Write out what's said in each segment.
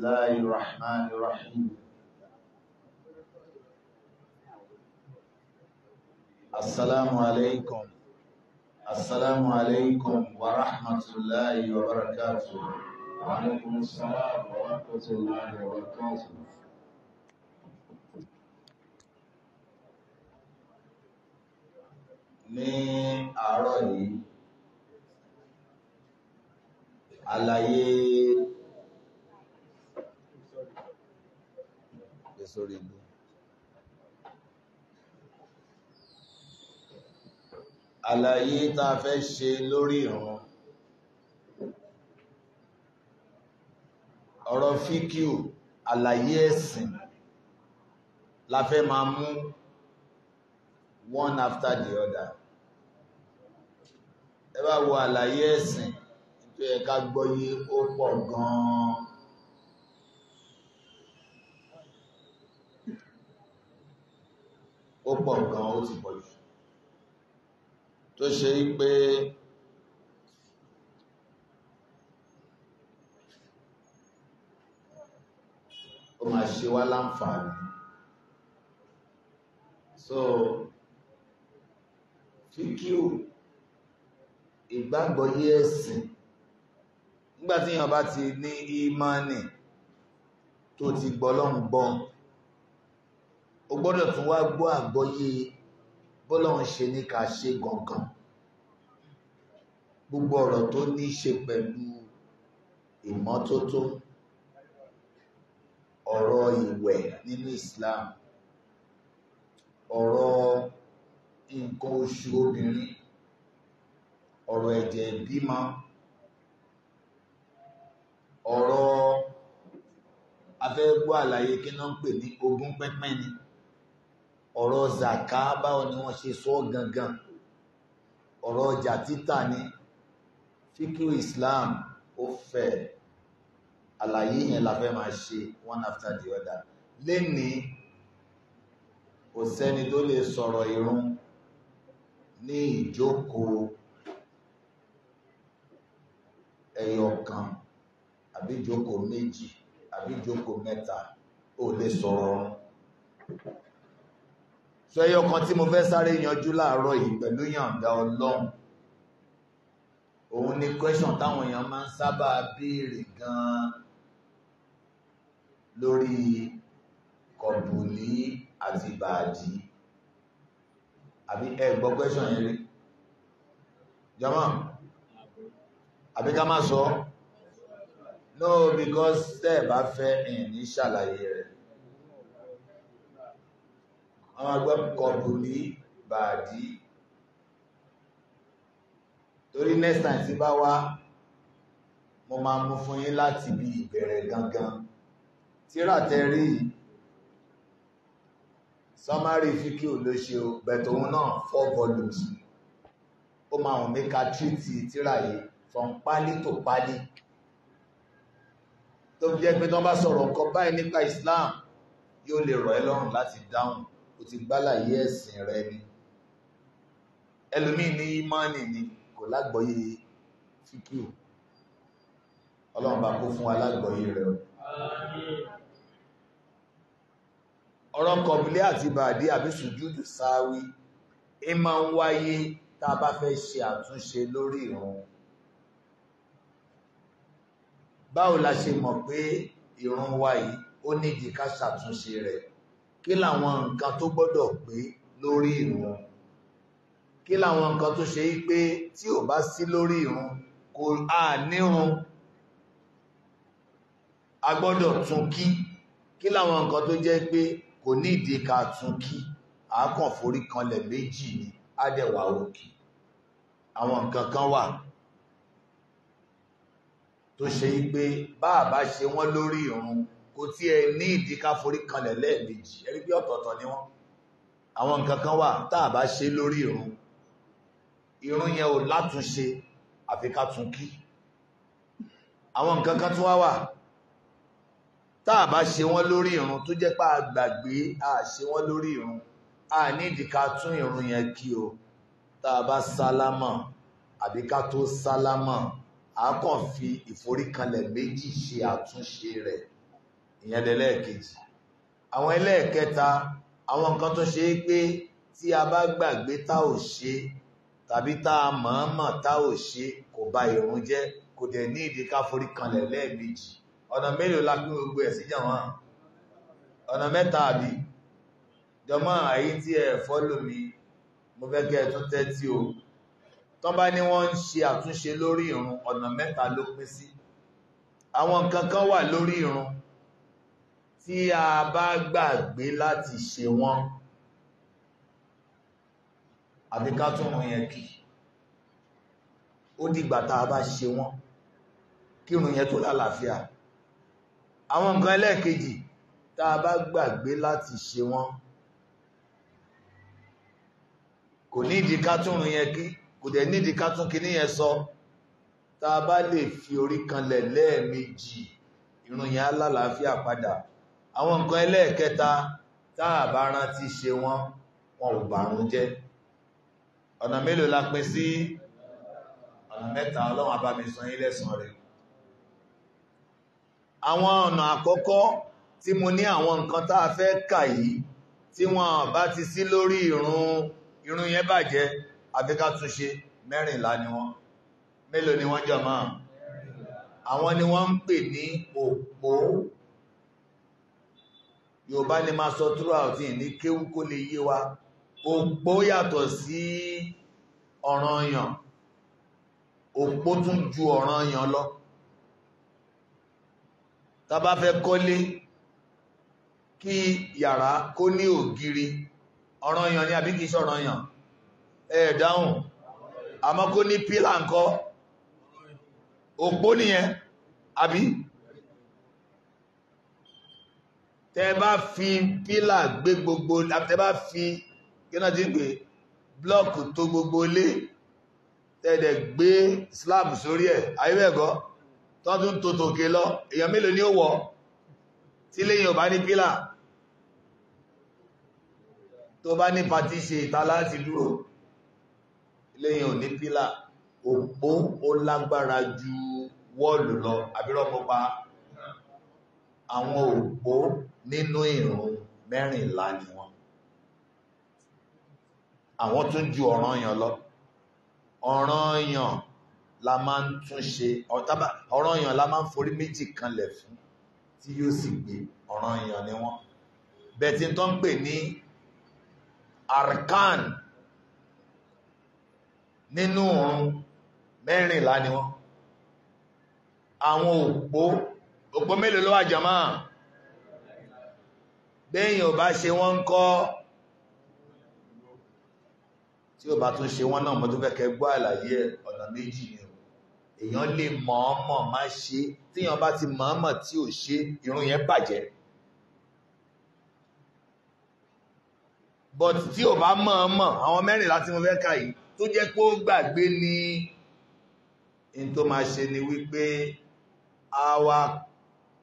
الله الرحمن الرحيم السلام عليكم السلام عليكم ورحمة الله وبركاته وعليكم السلام ورحمة الله وبركاته ní àárọ̀ yìí àlàyé fi sórí ibú. Àlàyé ta fẹ́ ṣe lórí ìran. Ọ̀rọ̀ fíkíù, àlàyé ẹ̀sìn la fẹ́ máa mú one after the other. Ẹ bá wo àlàyé ẹ̀sìn tó yẹ ká gbọ́yé ó pọ̀ gan-an. ó pọ̀ nǹkan ó ti pọ̀ jù tó ṣe pé ó máa ṣe wá láǹfààní so fíkíù ìgbàgbọ́ yí ẹ̀sìn nígbàtí èèyàn bá ti ní ìmánì tó ti gbọ́ lọ́n gbọ́n o gbọ́dọ̀ tún wá gbọ́ àgbọ́yé bọ́lọ́run ṣe ní ká ṣe gangan gbogbo ọ̀rọ̀ tó ní ṣe pẹ̀lú ìmọ́tótó ọ̀rọ̀ ìwẹ̀ nínú Islam ọ̀rọ̀ nǹkan oṣù obìnrin ọ̀rọ̀ ẹ̀jẹ̀ ìbímọ ọ̀rọ̀ afẹ́gbọ́ àlàyé kí náà ń pè ní ogún pẹ́pẹ́ ni. Ọ̀rọ̀, ọ̀rọ̀ zaka báwo ni wọ́n ṣe sọ gangan ọ̀rọ̀ ọjà títà ni fíkú Islam ó fẹ́ àlàyé yẹn la fẹ́ máa ṣe one after the other lénìí kò sẹ́ni tó lè sọ̀rọ̀ irun ní ìjókòó ẹyọ kan àbí ìjókòó méjì àbí ìjókòó mẹ́ta ó lè sọ̀rọ̀ ọ̀run sọ ẹyọ kan tí mo fẹ́ sáré yanjú láàárọ̀ yìí pẹ̀lú yàǹda ọlọ́run òun ni question táwọn èèyàn máa ń sábà béèrè gan-an lórí kọ̀bùlí àti bàájì àbí ẹ gbọ́ question yẹn rí jọmọ́ àbí ká má sọ no because tẹ́ ẹ̀ bá fẹ́ ẹ̀ ní ṣàlàyé rẹ̀ àwọn agbẹ́ kọbùlí bàdí torí next time tí bá wá mo máa mú fún yín láti bí ìbẹ̀rẹ̀ gangan tíra tẹ́rí summary fíkí ò ló ṣe o bẹ̀tọ̀ òun náà four volumes ó máa hàn mẹ́ka tírìtì tíra yìí from pálí to pálí tó fi jẹ́ pé tó bá sọ̀rọ̀ nǹkan báyìí nípa Islam yóò lè rọ̀ ẹ́ lọ́rùn láti dáhùn o ti gbálàyé ẹ̀sìn rẹ ni ẹlòmíì ní ìmánì ni kò lágbọ́yé fíkíù ọlọ́run bá kó fún alágbọ́yé rẹ̀ ọ̀rọ̀ kọ̀bílé àti bàdí àbí sùjúdù sáwí ẹ máa ń wáyé tá a bá fẹ́ ṣe àtúnṣe lórí ìrun báwo la ṣe mọ̀ pé ìrun wa yìí ó nídìí ká ṣàtúnṣe rẹ̀ kí làwọn nǹkan tó gbọ́dọ̀ pé lórí ìrun kí làwọn nǹkan tó ṣe pé tí ò bá sí lórí ìrun kò á nírun a gbọ́dọ̀ tún kí kí làwọn nǹkan tó jẹ́ pé kò ní ìdí ká tún kí àákàn forí kanlẹ̀ méjì ni ádẹ̀wà òkè àwọn nǹkan kan wà tó ṣe pé bá àbá ṣe wọ́n lórí ìrun kò tí ẹ ní ìdíká forí kanlẹ̀ lẹ́ẹ̀mejì ẹ̀rí bí ọ̀tọ̀ọ̀tọ̀ ni wọ́n àwọn nǹkan kan wà tá a bá ṣe lórí ìrun ìrun yẹn ò látúnṣe àfi ká tún kí àwọn nǹkan kan tún wá wà tá a bá ṣe wọ́n lórí ìrun tó jẹ́ pá gbàgbé a ṣe wọ́n lórí ìrun a ní ìdíká tún ìrun yẹn kí o tá a bá sálámà àbí ká tó sálámà a kàn fi ìforíkanlẹ̀ méjì ṣe àtúnṣe rẹ̀ ìyẹn lẹ́lẹ́ẹ̀kejì àwọn ẹlẹ́ẹ̀kẹta àwọn nǹkan tó ṣe é pé tí a bá gbàgbé tá ò ṣe tàbí tá a mọ̀ọ́mọ̀ tá ò ṣe kò bà ìrun jẹ́ kò dẹ̀ ní ìdí ká forí kanlẹ̀ lẹ́ẹ̀mejì ọ̀nà mélòó la pín gbogbo ẹ̀ sí jàwọn ọ̀nà mẹ́ta àbí jọmọ́ àyí tí ẹ fọ́lò mi mo fẹ́ kẹ́ tún tẹ́tí o tán bá ní wọ́n ń ṣe àtúnṣe lórí ìrun ọ̀nà mẹ́ta ló pín sí àwọn nǹkan kan wà lórí ìrun tí a bá gbàgbé láti ṣe wọ́n àbí ká tún rún yẹn kí ó dìgbà tá a bá ṣe wọ́n kí rún yẹn tó lálàáfíà àwọn nǹkan ẹlẹ́ẹ̀kejì tá a bá gbàgbé láti ṣe wọ́n kò ní ìdí ká tún rún yẹn kí kò dẹ̀ ní ìdí ká tún kíní yẹn sọ tá a bá lè fi orí kanlẹ̀ lẹ́ẹ̀mejì ìrun yẹn á lálàáfíà padà àwọn nǹkan ẹlẹ́ẹ̀kẹta táà bá rántí ṣe wọn wọn ò bàrún jẹ́ ọ̀nà mélòó la pín sí ọ̀nà mẹ́ta ọlọ́run abami san yín lẹ́san rẹ̀ àwọn ọ̀nà àkọ́kọ́ tí mo ní àwọn nǹkan tá a fẹ́ kà yìí tí wọ́n bá ti sí lórí ìrun ìrun yẹn bàjẹ́ àbí ká tún ṣe mẹ́rìnlá ni wọ́n mélòó ni wọ́n jọ máa àwọn ni wọ́n ń pè ní òpó Yorùbá ni máa sọ throughout ní kéwú kó lè yé wa òpó yàtọ̀ sí ọ̀ranyàn òpó tún ju ọ̀ranyàn lọ tá bá fẹ́ kọ́lé kí yàrá kó ní ògiri ọ̀ranyàn ni àbí kìí ṣọ̀ranyàn ẹ dáhùn àmọ́ kó ní pílà ńkọ́ òpó nìyẹn àbí tẹ bá fi pílà gbé gbogbo tẹ bá fi kíná ti gbé blọ́ọ̀kù tó gbogbo lé tẹ́ẹ̀dẹ̀ gbé slab sórí ẹ̀ ayébẹ̀gọ́ tó tún tó tòkè lọ èèyàn mélòó ní ó wọ́ tí léyìn ò bá ní pílà tó bá ní pàtí ṣe ìta láti dúró léyìn ò ní pílà òpó ó lágbára ju wọ́ọ̀lù lọ àbírọ̀ pọ́pá àwọn òpó nínú ìrun mẹ́rìnlá ni wọ́n àwọn tún ju ọ̀ranyàn lọ ọ̀ranyàn la máa ń tún ṣe ọ̀ranyàn la máa ń forí méjì kanlẹ̀ fún tí yóò sì gbé ọ̀ranyàn ni wọ́n bẹ̀tí tó ń pè ní arkan nínú ọ̀run mẹ́rìnlá ni wọ́n àwọn òpó òpó mélòó ló wà jàmáà bẹ́yìn ò bá ṣe wọ́n ń kọ́ tí ó bá tún ṣe wọ́n náà mọ́ tó fẹ́kẹ́ gbọ́ àlàyé ọ̀nà méjì ni o èèyàn lè mọ̀ọ́mọ̀ má ṣe tíyàn bá ti mọ̀ọ́mọ̀ tí ò ṣe irun yẹn bàjẹ́ but tí ò bá mọ̀ọ́mọ̀ àwọn mẹ́rìnlá tí mo fẹ́ kà yìí tó jẹ́ pé ó gbàgbé ni n tó máa ṣe ni wípé àwa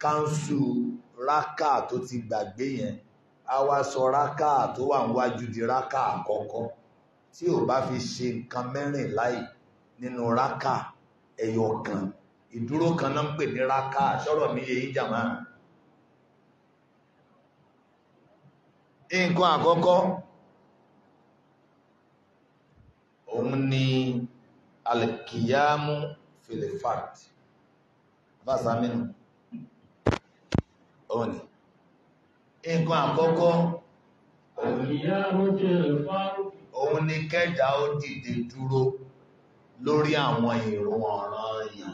kanṣu rákà tó ti gbàgbé yẹn a wá sọ rákà tó wà níwájú di rákà àkọ́kọ́ tí ò bá fi ṣe nǹkan mẹ́rìnlá yìí nínú rákà ẹyọ kan ìdúró kan náà ń pè ní rákà sọ̀rọ̀ mi yẹ yín jàmá. nǹkan àkọ́kọ́ òun ni alkiyamu filifat vasaminu ọ̀nì nǹkan àkọ́kọ́ òun ni kẹ́dà ó dìde dúró lórí àwọn ìrun ọ̀ràn yìí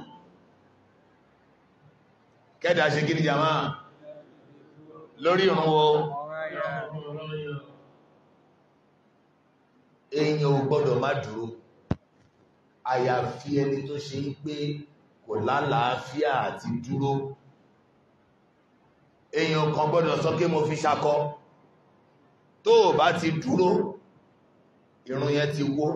kẹ́dà ṣe kí ni jàmá lórí ìrun wo èyàn ò gbọ́dọ̀ má dúró àyàfi ẹni tó ṣe ń pé kò lálàáfíà àti dúró èèyàn kan gbọ́dọ̀ sọ kí mo fi ṣakọ tó o bá ti dúró ìrun yẹn ti wó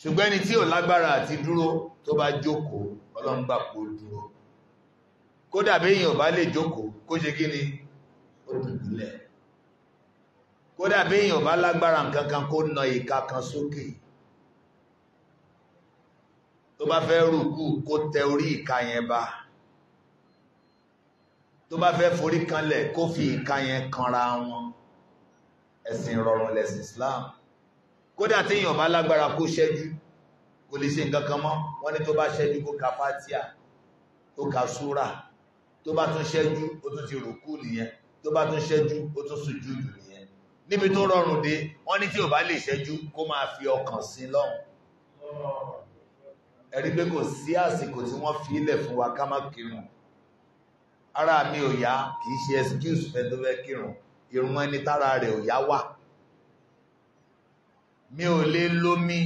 ṣùgbọ́n ẹni tí ò lágbára àti dúró tó bá jókòó ọlọ́run gbà kó dúró kódà bí èèyàn bá lè jókòó kó ṣe kí ni ó dùbúlẹ̀ kódà bí èèyàn bá lágbára nǹkan kó na ìka kan sókè tó bá fẹ́ rùkú kó tẹ orí ìka yẹn bá tó bá fẹ́ forí kanlẹ̀ kó fi ìka yẹn kanra wọn ẹ̀sìn rọrùn lẹ̀sìn Islam kódà téèyàn bá lágbára kó ṣẹ́jú kò lè ṣe nǹkan kan mọ́ wọ́n ní tó bá ṣẹ́jú kó ka fatia tó ka súra tó bá tún ṣẹ́jú ó tún ti rùkú nìyẹn tó bá tún ṣẹ́jú ó tún sùjúdù nìyẹn níbi tó rọrùn dé wọ́n ní tí ò bá lè ṣẹ́jú kó máa fi ọkàn sí lọ́hùn ẹ̀rí pé kò sí àsìkò tí wọ́n fi ilẹ̀ fún wa ká má kírun ara mi ò yá kìí ṣe excuse fẹ́ tó fẹ́ kírun irun ẹni tára rẹ̀ ò yá wà mi ò lè lómi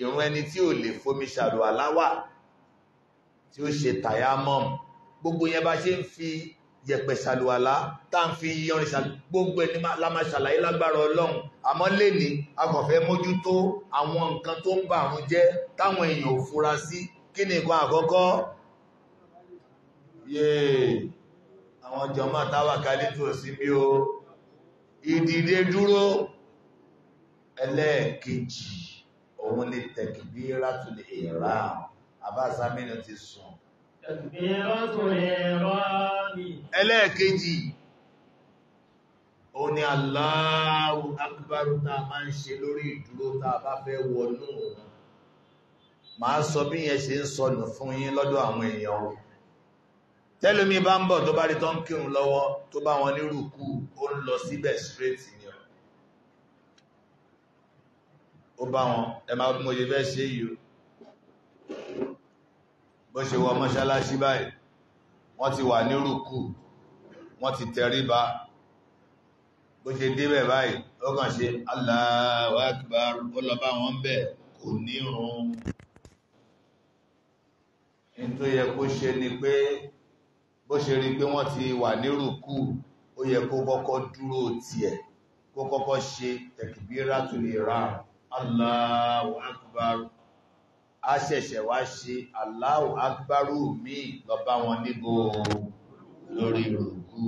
irun ẹni tí ò lè fomi ṣàrò aláwà tí ó ṣe tàyámọ́m gbogbo yẹn bá ṣe ń fi yẹ̀pẹ̀ ṣàlùwàlá tá ń fi yọrin ṣàlùwàlá gbogbo ẹni la máa ṣàlàyé lágbára ọlọ́run àmọ́ lẹ́ni a kò fẹ́ mójútó àwọn nǹkan tó ń bà àrùn jẹ́ táwọn èèyàn ò fura sí kí ni nǹkan àkọ́kọ́ yéè àwọn jọmọ́ táwàkálí tó sí bí o ìdìde dúró ẹlẹ́ẹ̀kejì òun lè tẹ̀kìbí rátùlè ìrà àbáṣámínú ti sùn ẹlẹ́ẹ̀kejì òun ni Allahu akbar tá a máa ń ṣe lórí ìdúró tá a bá fẹ́ wọnú màá sọ bí yẹn ṣe ń sọnù fún yín lọ́dọ̀ àwọn èèyàn tẹ́lómi bá ń bọ̀ tó bá rí tó ń kírun lọ́wọ́ tó bá wọn ní rùkú ó ń lọ síbẹ̀ straight ni ọ ó bá wọn ẹ máa bí mo ṣe fẹ́ ṣe yìí o bó ṣe wọ mọ́ṣáláṣí báyìí wọ́n ti wà ní rùkú wọ́n ti tẹríba bó ṣe débẹ̀ báyìí ó kàn ṣe Allahu Akbar ó lọ bá wọn bẹ̀ kò ní rùn ní tó yẹ kó ṣe ni pé bó ṣe rí pé wọ́n ti wà nírùkú ó yẹ kó kọ́kọ́ dúró tiẹ̀ kó kọ́kọ́ ṣe takbiratul ihram Allahu akbar a ṣẹ̀ṣẹ̀ wá ṣe Allahu akbaru mi lọ bá wọn níbo lórí rùkú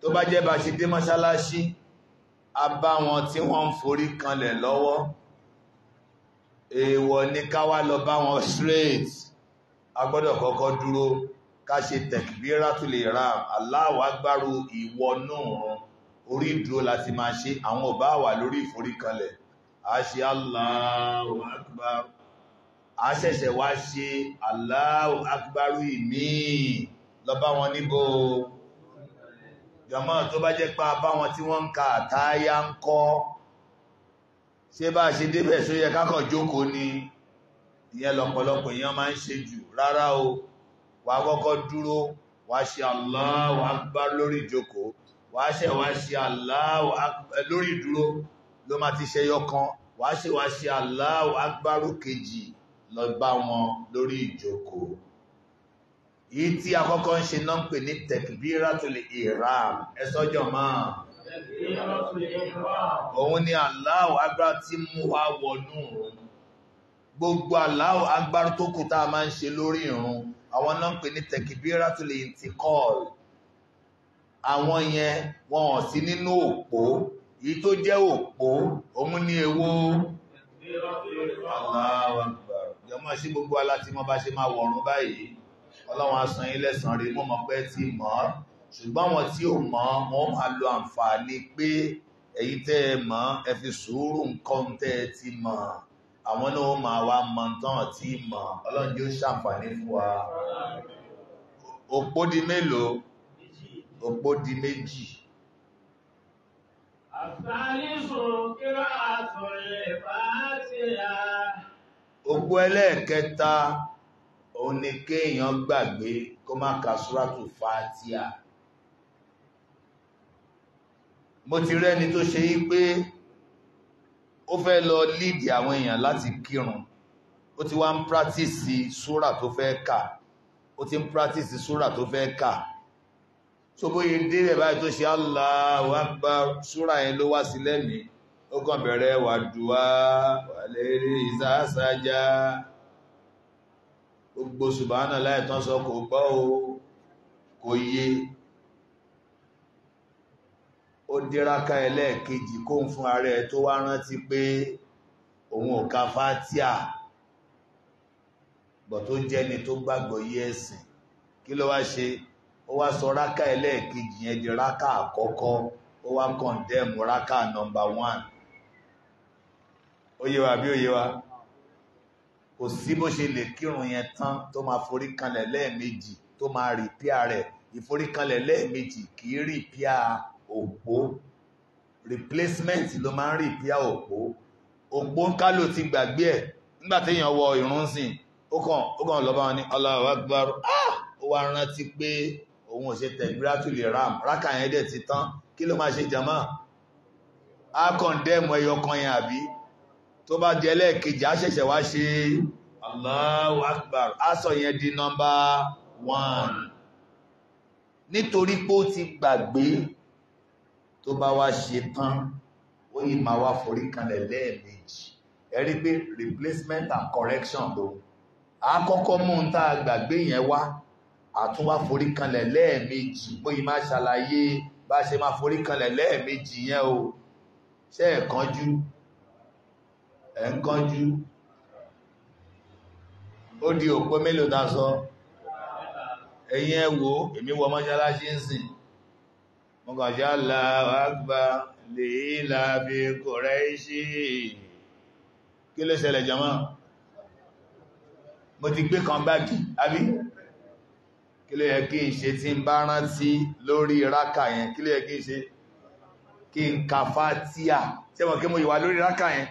tó bá jẹ́ bá ṣe dé mọ́ṣáláṣí a bá wọn tí wọ́n ń forí kanlẹ̀ lọ́wọ́ èèwọ̀ ní ká wá lọ bá wọn straight a gbọ́dọ̀ kọ́kọ́ dúró ká ṣe tẹ̀kìbíra tó lè ra Allahu Akbaru ìwọ̀nú orí ìdúró láti máa ṣe àwọn ọba wà lórí ìforíkanlẹ̀ a ṣe Allahu Akbar a ṣẹ̀ṣẹ̀ wá ṣe Allahu Akbaru ìmí lọ́bá wọn níbo jọmọ́ tó bá jẹ́ pa bá wọn tí wọ́n ń ka àtáyá ń kọ́ ṣe bá ṣe débẹ̀ só yẹ kákọ̀ jókòó ni ìyẹn lọ́pọ̀lọpọ̀ èèyàn máa ń ṣe jù rárá o wà kọ́kọ́ dúró wà ṣe Allahu Akbar lórí ìjókò wà ṣe wà ṣe Allahu Akbar lórí ìdúró ló máa ti ṣe yọkan wà ṣe wà ṣe Allahu Akbar kejì lọ bá wọn lórí ìjókò yìí tí akọ́kọ́ ń ṣe náà ń pè ní tekbiratul ihram ẹsọ́jọ́ máa òun ni Allahu Akbar tí mú wa wọnú gbogbo Allahu Akbar tó kù tá a máa ń ṣe lórí ìrun àwọn náà ń pè ní tẹkibíra tó lè ti kọ́ọ̀lù àwọn yẹn wọn ò sí nínú òpó èyí tó jẹ́ òpó òun ní ewó jọmọ́ sí gbogbo aláti mọ́ bá ṣe máa wọ̀run báyìí ọlọ́run asan ilẹ̀ sàn rí mọ́ mọ́ pẹ́ tí mọ́ ṣùgbọ́n wọn tí ò mọ̀ wọ́n máa lo àǹfààní pé èyí tẹ́ ẹ mọ̀ ẹ fi sùúrù nǹkan tẹ́ ẹ ti mọ̀ àwọn náà máa wá mọ tán tí mọ̀ ọlọ́run yóò ṣàǹfààní fún wa òpó di mélòó òpó di méjì òpó ẹlẹ́ẹ̀kẹta òun ni kéèyàn gbàgbé kó má ka súrátù fàtíà mo ti rẹ́ni tó ṣe yí pé ó fẹ́ lọ líìdì àwọn èèyàn láti kírun ó ti wá ń pírátìsì súrà tó fẹ́ kà ó ti ń pírátìsì súrà tó fẹ́ kà tó bóyá délẹ̀ báyìí tó ṣe Allahu Akbar súrà yẹn ló wá sí lẹ́mìí ó kàn bẹ̀rẹ̀ wàdùá wàlérí ìsásájá gbogbo subhana láì tán sọ kò gbọ́ o kò yé ó díraka ẹlẹ́ẹ̀kejì kó ń fún ààrẹ tó wá rántí pé òun ò ka fátíà bọ̀ tó jẹ́ni tó gbàgbọ́ yí ẹ̀sìn kí ló wá ṣe ó wá sọ ráka ẹlẹ́ẹ̀kejì yẹn di ráka àkọ́kọ́ ó wá kọ̀ndẹ́mù ráka nọmbà wán ó yé bí ó yé kò sí bó ṣe lè kírun yẹn tán tó máa forí kanlẹ̀ lẹ́ẹ̀mejì tó máa rìpíà rẹ̀ ìforí kanlẹ̀ lẹ́ẹ̀mejì kì í rìpíà òpó replacement ló máa ń repair òpó òpó ń kálò ti gbàgbé ẹ̀ nígbà téèyàn wọ ìrun sìn ó kàn ó kàn lọ́ba wọn ní Allahu Akbar ah! ó wá rántí pé òun ò ṣe tẹ̀gbírátùlì ram rákà yẹn dẹ̀ ti tán kí ló máa ṣe jàmá á kàn dẹ́mu ẹyọ kan yẹn àbí tó bá jẹ́ lẹ́ẹ̀kejì á ṣẹ̀ṣẹ̀ wá ṣe Allahu Akbar á sọ yẹn di nọ́mbà one nítorí pé ó ti gbàgbé tó bá wá ṣe tán ó yìí máa wá forí kanlẹ̀ lẹ́ẹ̀mejì ẹ pé replacement and correction ló àkọ́kọ́ mú un tá a gbàgbé yẹn wá àtúnwá forí kanlẹ̀ lẹ́ẹ̀mejì ó yìí máa ṣàlàyé bá ṣe máa forí kanlẹ̀ lẹ́ẹ̀mejì yẹn o ṣé ẹ̀ kánjú ẹ̀ ń kánjú ó di òpó mélòó ta sọ ẹ̀yin ẹ wò èmi wọ mọ́ṣáláṣí ń sìn mọ́kànṣá láwá gbà lè láàbí Kùráìṣì kí ló ṣẹlẹ̀ jama mo ti gbé kan báàkì àbí kí ló yẹ kí n ṣe tí ń bá rántí lórí rákà yẹn kí ló yẹ kí n ṣe kí n ka fátíà tí ẹmọ̀ kí mo yìí wà lórí rákà yẹn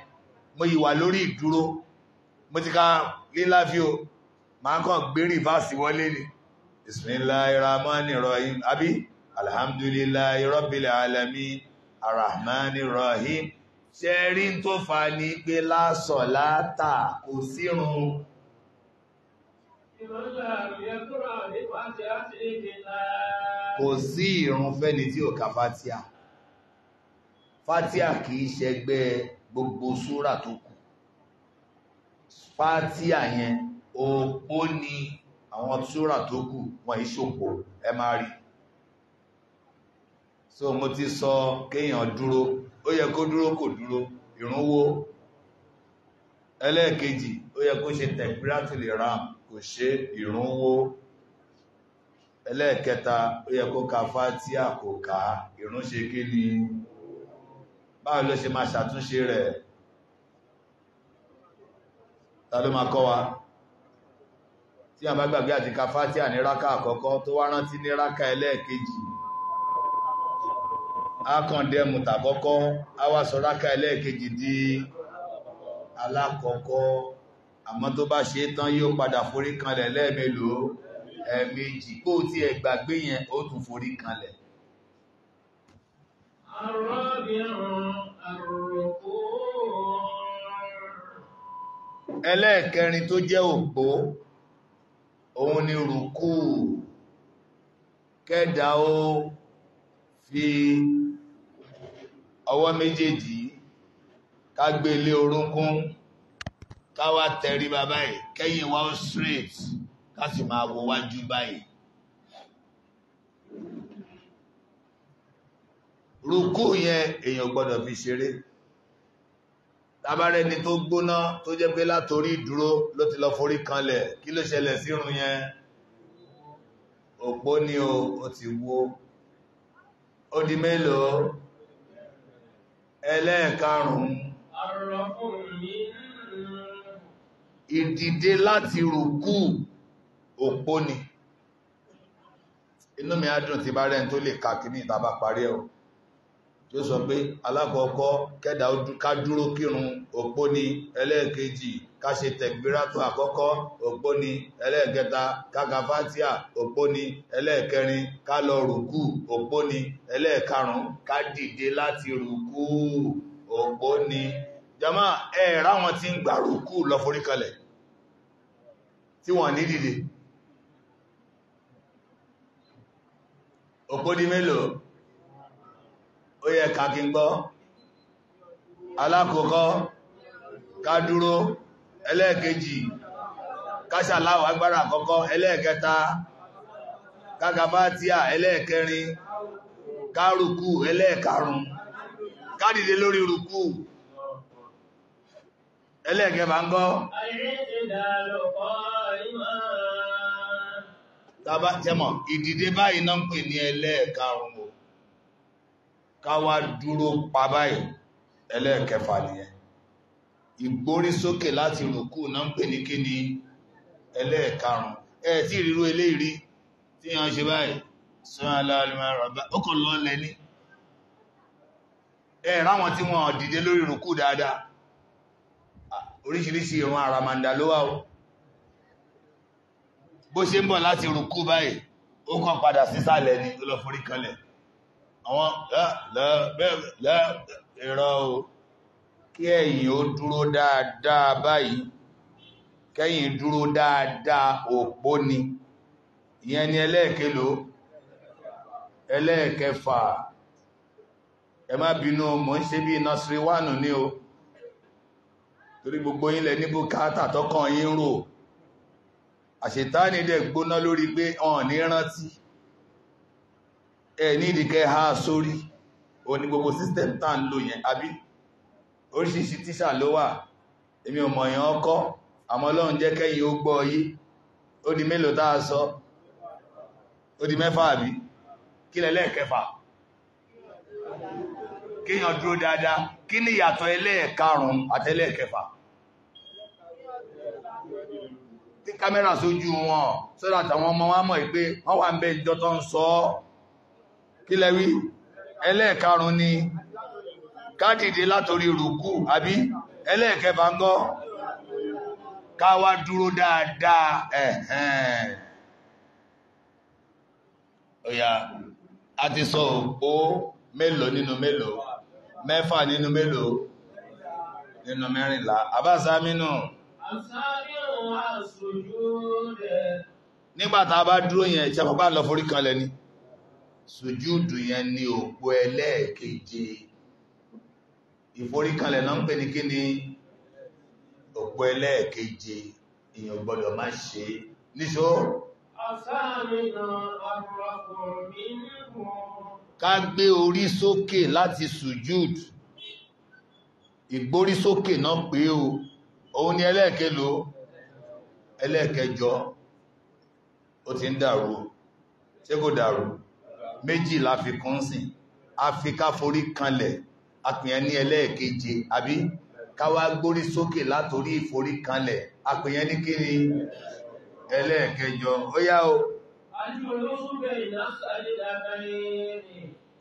mo yìí wà lórí ìdúró mo ti ka lílá fi o máa kàn gbé rìvásì wọlé ni Bismillahirrahmanirrahim àbí alhamdulillahi rabbil alamin arahmanir rahim ṣe rí tó fa ní pé lásọ̀ látà kò sírun kò sí ìrun fẹ́ni tí ò ka fatia fatia kìí ṣẹgbẹ́ gbogbo súrà tó kù fatia yẹn òpó ni àwọn súrà tó kù wọ́n ìṣòpò ẹ máa rí so mo ti sọ kéèyàn dúró ó yẹ kó dúró kò dúró ìrúnwó ẹlẹ́ẹ̀kejì ó yẹ kó ṣe tẹ̀pírátìlì ram kò ṣe ìrúnwó ẹlẹ́ẹ̀kẹta ó yẹ kó ka fátíà kò ká ìrúnṣe kí ni báwo ló ṣe máa ṣàtúnṣe rẹ̀ ta ló máa kọ́ wa tí a àti ka fátíà ní rákà àkọ́kọ́ tó wá rántí ní rákà ẹlẹ́ẹ̀kejì akọ̀ndẹ̀mù tàkọ́kọ́ awà sọ́ráká ẹlẹ́ẹ̀kejì di alákọ̀ọ́kọ́ àmọ́ tó bá ṣe tán yóò padà forí kanlẹ̀ lẹ́ẹ̀mélòó ẹ̀ẹ̀mejì kó tí ẹ gbàgbé yẹn ó tún forí kanlẹ̀ ẹlẹ́ẹ̀kẹrin tó jẹ́ òpó òun ni rùkú kẹ́dà ó fi ọwọ́ méjèèjì ká gbé ilé orúnkún ká wá tẹrí bàbá ẹ̀ kẹ́yìn wá straight ká sì máa wo wájú báyìí rúkú yẹn èèyàn gbọ́dọ̀ fi ṣeré tabarẹ ni tó gbóná tó jẹ́ pé látorí ìdúró ló ti lọ forí kanlẹ̀ kí ló ṣẹlẹ̀ sírun yẹn òpó ni o ó ti wó ó di mélòó ẹlẹ́ẹ̀karùn-ún ìdìde láti rùkú òpó ni inú mi á dùn tí bá rẹ̀ tó lè kàkí ní ìta parí ẹ̀ yóò sọ pé alákọ̀ọ́kọ́ kẹ́dà ká dúró kírun òpó ni ẹlẹ́ẹ̀kejì ká ṣe tẹ̀gbírátù àkọ́kọ́ òpó ni ẹlẹ́ẹ̀kẹta kága òpó ni ẹlẹ́ẹ̀kẹrin ká lọ rùkú òpó ni ẹlẹ́ẹ̀karùn ká dìde láti rùkú òpó ni jama ẹ ráwọn tí ń gbà rùkú lọ forí kalẹ̀ tí wọ́n ní dìde òpó ni mélòó ó yẹ kàkí ń gbọ́ alákòókọ́ ká dúró ẹlẹ́ẹ̀kejì káṣàláwà agbára àkọ́kọ́ ẹlẹ́ẹ̀kẹta kágabátíà ẹlẹ́ẹ̀kẹrin kárùkù ẹlẹ́ẹ̀karùn kádìde lórí rùkù ẹlẹ́ẹ̀kẹfà ń gọ́ tàbá jẹmọ̀ ìdìde báyìí náà ń pè ní ẹlẹ́ẹ̀karùn káwá dúró pa báyìí ẹlẹ́ẹ̀kẹfà nìyẹn ìgbórí sókè láti rùkú náà ń pè ní kí ni ẹlẹ́ẹ̀karùn ẹ tí ìrírú eléyìí tí yàn ṣe báyìí sọ́nà aláàlùmọ́ rọ̀bá ó kàn lọ lẹ́ni ẹ ráwọn tí wọ́n dìde lórí rùkú dáadáa oríṣiríṣi ìrun àràmàǹdà ló wà ó bó ṣe ń bọ̀ láti rùkú báyìí ó kàn padà sísàlẹ̀ ni ó lọ forí kanlẹ̀ àwọn ẹ̀rọ o kí ẹ̀yin ó dúró dáadáa báyìí kẹ́yìn dúró dáadáa òpó ni ìyẹn ni ẹlẹ́ẹ̀kẹ́lò ẹlẹ́ẹ̀kẹfà ẹ má bínú mọ̀ ń ṣe bí nọ́sírí wánù ní o torí gbogbo yínlẹ̀ ní bùkátà tọ́kàn yín rò àṣetáni dẹ̀ gbóná lórí pé ọ̀n ní rántí ẹ ní ìdíkẹ́ ha sórí o ní gbogbo system tá ń lò yẹn àbí oríṣiríṣi tíṣà ló wà èmi ò mọ̀ yàn ọkọ́ àmọ́ Ọlọ́run jẹ́ kẹ́yìn ó gbọ́ yí ó di mélòó tá a sọ ó di mẹ́fà àbí kí lẹ́lẹ́ẹ̀kẹfà kíyàn dúró dáadáa kí ni ìyàtọ̀ ẹlẹ́ẹ̀karùn-ún àtẹ́lẹ́ẹ̀kẹfà tí kámẹ́rà sójú wọn sọ́dọ̀ àtàwọn ọmọ wa mọ̀ pé wọ́n wà ń bẹ́ ìjọ tó ń sọ ọ́ kí lẹ wí ẹlẹ́ẹ̀karùn ni ká dìde látorí rùkú àbí ẹlẹ́ẹ̀kẹfà ń gọ́ ká wá dúró dáadáa ẹ̀hẹ́n ọ̀yà a ti sọ òpó mélòó nínú mélòó mẹ́fà nínú mélòó nínú mẹ́rìnlá àbáṣá mínú nígbà tá a bá dúró yẹn ìṣàpápá lọ forí kan lẹ́ni sùjúdù yẹn ni òpó ẹlẹ́ẹ̀keje ìforíkalẹ̀ náà ń pè ní kíni òpó ẹlẹ́ẹ̀keje èèyàn gbọ́dọ̀ má ṣe níṣó ká gbé orí sókè láti sùjúdù ìgbórí sókè náà pé o òun ni ẹlẹ́ẹ̀kẹ́lò ẹlẹ́ẹ̀kẹjọ ó ti ń dàrú ṣé kò dàrú méjì la fi kún sí afika forí kanlẹ̀ apìyàn ní ẹlẹ́ẹ̀keje àbí káwá gbórí sókè látorí ìforí kanlẹ̀ apìyàn ní kíni ẹlẹ́ẹ̀kẹjọ ó yá o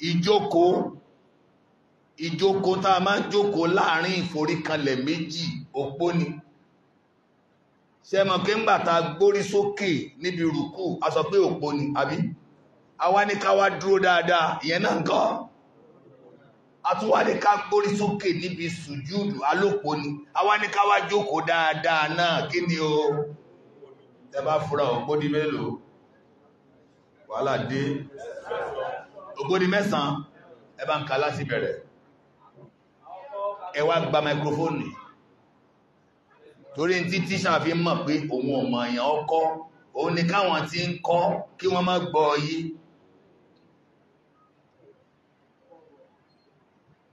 ìjókòó ìjókòó tá a máa ń jókòó láàrin ìforí kanlẹ̀ méjì òpó ni ṣẹ́mọ̀ kí ń gbà ta gbórí sókè níbi rùkú a sọ pé òpó ni àbí àwa ní ká wá dúró dáadáa ìyẹn náà nǹkan àtúwá ní ká gbórí sókè níbi sùjúdù alópo ni àwa ní ká wá jókòó dáadáa náà kí ni o tẹ bá fura ògbódi mélòó wàhálà dé ògbódi mẹ́sàn-án ẹ bá ń ka láti bẹ̀rẹ̀ ẹ wá gba máikrófóònù torí tí tíṣà fi mọ̀ pé òun ọmọ èèyàn ọkọ́ òun ni káwọn ti ń kọ́ kí wọ́n má gbọ́ yìí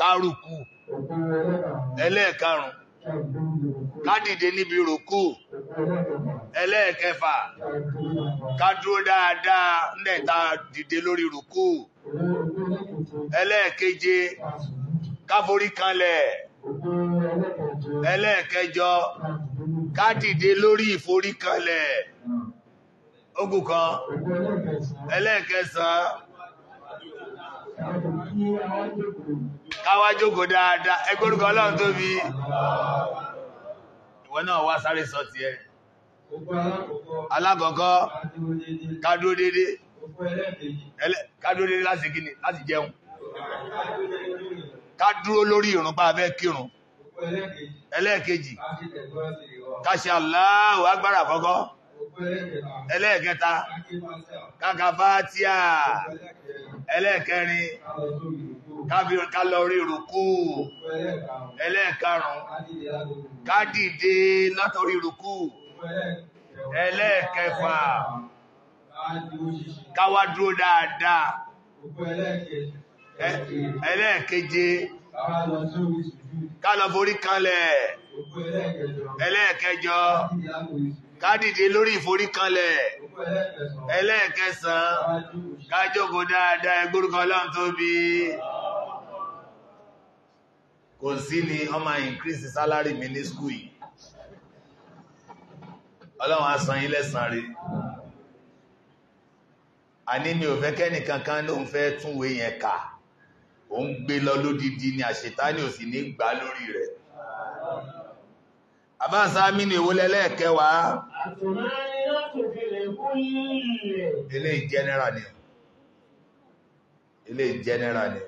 kárùkù ẹlẹ́ẹ̀karùn kádìde níbi rùkù ẹlẹ́ẹ̀kẹfà kádúró dáadáa nílẹ̀ta dìde lórí rùkù ẹlẹ́ẹ̀keje káforí kanlẹ̀ ẹlẹ́ẹ̀kẹjọ kádìde lórí ìforí kanlẹ̀ ogun kan ẹlẹ́ẹ̀kẹsàn-án káwá jókòó dáadáa ẹgbẹ́ orúkọ ọlọ́run tóbi ìwọ náà wá sáré sọ ti ẹ alákọ̀ọ́kọ́ kádúró dédé kádúró dédé láti kíni láti jẹun kádúró lórí ìrun bá abẹ́ kírun ẹlẹ́ẹ̀kejì káṣí Allahu agbára àkọ́kọ́ ẹlẹ́ẹ̀kẹta kàkàfàtíà ẹlẹ́ẹ̀kẹrin kálọrí rùkú ẹlẹ́ẹ̀karùn kádìde látọrí rùkú ẹlẹ́ẹ̀kẹfà káwá dúró dáadáa ẹlẹ́ẹ̀keje kálọ forí kanlẹ̀ ẹlẹ́ẹ̀kẹjọ kádìde lórí ìforíkanlẹ̀ ẹlẹ́ẹ̀kẹsàn kájókòó dáadáa ẹgbórúkọ ọlọ́run tó bí kò sí ni ọmọ increase salary mi ní school yìí ọlọ́run asan ilẹ̀ san a ní mi ò fẹ́ kẹ́nìkankan ló ń fẹ́ túnwé yẹn kà ó ń gbé lọ lódidi ni àṣetá ni ò sì ní gbà lórí rẹ̀ àbáǹsá mínú ìwólẹ̀ lẹ́ẹ̀kẹwàá ilé general ni ilé general ni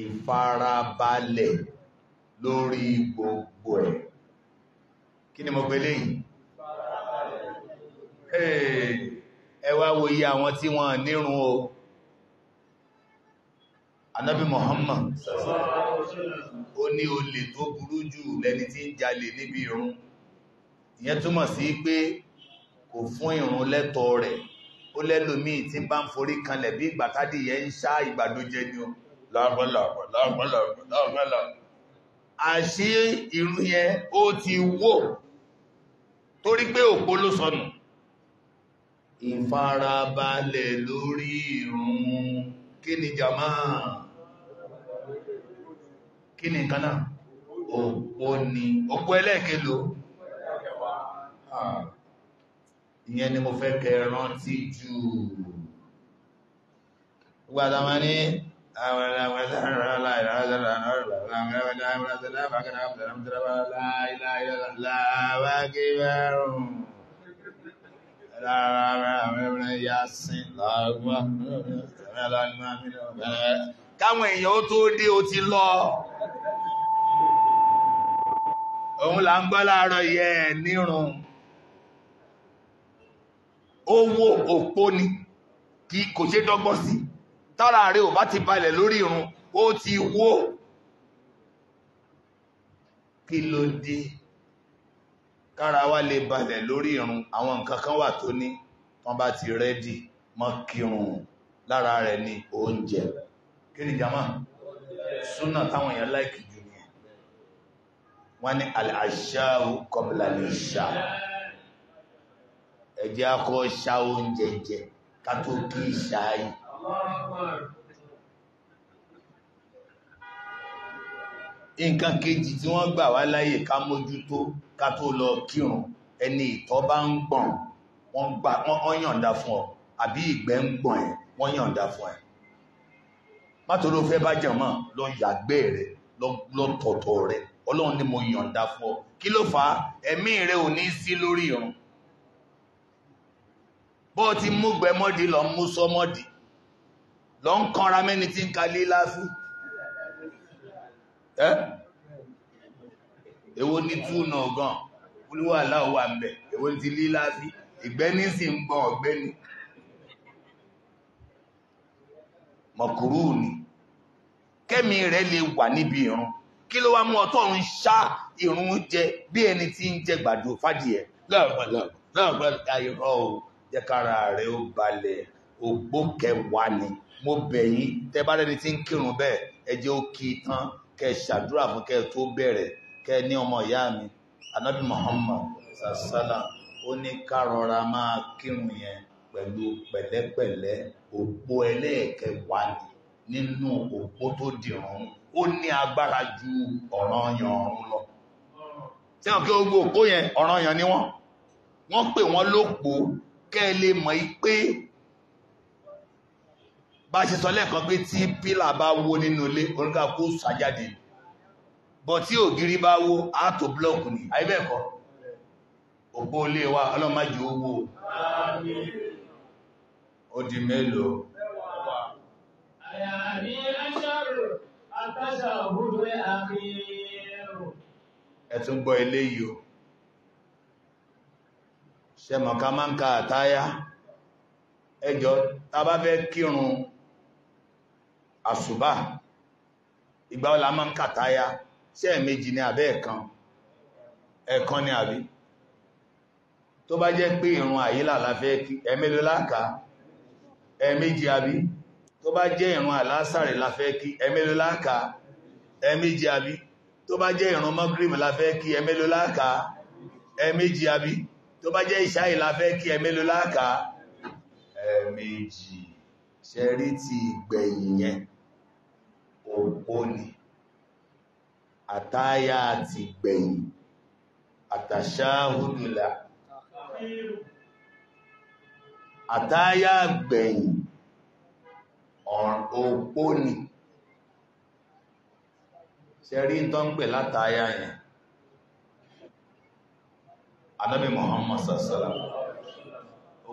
ìfarabalẹ̀ lórí gbogbo ẹ̀ kí ni mo pè léyìn ẹ wá àwọn tí wọ́n nírun o anábí Muhammad ó ní olè tó burú jù lẹ́ni tí ń jalè níbi ìrun ìyẹn túmọ̀ sí pé kò fún ìrun lẹ́tọ̀ rẹ̀ ó lẹ́lòmí tí bá ń forí kanlẹ̀ bí ìgbàtádì yẹ ń ṣá ìgbàdo jẹ ni ó láàbọ̀láàbọ̀ kí ni jama kí ni nǹkan náà òpó ni òpó ẹlẹ́ẹ̀kẹ́lò ìyẹn ni mo fẹ́ kẹ́ rántí jù gbàdàmà ní àwọn ẹlẹ́ẹ̀kẹ́lò Lára rẹ̀ rẹ̀ yá sí láàrùn káwọn èèyàn ó tó dé ó ti lọ òun là ń gbọ́ láàárọ̀ yẹ nírun owó òpó ni kí kò ṣe dọ́gbọ́n sí tára rẹ̀ ò bá ti balẹ̀ lórí irun ó ti wó kí ló dé kára wa lè balẹ̀ lórí irun àwọn nǹkan kan wà tó ní wọ́n bá ti rẹ́dì mọ́ kírun lára rẹ̀ ni oúnjẹ kí ni jama súnà táwọn èèyàn láìkì jù ní wọ́n ní al-ashahu qabla al-isha ẹjẹ́ akọ́ ṣá oúnjẹ jẹ kátó kí ìṣáyí nǹkan kejì tí wọ́n gbà wá láyè ká mójútó ká tó lọ kírun ẹni ìtọ̀ bá ń gbọ̀n wọ́n yọ̀ǹda fún ọ àbí ìgbẹ́ ń gbọ̀n ẹ̀ wọ́n yànda fún ẹ̀ mátòrò fẹ́ bá jẹ̀mọ́ lọ yàgbé rẹ̀ lọ tọ̀tọ̀ rẹ̀ ọlọ́run ni mo yànda fún ọ kí ló fà á ẹ̀mí rẹ̀ ò ní sí lórí ọ̀run bó ti mú gbẹmọ́dì lọ mú sọmọ́dì lọ ń kanra mẹ́ni tí ń ka lé láfí ẹ́ èwo ní túnà ọgán olúwà láwọ́ wà ń bẹ̀ èwo ti lé láfí ìgbẹ́ni sì ń gbọ́n ọ̀gbẹ́ni mọ̀kúrúùnì kẹ́mi rẹ̀ lè wà níbi ìrun kí ló wá mú ọtọ́run ṣá ìrun jẹ bí ẹni tí ń jẹ gbàdo fàdìẹ lọ́gbọ̀lọ́gbọ̀lọ́gbọ̀lọ́gbọ̀ irọ́ ni mo bẹ̀ yín tẹ́ bá rẹ́ni tí ń kírun bẹ́ẹ̀ ẹ jẹ́ ó kí i tán kẹ́ ẹ ṣàdúrà fún kẹ́ ẹ tó bẹ̀rẹ̀ kẹ́ ẹ muhammad sasala ó ní ká pẹ̀lú pẹ̀lẹ́pẹ̀lẹ́ òpó ẹlẹ́ẹ̀kẹwàá ni nínú òpó tó dìrún ó ní agbára ju ọ̀ranyàn ọ̀run lọ tí wọ́n kí gbogbo òpó yẹn ọ̀ranyàn ni wọ́n wọ́n pè wọ́n lópó kẹ́ ẹ lè mọ̀ pé bá ṣe sọ lẹ́ẹ̀kan pé tí pílà bá wó nínú ilé oníkà kó sàjáde bọ̀ tí ògiri bá wó àtò blọ́ọ̀kù ni àyíbẹ̀ẹ̀kọ́ òpó ilé wa ọlọ́májú owó àmín ó di mélòó ẹ̀tún gbọ́ ilé yìí o ṣẹmọ̀ká máa ń ka àtáyá ẹjọ́ tàbá fẹ́ kírun àsùbá ìgbà ọlá máa ń kàtáyá sí ẹ̀mejì ní àbẹ́ ẹ̀kan ẹ̀kan ni àbí tó bá jẹ́ pé ìrun àyílà la fẹ́ láàkàá ẹ̀ẹ̀méjì àbí tó bá jẹ́ ìrun àlásàrẹ̀ la fẹ́ kí ẹ̀mẹ́lò láàkà ẹ̀ẹ̀méjì àbí tó bá jẹ́ ìrun mọ́gírìmù la fẹ́ kí ẹ̀mẹ́lò láàkà ẹ̀ẹ̀méjì àbí tó bá jẹ́ ìṣáì la kí ẹ̀mẹ́lò láàkà ẹ̀ẹ̀méjì ṣẹ́rí ti àtáyà gbẹ̀yìn òpó ni ṣe rí tó ń pè látàáyà yẹn Ànábì Muhammad sassala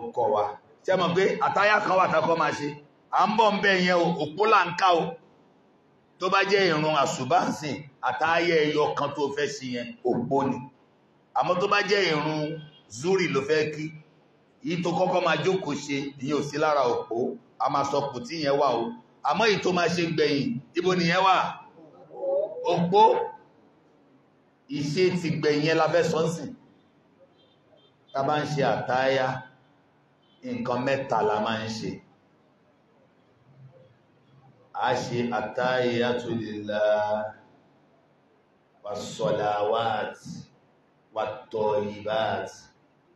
ó kọ́ wa tí a mọ̀ pé àtáyà kan wà takọ́ máa ṣe a ń bọ̀ ń bẹ́ yẹn òpó láǹká o tó bá jẹ́ ìrun àṣùbáǹsìn àtáyà ẹyọ kan tó fẹ́ sí yẹn òpó ni àmọ́ tó bá jẹ́ ìrun zúrì ló fẹ́ kí yìí tó kọ́kọ́ máa jókòó ṣe ìyẹn ò sí lára òpó a máa sọ kù tí ìyẹn wà o àmọ́ èyí tó máa ṣe gbẹ̀yìn ibo nìyẹn wà òpó ìṣe ti gbẹ̀yìn la fẹ́ sọ́nsìn tá bá ń ṣe àtáyá nǹkan mẹ́ta la máa ń ṣe a ṣe àtáyátù lillah wàsọ̀làwàtì wàtọ̀yìbàtì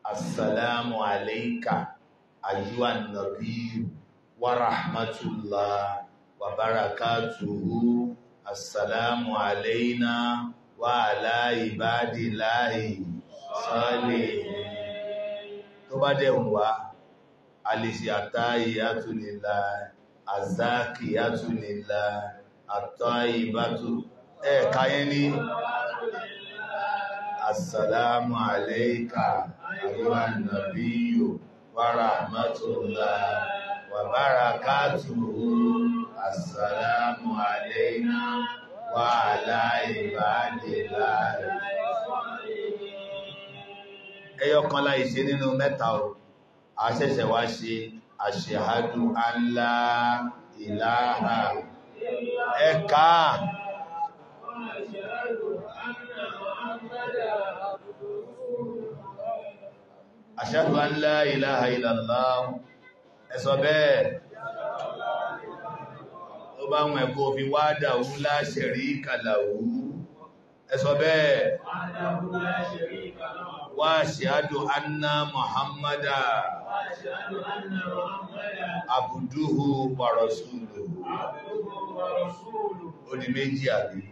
assalamu alayka ayyuha nabiyyu wa rahmatullahi wa barakatuhu assalamu alayna wa ala ibadillahi salihin tó bá dẹ̀ wá alìsì àtàyí àtúnilá àzáàkì àtúnilá àtàyí bá tún ẹ̀ẹ̀káyẹ́ ní assalamu alayka ayyuhan nabiyyu wa rahmatullah wa barakatuhu assalamu alayna wa ala ibadillah ẹyọ kan láì ṣe nínú mẹ́ta o a ṣẹ̀ṣẹ̀ wá ṣe ashhadu an la ilaha Ashhadu an la ilaha illallah ẹ̀sọ bẹ́ẹ̀ tó bá wọn ẹ̀kọ́ fi wahdahu la sharika lahu ẹ̀sọ bẹ́ẹ̀ wa ashhadu anna Muhammada abduhu wa rasuluhu ó di méjì àbí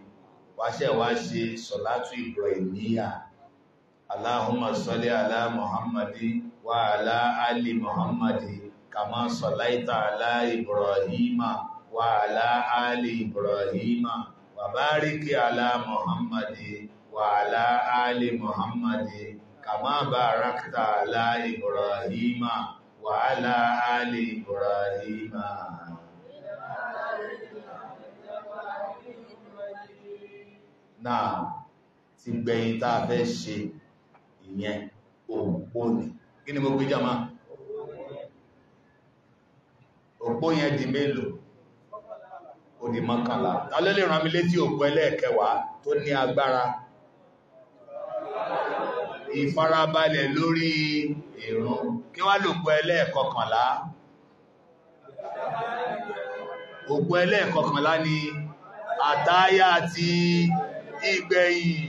wáṣẹ́ wá ṣe sọ̀látù Ibrahimiyya Allahumma salli ala Muhammadi wa ala ali Muhammadi kama sallaita ala Ibrahima wa ala ali Ibrahima wa bariki ala Muhammadi wa ala ali Muhammadi kama barakta ala Ibrahima wa ala ali Ibrahima Náà ti gbẹ̀yìn tá fẹ́ ṣe ìyẹn òpó ni kí ni mo pè jàmá òpó yẹn di mélòó ó di mọ́kànlá ta ló lè rán mi létí òpó ẹlẹ́ẹ̀kẹwàá tó ní agbára ìfarabalẹ̀ lórí ìrun kí wá lòpó ẹlẹ́ẹ̀kọkànlá òpó ẹlẹ́ẹ̀kọkànlá ni àtáyà ti ìgbẹ̀yìn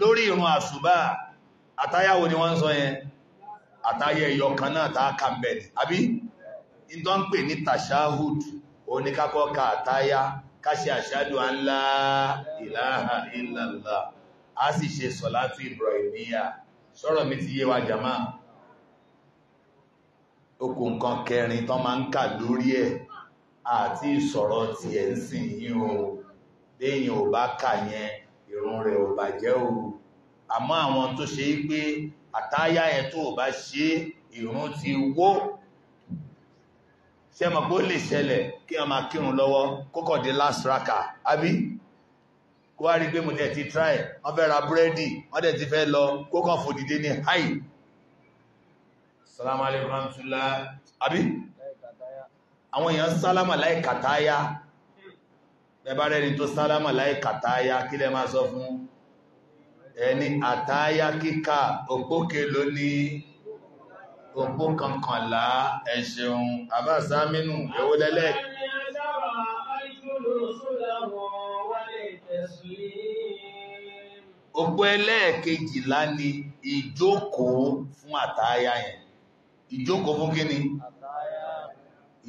lórí ìrun àsùbá àtáyàwó ni wọ́n ń sọ yẹn àtáyẹ ìyọkan náà tàà kà bẹ̀ẹ̀ àbí ìtọ́ ń pè ní tashahud oníkákọ́ ka àtáyá káṣe àṣádù ánlá ìlàhà ìlàlá a sì ṣe sọ̀látù Ibrahimiyya sọ̀rọ̀ mi ti yé wa jama okù nǹkan kẹrin tán máa ń kà lórí ẹ̀ àti ìsọ̀rọ̀ ti ẹ̀ yí o déyìn ò bá kà yẹn ìrun rẹ̀ ò bàjẹ́ òun àmọ́ àwọn tó ṣe é pé àtáyá ẹ̀ tó bá ṣe ìrun ti wó ṣe mọ̀ pé ó lè ṣẹlẹ̀ kí wọ́n máa kírun lọ́wọ́ kókọ̀dé last raka abi. kó wá rí pé mo dẹ̀ ti try wọ́n fẹ́ ra búrẹ́dì wọ́n dẹ̀ ti fẹ́ lọ kókàn fòdìdé ní haì salamu alaikum rahmatullah àbí àwọn èèyàn sálámà láì kàtáyá bẹ́ẹ̀ bá tó sálámà láì kàtáyá kí lẹ máa sọ fún ẹni àtáyá kíkà òpókè ló ní òpó kankanlá ẹ̀ṣẹ̀un àbá sámínú ewólẹ́lẹ́ òpó ẹlẹ́ẹ̀kejìlá ni ìjókòó fún àtáyá yẹn ìjókòó fún kí ni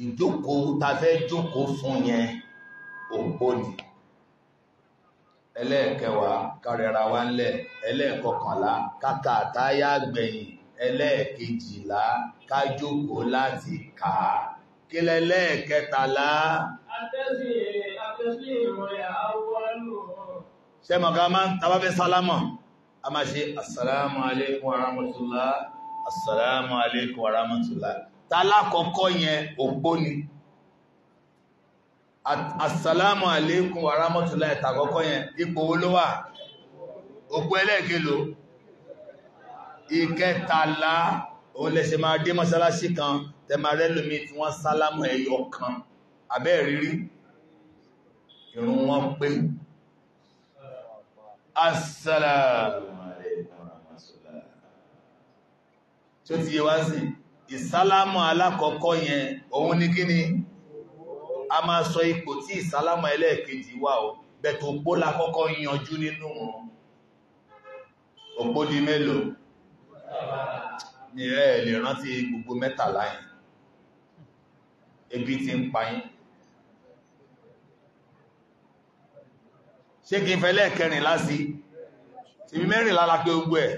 ìjókòó ta jókòó fún yẹn òpó ni ẹlẹ́ẹ̀kẹwàá kárẹ̀ra wá ńlẹ̀ ẹlẹ́ẹ̀kọkànlá káka àtáyà gbẹ̀yìn ẹlẹ́ẹ̀kejìlá kájókòó láti kà á kílẹ̀ ẹlẹ́ẹ̀kẹtàlá sẹ́mọ̀ká máa ń tàbábẹ́ sálámọ̀ a máa ṣe assalamu alaikum warahmatullah assalamu alaikum warahmatullah tálákọ̀ọ́kọ́ yẹn òpó ni assalamu alaikum wa rahmatullahi ìtàkọ́kọ́ yẹn ipò olówà òpó ẹlẹ́ẹ̀kẹ́lò ìkẹtàlá òun lẹ́ṣe máa dé mọ́sálásí kan tẹmarẹ́ lómi tí wọ́n sálámù ẹyọ kan abẹ́ rírí ìrun wọn pé assalamu alaikum wa rahmatullahi tí yẹn òun ní kíni a máa sọ ipò tí ìsálámà ẹlẹ́ẹ̀kejì wà ó bẹ̀tò òpó la kọ́kọ́ yanjú nínú wọn òpó di mélòó ní ẹ lè rántí gbogbo mẹ́tàlá yìí ebi ti ń pa yín ṣé kí n fẹ́ lẹ́ẹ̀kẹrìnlá sí ti mẹ́rìnlá la pé gbogbo ẹ̀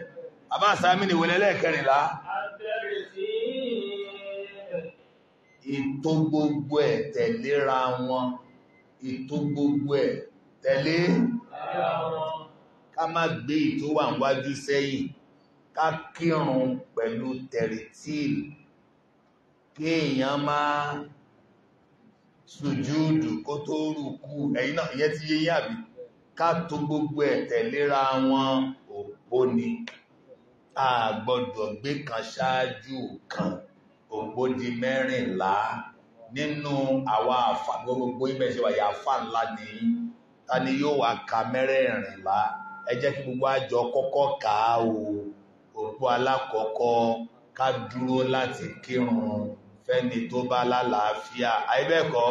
àbá àsámi nìwọlẹ́lẹ́ẹ̀kẹrìnlá ètò gbogbo ẹ̀ tẹ̀léra wọn ètò gbogbo ẹ̀ tẹ̀lé ká má gbé ètò wà níwájú sẹ́yìn ká kírun pẹ̀lú tẹ̀rìtìlì kí èèyàn máa sùjúdù kó tó rùkú ẹ̀yìn náà ìyẹn ti yéyìn àbí ká tó gbogbo ẹ̀ tẹ̀léra wọn òpó ni a gbọ́dọ̀ gbé kan. Ṣáájú, kan ògbó di mẹ́rìnlá nínú àwa àfà gbogbo ibẹ̀ ṣe wà yà àfà ńlá ni ta ni yóò wá ka mẹ́rẹ̀ẹ̀rìnlá ẹ jẹ́ kí gbogbo àjọ kọ́kọ́ kà á o òpó alákọ̀ọ́kọ́ ká dúró láti kírun fẹ́ni tó bá lálàáfíà àìbẹ́ẹ̀kọ́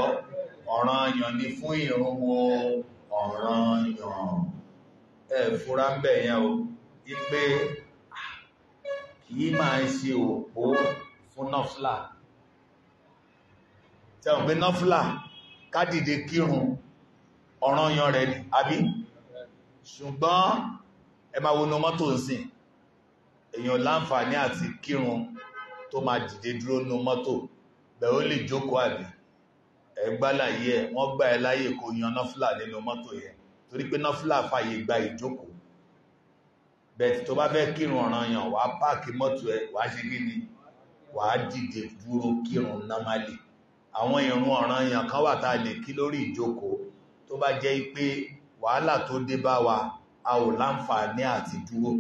ọ̀ranyàn ni fún o wo ọ̀ranyàn ẹ fura ń bẹ̀ yẹn o wípé kì í máa ń ṣe òpó fún nọ́fílà tẹ́wọ̀n pé nọ́fílà kádìde kírun ọ̀ranyàn rẹ̀ ni àbí ṣùgbọ́n ẹ máa wo mọ́tò ń sìn èèyàn láǹfààní àti kírun tó máa dìde dúró nu mọ́tò bẹ̀rẹ̀ ó lè jókòó àbí ẹgbàláyé ẹ̀ wọ́n gbà ẹ láyè kó yan nọ́fílà nínú mọ́tò yẹn torí pé nọ́fílà fàyè gba ìjókòó bẹ̀ẹ̀ tó bá fẹ́ kírun ọ̀ranyàn wàá páàkì mọ́tò ẹ wàá ṣe kí ni wà á dìde dúró kírun námálì àwọn ìrun ọ̀ràn èèyàn kan wà táa lè kí lórí ìjókòó tó bá jẹ́ pé wàhálà tó dé bá wa a ò láǹfààní àti dúró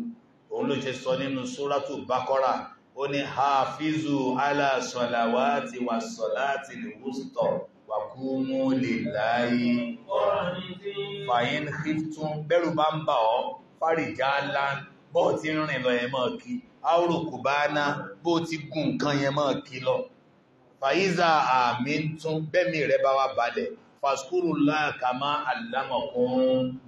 òun ló ṣe sọ nínú sóràtù bákọ́rà ó ní hafizu ala salawati wa salati lewusto wa kumu lillahi fàyín khiftum bẹ́rù bá ń bà ọ́ fàríjà ńlá bọ́ọ̀ tí ń lọ ẹ̀mọ́ kí áwòrò kò bá ná bó ti gùn nǹkan yẹn mọ́ kìlọ̀ fàyíza àmì tún bẹ́mì rẹ̀ bá wà balẹ̀ fàskúrù láàkà máa àlámọ̀kún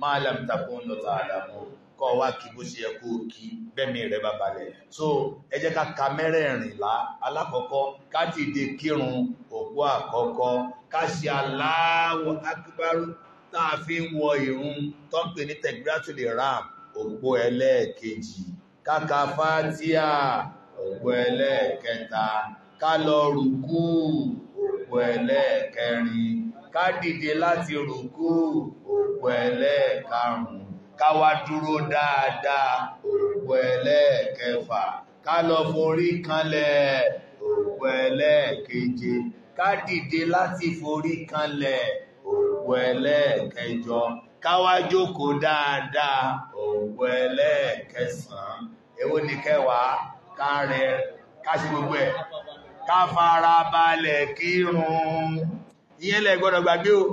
máa lámtakún lọ́ta àlámọ̀ kọ́ wá kí bó ṣe ẹkú kí bẹ́mì rẹ̀ bá balẹ̀ so ẹ jẹ́ ká ka mẹ́rẹ̀ẹ̀rìnlá alákọ̀ọ́kọ́ ká dìde kírun òkú àkọ́kọ́ ká ṣe Allahu akbar táà fi ń wọ ìrun tó ń pè ní tẹ̀gbírátìlì ram òpó ẹlẹ́ẹ̀kejì káka fátíà òpó ẹlẹ́ẹ̀kẹta ká lọ rùkú òpó ẹlẹ́ẹ̀kẹrin ká dìde láti rùkú òpó ẹlẹ́ẹ̀karùn ká wá dúró dáadáa òpó ẹlẹ́ẹ̀kẹfà ká lọ forí kanlẹ̀ òpó ẹlẹ́ẹ̀keje ká láti forí kanlẹ̀ òpó ẹlẹ́ẹ̀kẹjọ káwá jókòó dáadáa òwò ẹlẹ́ẹ̀kẹsàn èwo ni kẹwàá kárẹ káṣí gbogbo ẹ̀ káfara balẹ̀ kírun ìyẹn lẹ gbọ́dọ̀ gbàgbé o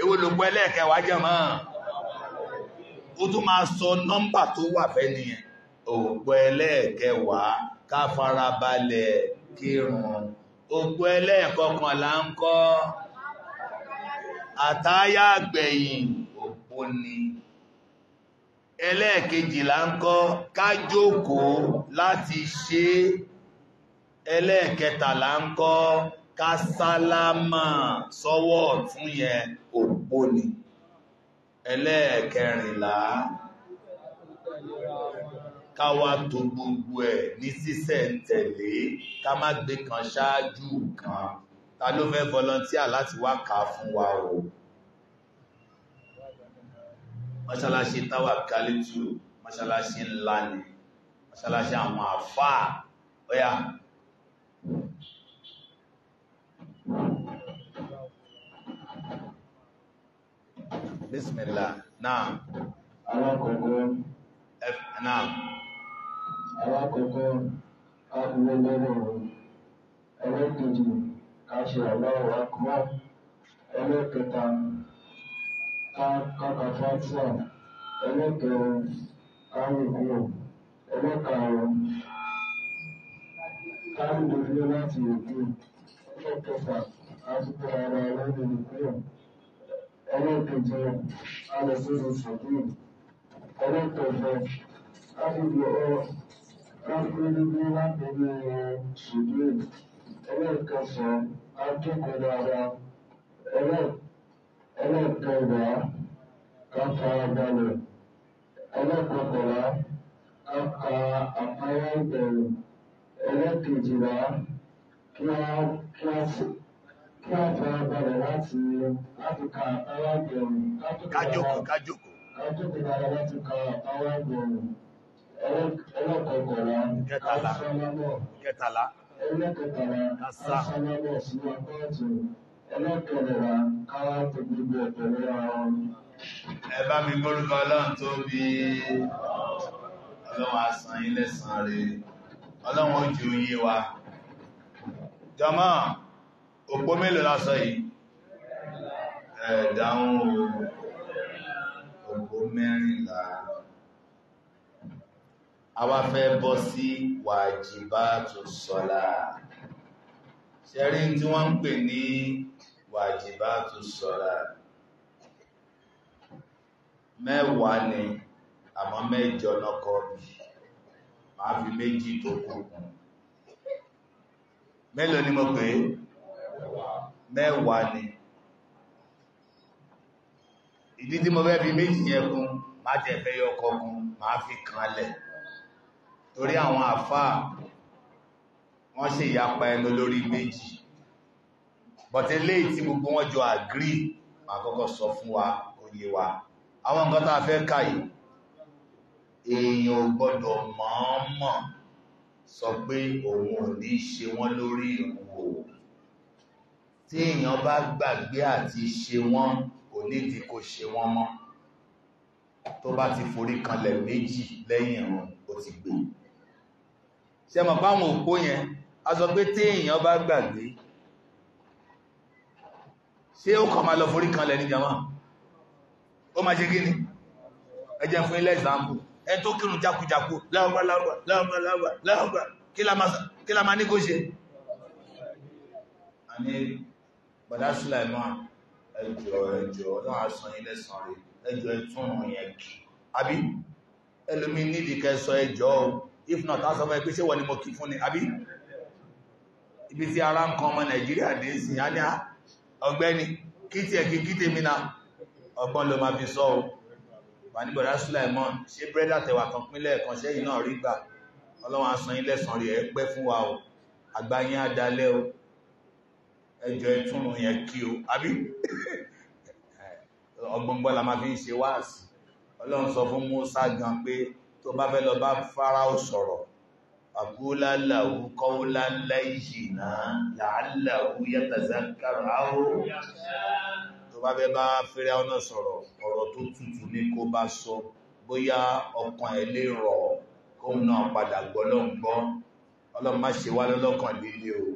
èwo lòpọ̀ ẹlẹ́ẹ̀kẹwàá jẹ̀mọ́ ó tún máa sọ nọ́mbà tó wà fẹ́ nìyẹn òpó ẹlẹ́ẹ̀kẹwàá káfara balẹ̀ kírun òpó ẹlẹ́ẹ̀kọkànlá ń kọ́ àtáyà gbẹ̀yìn kó ní ẹlẹ́ẹ̀kejìlá ń kọ́ kájókòó láti ṣe ẹlẹ́ẹ̀kẹtàlá ń kọ́ kásálámà sọ́wọ́ ọ̀tún yẹn òpó ni ẹlẹ́ẹ̀kẹrìnlá káwà tó gbogbo ẹ̀ ní sísẹ̀ntẹ̀lé ká má gbé kan ṣáájú kan ta ló fẹ́ volunteer láti wá fún wa o mọ́ṣálásí táwà kálítù mọ́ṣálásí ńlá ni mọ́ṣálásí àwọn àfáà ọya bísmìlá náà alákọ̀ọ́kọ́ náà alákọ̀ọ́kọ́ agbẹ́gbẹ́rẹ̀ ẹlẹ́kẹ̀ẹ́jì káṣẹ aláwọ̀ akọ́wọ́ ẹlẹ́kẹta káka fatia ẹlẹ́kẹrin káwíkúrò ẹlẹ́karùn káwídójúlé láti òkè ẹlẹ́kẹfà àtúntò ara lẹ́yìn ìkúrò ẹlẹ́kẹjọ alẹ́sẹ̀sẹ̀ sọ̀tún ẹlẹ́kẹfẹ káfíbi ọ káfíbi láti ní ṣùgbọ́n ẹlẹ́kẹsàn-án akẹ́kọ̀ọ́ dáadáa ẹlẹ́ẹ̀kẹwàá ká farabalẹ̀ ẹlẹ́ẹ̀kọkànlá ká ka àpáyá ìbẹ̀rù ẹlẹ́ẹ̀kejìlá kí a farabalẹ̀ láti láti ka àpáyá ìbẹ̀rù kájókòó kájókòó kájókòó dára láti ka àpáyá ìbẹ̀rù ẹlẹ́ẹ̀kọkànlá ká sálámọ̀ ẹlẹ́ẹ̀kẹtàlá ká sálámọ̀ sí apá ọ̀tún ẹlẹ́kẹ̀rẹ̀ wa káwà tó gbogbo ẹ̀tẹ̀lẹ́ ọ̀rọ̀ ẹbá mi gbórúkọ ọlọ́run tó bí ọlọ́run asán ilẹ̀ sàn rẹ̀ ọlọ́run ojú oyé wa jọmọ́ òpó mélòó lásọ yìí ẹ̀dáhùn òpó mẹ́rìnlá a wá fẹ́ bọ́ sí wàjìbá tó sọ́lá. ṣẹ́rí tí wọ́n ń pè ní wàjìbátù sọ́lá mẹ́wàá ni àmọ́ mẹ́jọ lọ́kọ́ bí máa fi méjì tó kùnkùn mélòó ni mo pé, mẹ́wàá ni ìdí tí mo fẹ́ fi méjì yẹn kún máa tẹ̀fẹ́ yọkọ̀ kún máa fi kanlẹ̀ torí àwọn àfáà wọ́n ṣe ìyapa ẹnu lórí méjì but eléyìí tí gbogbo wọn jọ agree ma kọ́kọ́ sọ fún wa òye wa àwọn nǹkan tá a fẹ́ kà yìí èèyàn ò gbọ́dọ̀ mọ̀ọ́mọ̀ sọ pé òun ò ní ṣe wọ́n lórí ìwò tí èèyàn bá gbàgbé àti ṣe wọ́n kò nídìí kó ṣe wọ́n mọ́ tó bá ti forí kanlẹ̀ méjì lẹ́yìn ìrun ó ti gbé ṣe mọ̀ páwọn òpó yẹn a sọ pé tí èèyàn bá gbàgbé ṣé ó kàn máa lọ forí kan lẹ́ni jama ó máa ṣe kí ni ẹjẹ́ fún ilẹ̀ ìsàmbù ẹ tó kírun jákujàku láwọ́gbà láwọ́gbà láwọ́gbà láwọ́gbà kí la máa ní kó ṣe àní bàdá Sulaiman ẹjọ ẹjọ náà san ilẹ̀ san rẹ ẹjọ ẹtún yẹn kì àbí ẹlòmí nídìí kẹsọ ẹjọ if not á sọ fún ẹ pé ṣé wọ́n ni mo kí fún ni àbí ibi tí ara ń kan ọmọ nàìjíríà dé sí i á ní ah, ọ̀gbẹ́ni kí tiẹ̀ kí kí tèmi náà ọgbọ́n ló máa fi sọ ọ́ wàníbọ̀dá Sulaiman ṣé bírẹ́dà tẹ̀wà kan pínlẹ̀ kan sẹ́yìn náà rí gbà ọlọ́wọ́n asan ilẹ̀ sàn rí ẹ̀ pẹ́ fún wa o àgbáyé adalẹ́ o ẹjọ́ ìtúnrùn yẹn kí o àbí ọgbọ̀ngbọ́n la máa fi ń ṣe wáàsì ọlọ́run sọ fún Musa gan pé tó bá fẹ́ lọ bá Fáráò sọ̀rọ̀ فقولا له قولا لينا لعله يتذكر او tó bá bẹ́ bá fẹ́rẹ́ ọ̀nà sọ̀rọ̀ ọ̀rọ̀ tó tútù ní kó bá sọ bóyá ọkàn ẹ̀ lè rọ̀ kó náà padà gbọ́lọ́gbọ́ ọlọ́run má ṣe wá lọ́lọ́kàn líle o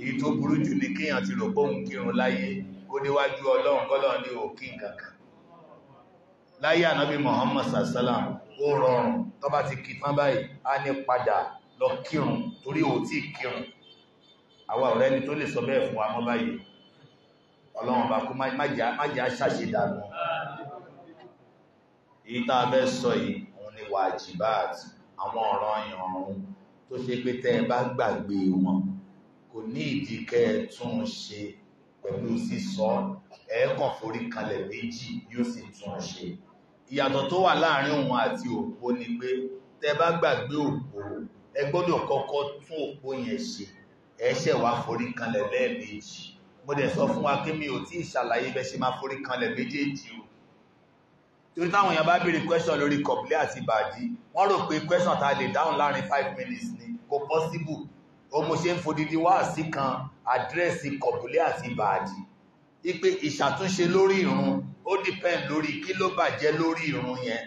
èyí tó burú jù ní kíyàn ó rọrùn tó bá ti kí tán báyìí a ní padà lọ kírun torí ò tí kírun àwa ọ̀rẹ́ ni tó lè sọ bẹ́ẹ̀ fún wa mọ́ báyìí ọlọ́run bá kú májá ṣàṣe dànù èyí tá a fẹ́ sọ yìí òun ni wàjìbáàt àwọn ọ̀ràn ìrọ̀rùn tó ṣe pé tẹ́ ẹ bá gbàgbé wọn kò ní ìdí kẹ́ ẹ tún ṣe pẹ̀lú sísọ ẹ̀ẹ́kàn forí kalẹ̀ méjì yóò sì tún ṣe ìyàtọ̀ tó wà láàrin òun àti òpó ni pé tẹ bá gbàgbé òpó ẹ gbọ́dọ̀ kọ́kọ́ tún òpó yẹn ṣe ẹ̀ṣẹ̀ wá forí kanlẹ̀ lẹ́ẹ̀mejì mo dẹ̀ sọ fún wa kí mi ò tí ìṣàlàyé bẹ́ máa forí kanlẹ̀ méjèèjì o torí táwọn bá béèrè five minutes ni kò possible o mo ṣe ń fodidi wáàsí kan àdírẹ́sì ipe ìṣàtúnṣe lórí ìrun ó depend lórí kí ló bàjẹ́ lórí ìrun yẹn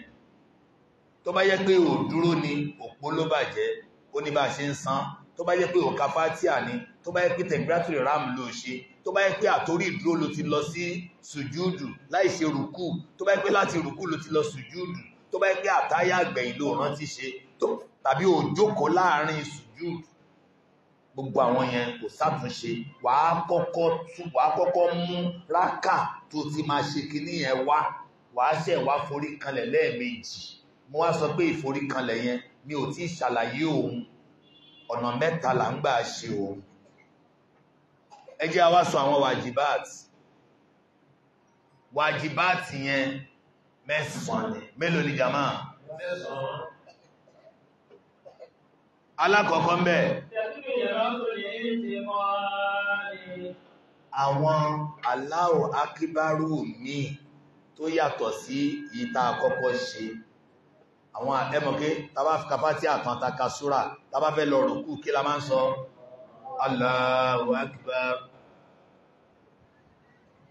tó bá yẹ pé ò dúró ni òpó ló bàjẹ́ ó ní bá ṣe ń san tó bá yẹ pé ò ka fátíà ni tó bá yẹ pé tẹ̀gbátìrì ram ló ṣe tó bá yẹ pé àtórí ìdúró ló ti lọ sí sùjúdù láì ṣe rùkú tó bá yẹ pé láti rùkú ló ti lọ sùjúdù tó bá yẹ pé àtáyà àgbẹ̀yìn ló rántí ṣe tàbí ò jókòó láàrin sùjúdù gbogbo àwọn yẹn kò sátúnṣe wàá kọ́kọ́ tún wàá kọ́kọ́ mú rákà tó ti máa ṣe kinní yẹn wá wàá ṣẹ̀ wá forí kanlẹ̀ lẹ́ẹ̀mejì mo wá sọ pé ìforí kanlẹ̀ yẹn mi ò tí ì ṣàlàyé òun ọ̀nà mẹ́ta là ń gbà ṣe òun ẹ jẹ́ wá sọ àwọn wàjibáàtì wàjibáàtì yẹn mẹ́sàn-án mélòó ni jàmáà alákọ̀ọ́kọ́ ń bẹ àwọn Allahu akíbárù mi tó yàtọ̀ sí ìta àkọ́kọ́ ṣe àwọn ẹmọ̀ké tàbá kàfà tí àtàn àtàkà súra tàbá fẹ́ lọ rùkú kí la máa ń sọ Allahu akíbárù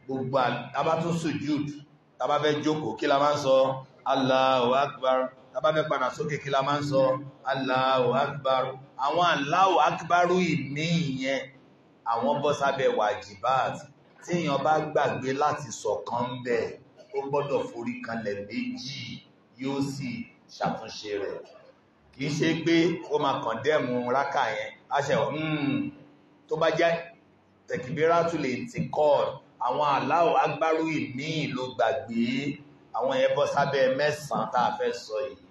gbogbo tàbá tún sùjúd tàbá fẹ́ jókòó kí la máa ń sọ Allahu akíbárù tàbá fẹ́ padà sókè kí la máa ń sọ Allahu Akbar àwọn Allahu Akbar ìmí àwọn bọ́ sábẹ́ wajibat tí èèyàn bá gbàgbé láti sọ̀kan ń bẹ̀ ó gbọ́dọ̀ forí kanlẹ̀ méjì yóò sì ṣàtúnṣe rẹ̀ kìí ṣe pé ó máa kàn dẹ́mu rákà yẹn aṣẹ hmm, tó bá jẹ́ tẹ̀kìbírátù lè ti kọ́ àwọn Allahu Akbar ìmí ló gbàgbé àwọn yẹn bọ́ sábẹ́ mẹ́sàn-án tá a fẹ́ sọ yìí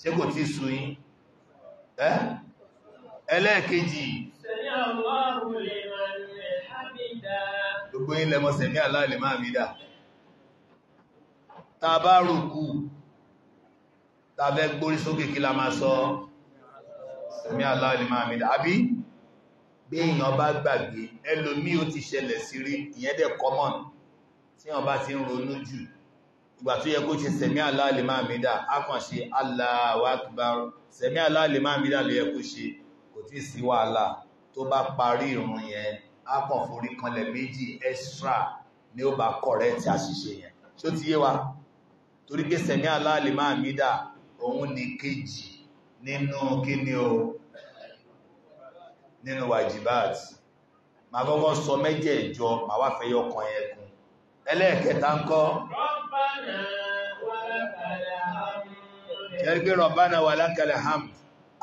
ṣé kò tí sú yín ẹ́ ẹlẹ́ẹ̀kejì gbogbo yín lẹ́mọ̀ sẹ̀mí Allahu liman hamida tá a bá rùkú tá a fẹ́ gbórí sókè kí la máa sọ sẹ̀mí Allahu liman hamida àbí bí èèyàn bá gbàgbé ẹlòmí ó ti ṣẹlẹ̀ sí rí ìyẹn dẹ̀ common tí wọ́n bá ti ń ronú jù ìgbà tó yẹ kó ṣe sẹ̀mí aláàlèmáàmídà akànṣe Allahu Akbar sẹ̀mí aláàlèmáàmídà ló yẹ kó ṣe kò tí sí wàhálà tó bá parí ìrun yẹn akàn forí kanlẹ̀ méjì extra ni ó bá correct àṣìṣe yẹn ṣó ti yé wa torí pé sẹ̀mí aláàlèmáàmídà òun ni kejì nínú kíni o nínú wajibat màá kọ́kọ́ sọ mẹ́jẹ̀ẹ̀jọ màá wá fẹ́ yọkàn yẹn ẹlẹ́ẹ̀kẹta ń kọ́ ẹgbẹ́ Rabbana wa lakal hamd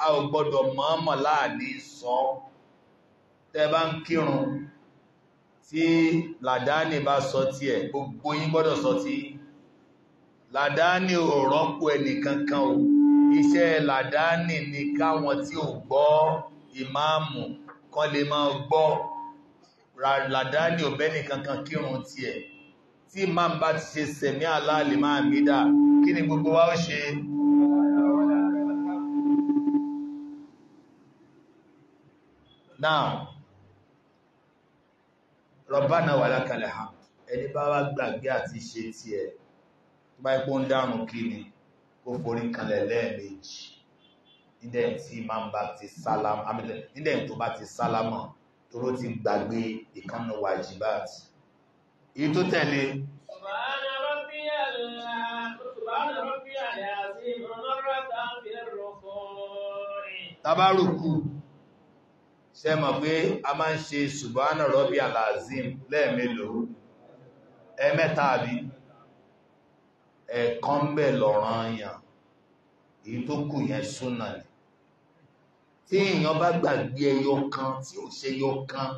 a ò gbọ́dọ̀ mọ́mọ̀ láàní sọ tẹ́ bá ń kírun tí làdáni bá sọ tí ẹ̀ gbogbo yín gbọ́dọ̀ sọ tí làdáni ò rọ́pò ẹnìkankan o iṣẹ́ làdáni ni káwọn tí ò gbọ́ ìmáàmù kan lè máa gbọ́ làdáni ò bẹ́nìkankan kírun tí ẹ̀ tí ma ń bá ti ṣe sẹ̀mí aláàlè máa mídà kí ni gbogbo wa ó ṣe náà Rabbana wà lákàlẹ̀ ha ẹni bá wá gbàgbé àti ṣe tí ẹ bá ipò ń dárùn kí ni kó forí kalẹ̀ lẹ́ẹ̀mejì nídẹ̀ tí ma ń bá ti sálámà nídẹ̀ tó bá ti sálámà tó ló ti gbàgbé ìkànnà wàjibáàtì ìtò tẹ̀lé tabaruku ṣe mọ̀ pé a máa ń ṣe subhana rọ́bí alazim lẹ́ẹ̀mélòó ẹ̀mẹ́ta àbí ẹ̀kan bẹ̀ lọ́ràn yàn èyí tó kù yẹn súnà ní tí èèyàn bá gbàgbé ẹyọ kan tí ò ṣe yọ kan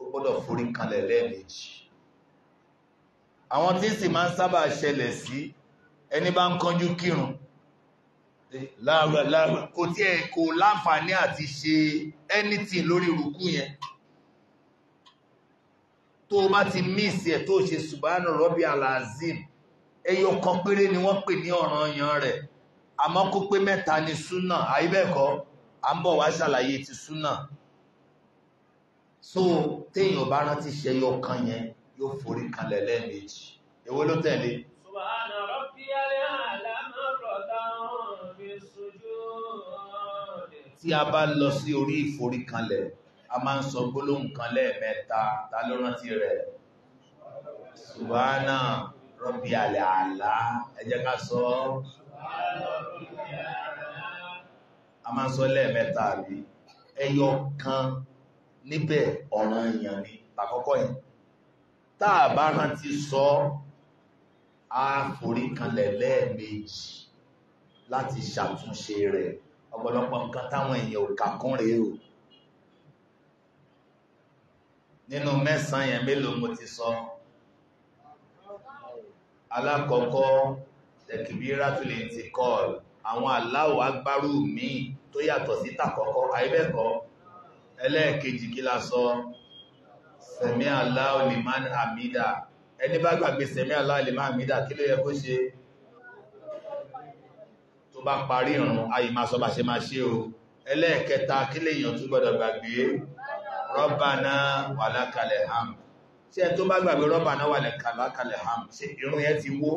ó gbọ́dọ̀ forí kanlẹ̀ lẹ́ẹ̀mejì àwọn tí sì máa ń sábà ṣẹlẹ̀ sí ẹni bá ń kánjú kírun kò tí ẹ kò láǹfààní àti ṣe anything lórí rùkú yẹn tó bá ti miss ẹ̀ tó ṣe subhana rọ́bì alazim ẹyọ kan péré ni wọ́n pè ní ọ̀ranyàn rẹ̀ àmọ́ kó pé mẹ́ta ni súnà àyíbẹ̀kọ́ à ń bọ̀ wá ṣàlàyé ti súnà so téèyàn bá rántí ṣẹyọ kan yẹn yóò forí kanlẹ̀ lẹ́ẹ̀mejì èwo ló tẹ̀lé subhana rabbiyal a'la tí a bá lọ sí orí ìforí kanlẹ̀ a máa ń sọ gbólóhùn kan lẹ́ẹ̀mẹ́ta ta ló rántí rẹ̀ subhana rabbiyal a'la ẹ jẹ́ ká sọ a máa ń sọ lẹ́ẹ̀mẹ́ta àbí ẹyọ kan níbẹ̀ ọ̀ranyàn ni àkọ́kọ́ yìí tàbá rántí sọ àforí kanlẹ̀ lẹ́ẹ̀mejì láti ṣàtúnṣe rẹ̀ ọ̀pọ̀lọpọ̀ nǹkan táwọn èèyàn ò kàkún rèé o nínú mẹ́sàn yẹn mélòó mo ti sọ alákọ̀ọ́kọ́ tẹ̀kìbíra tó lè ti kọ́ọ̀lù àwọn aláwọ̀ agbárù míì tó yàtọ̀ sí tàkọ́kọ́ àìbẹ́ẹ̀kọ́ ẹlẹ́ẹ̀kejì kí la sọ so sẹ̀mí Allahu liman hamida ẹni bá gbàgbé sẹ̀mí Allahu liman hamida kí ló yẹ kó ṣe tó bá parí ìrun ayì máa sọ bá ṣe máa ṣe o ẹlẹ́ẹ̀kẹta kí lèyàn tún gbọ́dọ̀ gbàgbé Rabbana walakal hamd tí ẹ tó bá gbàgbé Rabbana walakal hamd ṣe ìrun yẹn ti wó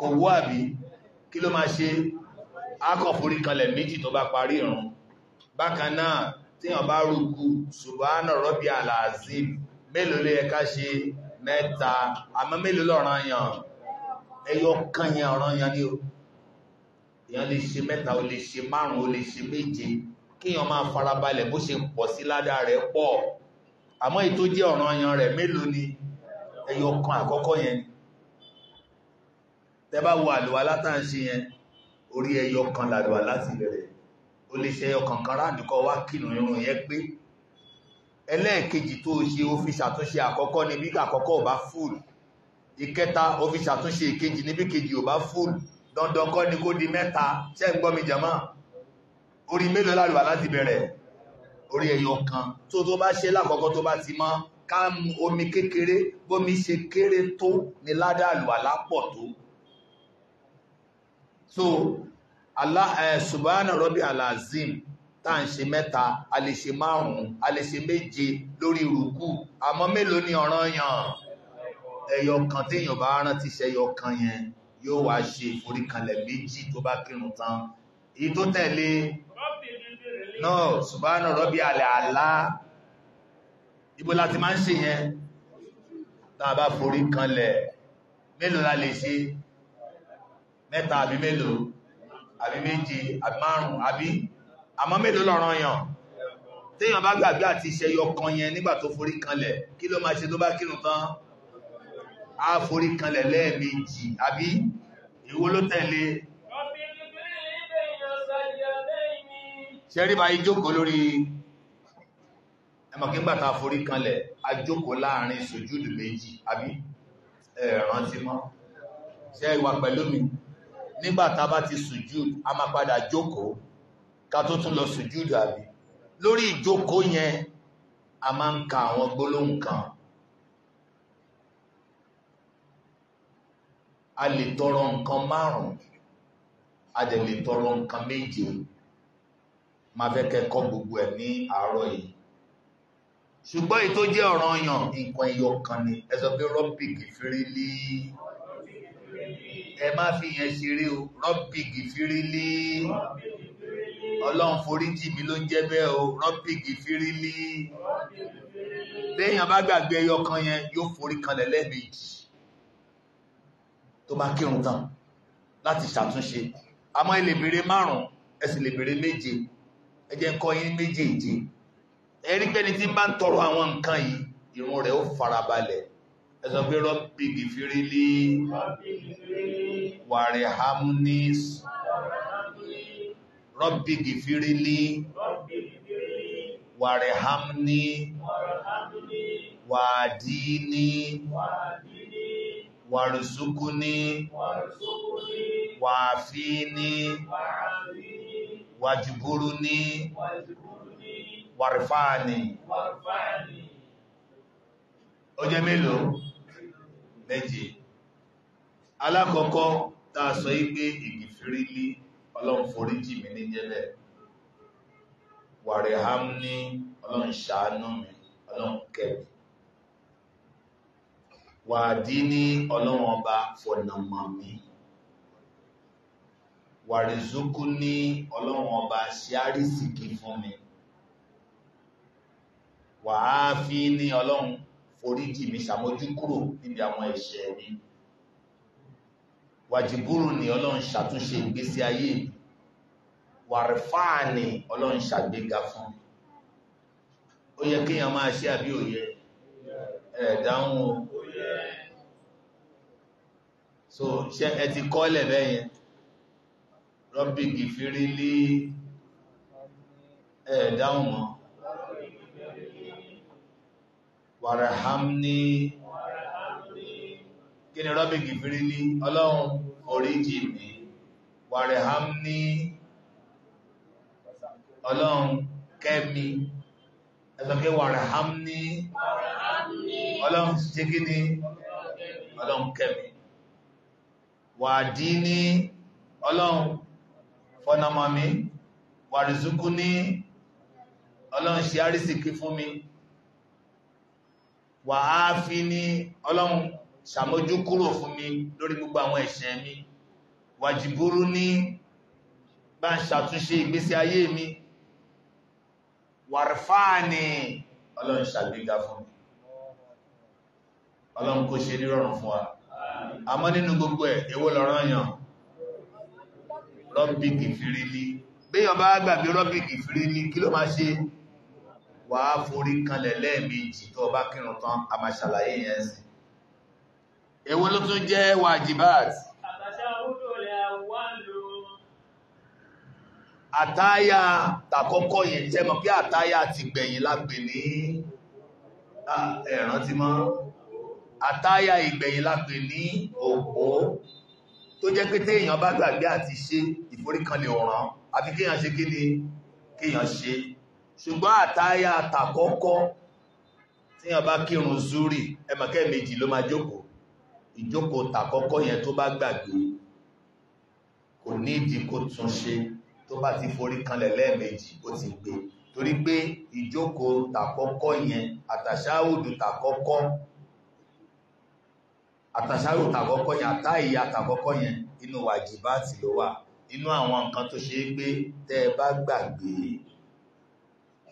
kò tíyàn bá rúkú subhana rọ́bì alazim mélòó lè ẹka ṣe mẹ́ta àmọ́ mélòó lọ́ràn yàn ẹyọ kan yẹn ọ̀ràn yàn ni o èèyàn lè ṣe mẹ́ta o lè ṣe márùn o lè ṣe méje kíyàn máa farabalẹ̀ bó ṣe pọ̀ sí ládà rẹ̀ pọ̀ àmọ́ èyí jẹ́ ọ̀ràn yàn rẹ̀ mélòó ni ẹyọ kan àkọ́kọ́ yẹn ni tẹ́ bá wo àlùwà látàǹṣe yẹn orí ẹyọ kan làlùwà láti bẹ̀rẹ̀ o lè ṣe ọkànkan ráàdì kọ wá kìnnà irun yẹn pé ẹlẹ́ẹ̀kejì tó ṣe ó fi ṣàtúnṣe àkọ́kọ́ níbi àkọ́kọ́ ò bá fúlù ìkẹta ó fi ṣàtúnṣe ìkejì níbi kejì ò bá fúlù dandan kọ́ ni kó di mẹ́ta ṣé ń gbọ́ mi jàmá orí mélòó lálùwà láti bẹ̀rẹ̀ orí ẹyọ kan tó tó bá ṣe lákọ̀ọ́kọ́ tó bá ti mọ́ ká mu omi kékeré bómi ṣe kéré tó ni ládàlùwà lápọ̀ tó so Eh, subhana rabbi alazim tá à ń ṣe mẹ́ta a lè ṣe márùn-ún a lè ṣe méje lórí rùkú àmọ́ mélòó ni ọ̀ranyàn ẹyọ kan téèyàn bá rántí ṣẹyọ kan yẹn yóò wá ṣe ìforíkanlẹ̀ méjì tó bá kírun tán èyí tó tẹ̀lé náà subhana rabbi alàlá ibo láti máa ń ṣe yẹn tá a bá forí kanlẹ̀ mélòó la lè ṣe mẹ́ta àbí mélòó àbí méjì àbí márùn àbí àmọ́ mélòó lọ́rọ̀ yàn téèyàn bá gbàgbé àti iṣẹ́ yọ kan yẹn nígbà tó forí kanlẹ̀ kí ló máa ṣe tó bá kírun tán á forí kanlẹ̀ lẹ́ẹ̀mejì àbí ìwó ló tẹ̀lé ṣẹ́rí bá ijókòó lórí ẹmọ̀ kí ń gbàtà forí kanlẹ̀ ajókòó láàrin sùjúdù méjì àbí ẹ̀rántí mọ́ ṣẹ́ ìwà pẹ̀lú mi nígbàtà bá ti sùjúd a máa padà jókòó ká tó tún lọ sùjúd àbí lórí ìjókòó yẹn a máa ń ka àwọn gbólóhùn kan a lè tọrọ nǹkan márùn-ún a dẹ̀ lè tọrọ nǹkan méje ma fẹ́ kẹ́kọ́ gbogbo ẹ̀ ní àárọ̀ yìí ṣùgbọ́n èyí tó jẹ́ ọ̀ranyàn nǹkan ẹyọ kan ni ẹ sọ pé rọ́bìkì fírílì ẹ má fi yẹn ṣeré o rọ́bìgì fírílé ọlọ́run foríjì mi ló ń jẹ́ bẹ́ẹ̀ o rọ́bìgì fírílé téèyàn bá gbàgbé ẹyọ kan yẹn yóò forí kanlẹ̀ lẹ́ẹ̀mejì tó bá kírun tán láti ṣàtúnṣe àmọ́ ẹ lè béèrè márùn-ún ẹ sì lè béèrè méje ẹ jẹ́ kọ́ yín méjèèje ẹ rí pẹ́ni tí bá ń tọrọ àwọn nǹkan yìí ìrun rẹ̀ ó farabalẹ̀ ẹ̀sọ̀ pé rọ́bì gìfìrílì wàrẹ̀ hamnis rọ́bì gìfìrílì wàrẹ̀ hamni wàdíní wàrùsùkúní wàfíní wàjúbúrúní wàrfáàní ó jẹ́ mélòó méje alákọ̀ọ́kọ́ tá a sọ wípé ìgbìfìrílí ọlọ́run forí jì mí ní jẹ́lẹ̀ wàrẹ̀ ham ní ọlọ́run ṣàánú mi ọlọ́run kẹ́mi wàdí ní ọlọ́run ọba fọ̀nàmọ̀ mi wàrìzúkú ní ọlọ́run ọba ṣe fún mi wàáfí ní ọlọ́run foríjì mi ṣàmójú kúrò níbi àwọn ẹ̀ṣẹ̀ mi wàjìbúrù ni ọlọ́run ṣàtúnṣe ìgbésí ayé mi wàrífáà ni ọlọ́run ṣàgbéga fún mi ó yẹ kí máa ṣe àbí òye ẹ̀dáhùn so ṣe ẹ ti kọ́lẹ̀ bẹ́yẹn rọ́bìgì fírílí ẹ̀dáhùn mọ́ wàràhámní kí ni rọ́bì gìfìrí ní ọlọ́run oríjì mi wàràhámní ọlọ́run kẹ́mi ẹ̀sọ̀kẹ́ wàràhámní ọlọ́run ti jẹ́ kí ni ọlọ́run kẹ́mi wàdí ní ọlọ́run fọ́nàmọ́ mi wàrìzúkú ní ọlọ́run ṣe àrísìkí fún mi wà á fi ní ọlọ́run ṣàmójú kúrò fún mi lórí gbogbo àwọn ẹ̀ṣẹ̀ mi wàjìbúrú ní bá ń ṣàtúnṣe ìgbésí ayé mi wàrfáàní ọlọ́run ṣàgbéga fún mi ọlọ́run kó ṣe nírọ̀rùn fún wa àmọ́ nínú gbogbo ẹ̀ èwo lọ́rán yàn rọ́bìkì fìrílí bí yàn bá gbàgbé rọ́bìkì fìrílí kí ló máa ṣe wà á forí kanlẹ̀ lẹ́ẹ̀mejì tó bá kírun tán a máa ṣàlàyé yẹn sí èwo ló tún jẹ́ wajibat àtáyà tàkọ́kọ́ yẹn jẹ́ mọ̀ pé àtáyà ti gbẹ̀yìn lágbè ní ẹ̀ràn ti mọ́ àtáyà ìgbẹ̀yìn lágbè ní òpó tó jẹ́ pé téèyàn bá gbàgbé àti ṣe ìforíkanlẹ̀ ọ̀ràn àfi kéèyàn ṣe kí kéèyàn ṣe ṣùgbọ́n àtáyà àtàkọ́kọ́ tí yàn bá kírun zúrì ẹmọ̀kẹ́ méjì ló máa jókòó ìjókòó tàkọ́kọ́ yẹn tó bá gbàgbé kò ní ìdí kó tún ṣe tó bá ti forí kanlẹ̀ lẹ́ẹ̀mejì ó ti gbé torí pé ìjókòó tàkọ́kọ́ yẹn àtàṣáwòdù tàkọ́kọ́ àtàṣáwòdù tàkọ́kọ́ yẹn àtáyà tàkọ́kọ́ yẹn inú wàjìbáàtì ló wà inú àwọn nǹkan tó ṣe é gbé tẹ́ ẹ bá gbàgbé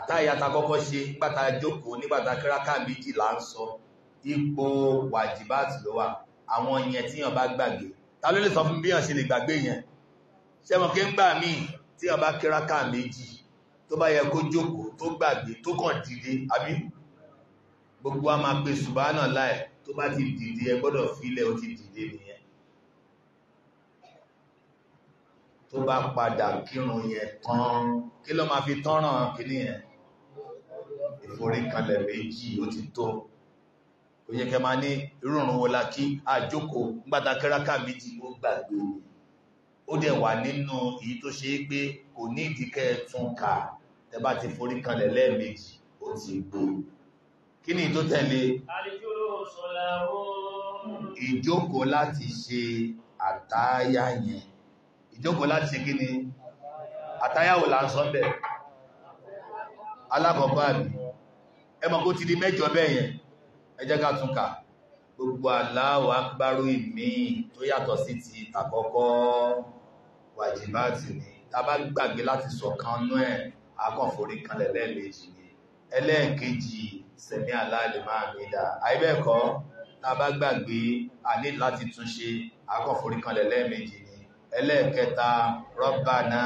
àtàyàtà kọ́kọ́ ṣe nígbàtà jókòó nígbàtà kíráká méjì là ń sọ ipò wàjìbáàtì ló wà àwọn yẹn tí yàn bá gbàgbé ta ló lè sọ fún bí yàn ṣe lè gbàgbé yẹn ṣẹ́mọ̀ kí ń gbà míì tí yàn bá kíráká méjì tó bá yẹ kó jókòó tó gbàgbé tó kàn dìde àbí gbogbo a máa pe ṣùgbọ́nà láì tó bá ti dìde ẹ gbọ́dọ̀ fílẹ̀ ó ti dìde nìyẹn tó bá padà kírun yẹn tán kí ló máa fi tọ́ràn kìíní yẹn ìforíkanlẹ̀ méjì ó ti tó ó yẹ kẹ máa ní rúrùn wọlá kí àjókò gbádá kẹ́ráká méjì ó gbàgbé ó dẹ̀ wà nínú èyí tó ṣe é pé kò ní ìdíkẹ́ tún kà tẹ́ bá ti foríkanlẹ̀ lẹ́ẹ̀mejì ó ti gbó kí ni tó tẹ̀lé ìjókòó láti ṣe àtáyà yẹn ìjókòó láti ṣe kí ni àtáyà là ń sọ bẹ̀ alákọ̀ọ́kọ́ àbí ẹmọ kó ti di mẹ́jọ bẹ́yẹn ẹ jẹ́ ká tún kà gbogbo Allahu akbaru ìmí tó yàtọ̀ sí ti àkọ́kọ́ wàjìbáàtì ni ta bá gbàgbé láti sọ̀kan nú ẹ̀ akọ̀forí kanlẹ̀ lẹ́ẹ̀mejì ni ẹlẹ́ẹ̀kejì sẹ̀mí aláàlè máa ń gbéra àìbẹ́ẹ̀kọ́ ta bá gbàgbé àní láti túnṣe akọ̀forí kanlẹ̀ lẹ́ẹ̀mejì ni ẹlẹ́ẹ̀kẹta Rabbana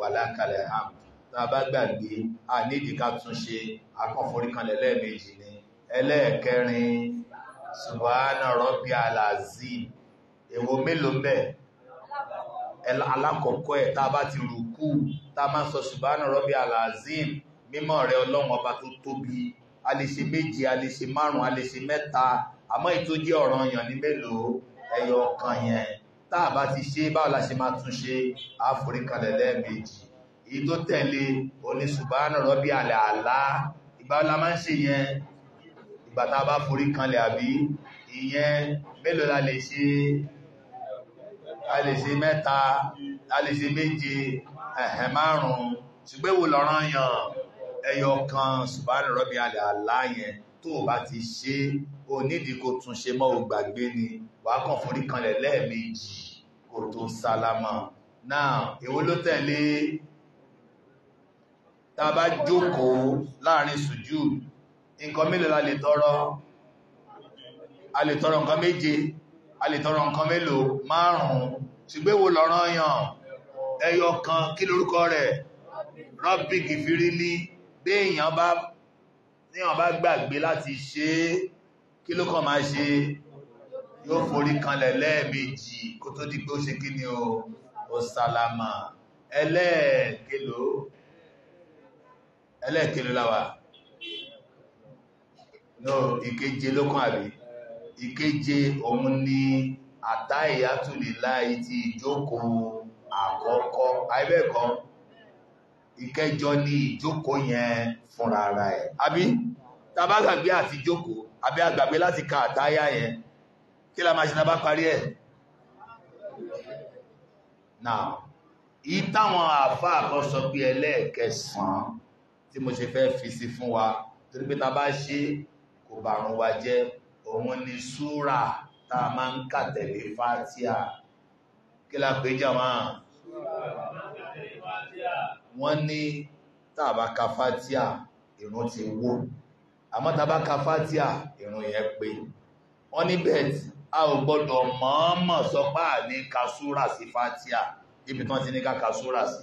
walakal hamd tàbá gbàgbé a nídìí ká tún ṣe akọ́foríkanlẹ̀ lẹ́ẹ̀mejì ni ẹlẹ́ẹ̀kẹrin subhana rabbi alazim èwo mélòó mẹ́ alákọ̀ọ́kọ́ ẹ̀ tàbá ti rùkú tá máa sọ subhana rabbi alazim mímọ́ rẹ̀ ọlọ́run ọba tó tóbi a lè ṣe méjì a lè ṣe márùn a lè ṣe mẹ́ta àmọ́ ètò jẹ́ ọ̀ràn yàn ní mélòó ẹyọ ọ̀kan yẹn tá bá ti ṣe báwo la ṣe máa tún ṣe àforíkanlẹ̀ lẹ́ẹ̀mejì èyí tó tẹ̀lé òní subhana rabbiyal a'la ìgbà la máa ń ṣe yẹn ìgbà tá bá forí kanlẹ̀ àbí ìyẹn mélòó la lè ṣe a lè ṣe mẹ́ta a lè ṣe méje ẹ̀hẹ̀ márùn-ún ṣùgbọ́n wo lọ́rán yàn ẹyọ kan subhana rabbiyal a'la yẹn tó bá ti ṣe o nídìí kò tún ṣe mọ́ o gbàgbé ni wà kàn forí kanlẹ̀ lẹ́ẹ̀mejì tàbá jókòó láàrin sùjú nǹkan mélòó la lè tọrọ a lè tọrọ nǹkan méje a lè tọrọ nǹkan mélòó márùn-ún ṣùgbé wo lọ́rán yàn ẹyọ kan kí lórúkọ rẹ̀ rọ́bìkì fírí ní bí èèyàn bá níyàn bá gbàgbé láti ṣe kí ló kàn máa ṣe yóò forí kanlẹ̀ lẹ́ẹ̀mejì kó tó di pé ó ṣe kí ni ó sálámà ẹlẹ́ẹ̀kélòó ẹlẹ́ẹ̀kẹ́lẹ́ láwà no ìkeje lókàn àbí ìkeje òun ni àtáyàtùlè láì ti ìjókòó àkọ́kọ́ àìbẹ́ẹ̀kọ́ ìkẹjọ ni ìjókòó yẹn fúnra ara ẹ̀ àbí tàbá gbàgbé àti jókòó àbí àgbàgbé láti ka àtáyà yẹn kí la máa ṣe náà bá parí ẹ̀ náà ìtàwọn àfáà kan sọ pé ẹlẹ́ẹ̀kẹsàn-án tí mo ṣe fẹ́ fi sí fún wa torí pé ta bá ṣe kò bàrùn wa jẹ́ òun ni súrà tá a máa ń kà tẹ̀lé fátíà kí la pè jàmá wọ́n ní tá a bá ka fátíà ìrun ti wó àmọ́ tá ka fátíà ìrun yẹn pé wọ́n ní bẹ́ẹ̀ a ò gbọ́dọ̀ mọ̀ọ́mọ̀ sọ pé ní ka súrà sí fátíà ibi tí ti ní ká ka súrà sí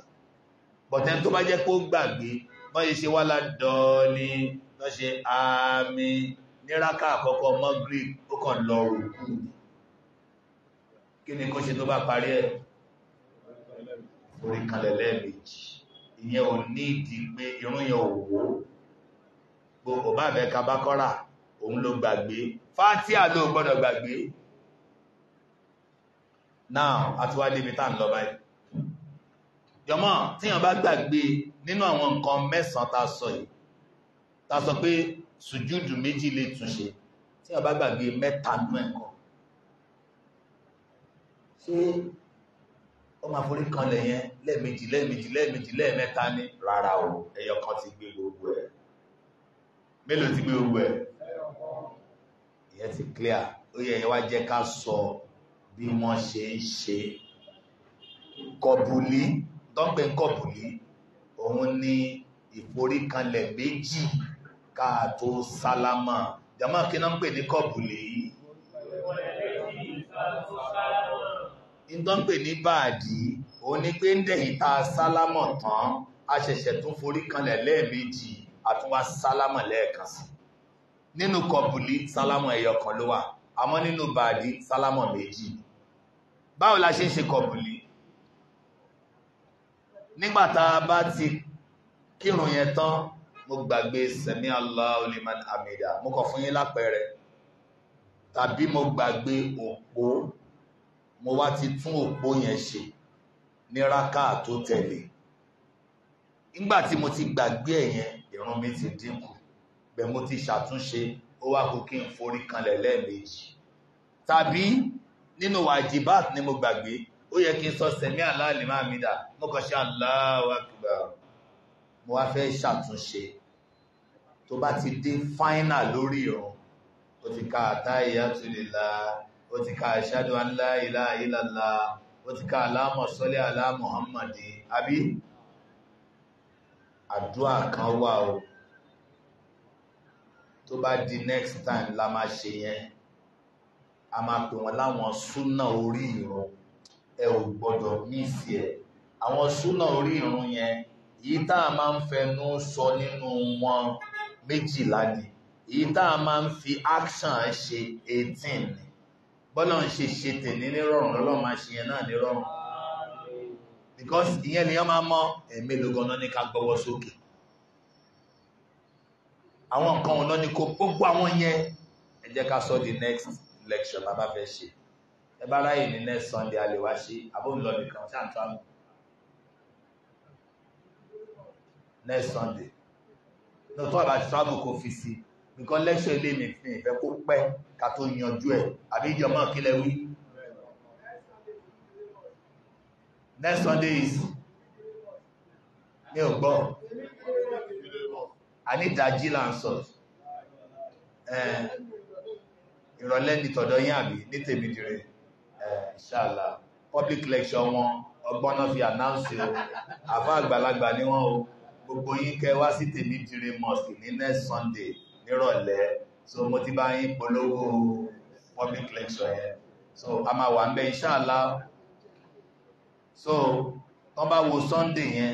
bọ̀tẹ́ tó bá jẹ́ pé gbàgbé wọ́n yìí ṣe wá ládọ́ọ̀lì wọ́n ṣe àmì níraka àkọ́kọ́ Maghrib ó kàn lọ rùkú kí ni kó ṣe tó bá parí ẹ̀ orí kalẹ̀ lẹ́ẹ̀mejì ìyẹn ò ní ìdí pé irun yẹn ò wó gbogbo bá bẹ́ ka bá kọ́ra òun ló gbàgbé fátíà ló gbọ́dọ̀ gbàgbé now àti wá débi tá ń lọ báyìí jọmọ́ tíyàn bá gbàgbé nínú àwọn nǹkan mẹ́sàn-án ta sọ yìí ta sọ pé sùjúdù méjì lè túnṣe tíyàn bá gbàgbé mẹ́ta nú ẹ̀kọ́ ṣé ó máa forí kanlẹ̀ yẹn lẹ́ẹ̀mejì lẹ́ẹ̀mejì lẹ́ẹ̀mejì lẹ́ẹ̀mẹ́ta ní rárá o ẹyọ kan ti gbé gbogbo ẹ̀ mélòó ti gbé gbogbo ẹ̀ ìyẹn ti clear ó yẹ ìyẹn wá jẹ́ ká sọ bí wọ́n ṣe ń ṣe kọbùlí tọ́pẹ́ ń kọ̀bùlí òun ni ìforíkanlẹ̀ méjì káàtó sálámà jama kí náà ń pè ní kọ̀bùlí ìtọ́ ń ní báàdì òun ni pé ń dẹ̀yìn ta sálámà tán a ṣẹ̀ṣẹ̀ tún foríkanlẹ̀ lẹ́ẹ̀mejì àtúnwá sálámà lẹ́ẹ̀kan sí nínú kọ̀bùlí sálámà ẹ̀yọ̀kan ló wà àmọ́ nínú bàdí sálámà méjì báwo la ṣe ń ṣe kọ̀bùlí nígbàtà bá ti kírun yẹn tán mo gbàgbé sẹ̀mí Allahu liman hamida mo kọ̀ fún yín lápẹẹrẹ tàbí mo gbàgbé òpó mo wá ti tún òpó yẹn ṣe ní rákà tó tẹ̀lé nígbà tí mo ti gbàgbé ẹ̀yẹn ìrun mi ti dínkù bẹ̀ mo ti ṣàtúnṣe ó wá kó kí n forí kanlẹ̀ lẹ́ẹ̀mejì tàbí nínú wàjibáàt ni mo gbàgbé ó yẹ kí n sọ sẹ̀mí aláàlè máa mi dà mo kàn ṣe Allahu Akbar mo wá fẹ́ ṣàtúnṣe tó bá ti dé fáínà lórí ìrun ó ti ka àtáyàtù lillah ó ti ka ashadu an la ó ti ka aláàmọ̀ sọ́lẹ̀ aláàmọ̀ Muhammadi àbí àdúà kan wà o tó bá di next time la máa ṣe yẹn a máa pè wọ́n láwọn súnà orí ìrun ẹ ò gbọ́dọ̀ mísì ẹ̀ àwọn súnà orí irun yẹn yìí tá a máa ń fẹnu sọ nínú wọn méjìlá ni èyí tá a máa ń fi action ṣe eighteen ni bọ́lá ń ṣe ṣe tèmi nírọ̀rùn lọ́lọ́run máa ṣe yẹn náà nírọ̀rùn because ìyẹn nìyẹn máa mọ ẹ̀mí lógan náà ní ká gbọ́wọ́ sókè àwọn nǹkan ọ̀nà ni kò gbogbo àwọn yẹn ẹ jẹ́ ká sọ the next lecture bàbá fẹ́ ṣe ẹ bá ráyè ní next Sunday a lè wá ṣe abóńlọ́dì kan ṣáà ń tánù next Sunday no tó àbá travel kò fi sí nǹkan lẹ́ṣọ̀ ilé mi fi ìfẹ́ kó pẹ́ ká tó yanjú ẹ̀ àbí ìjọmọ́ kílẹ̀ wí next Sunday is ní ògbọ́ ànídàájí là ń sọ ìrọ̀lẹ́ ní tọ̀dọ̀ yín àbí ní tèmi dìre Eh, inshallah public lecture wọn ọgbọ́n náà fi announce o àfá àgbàlagbà ni wọ́n o gbogbo yín kẹ wá sí tèmi jire mosque ní next sunday nírọ̀lẹ́ so mo ti bá yín polówó public lecture yẹn so a máa wà ń bẹ inshallah so tán bá wo sunday yẹn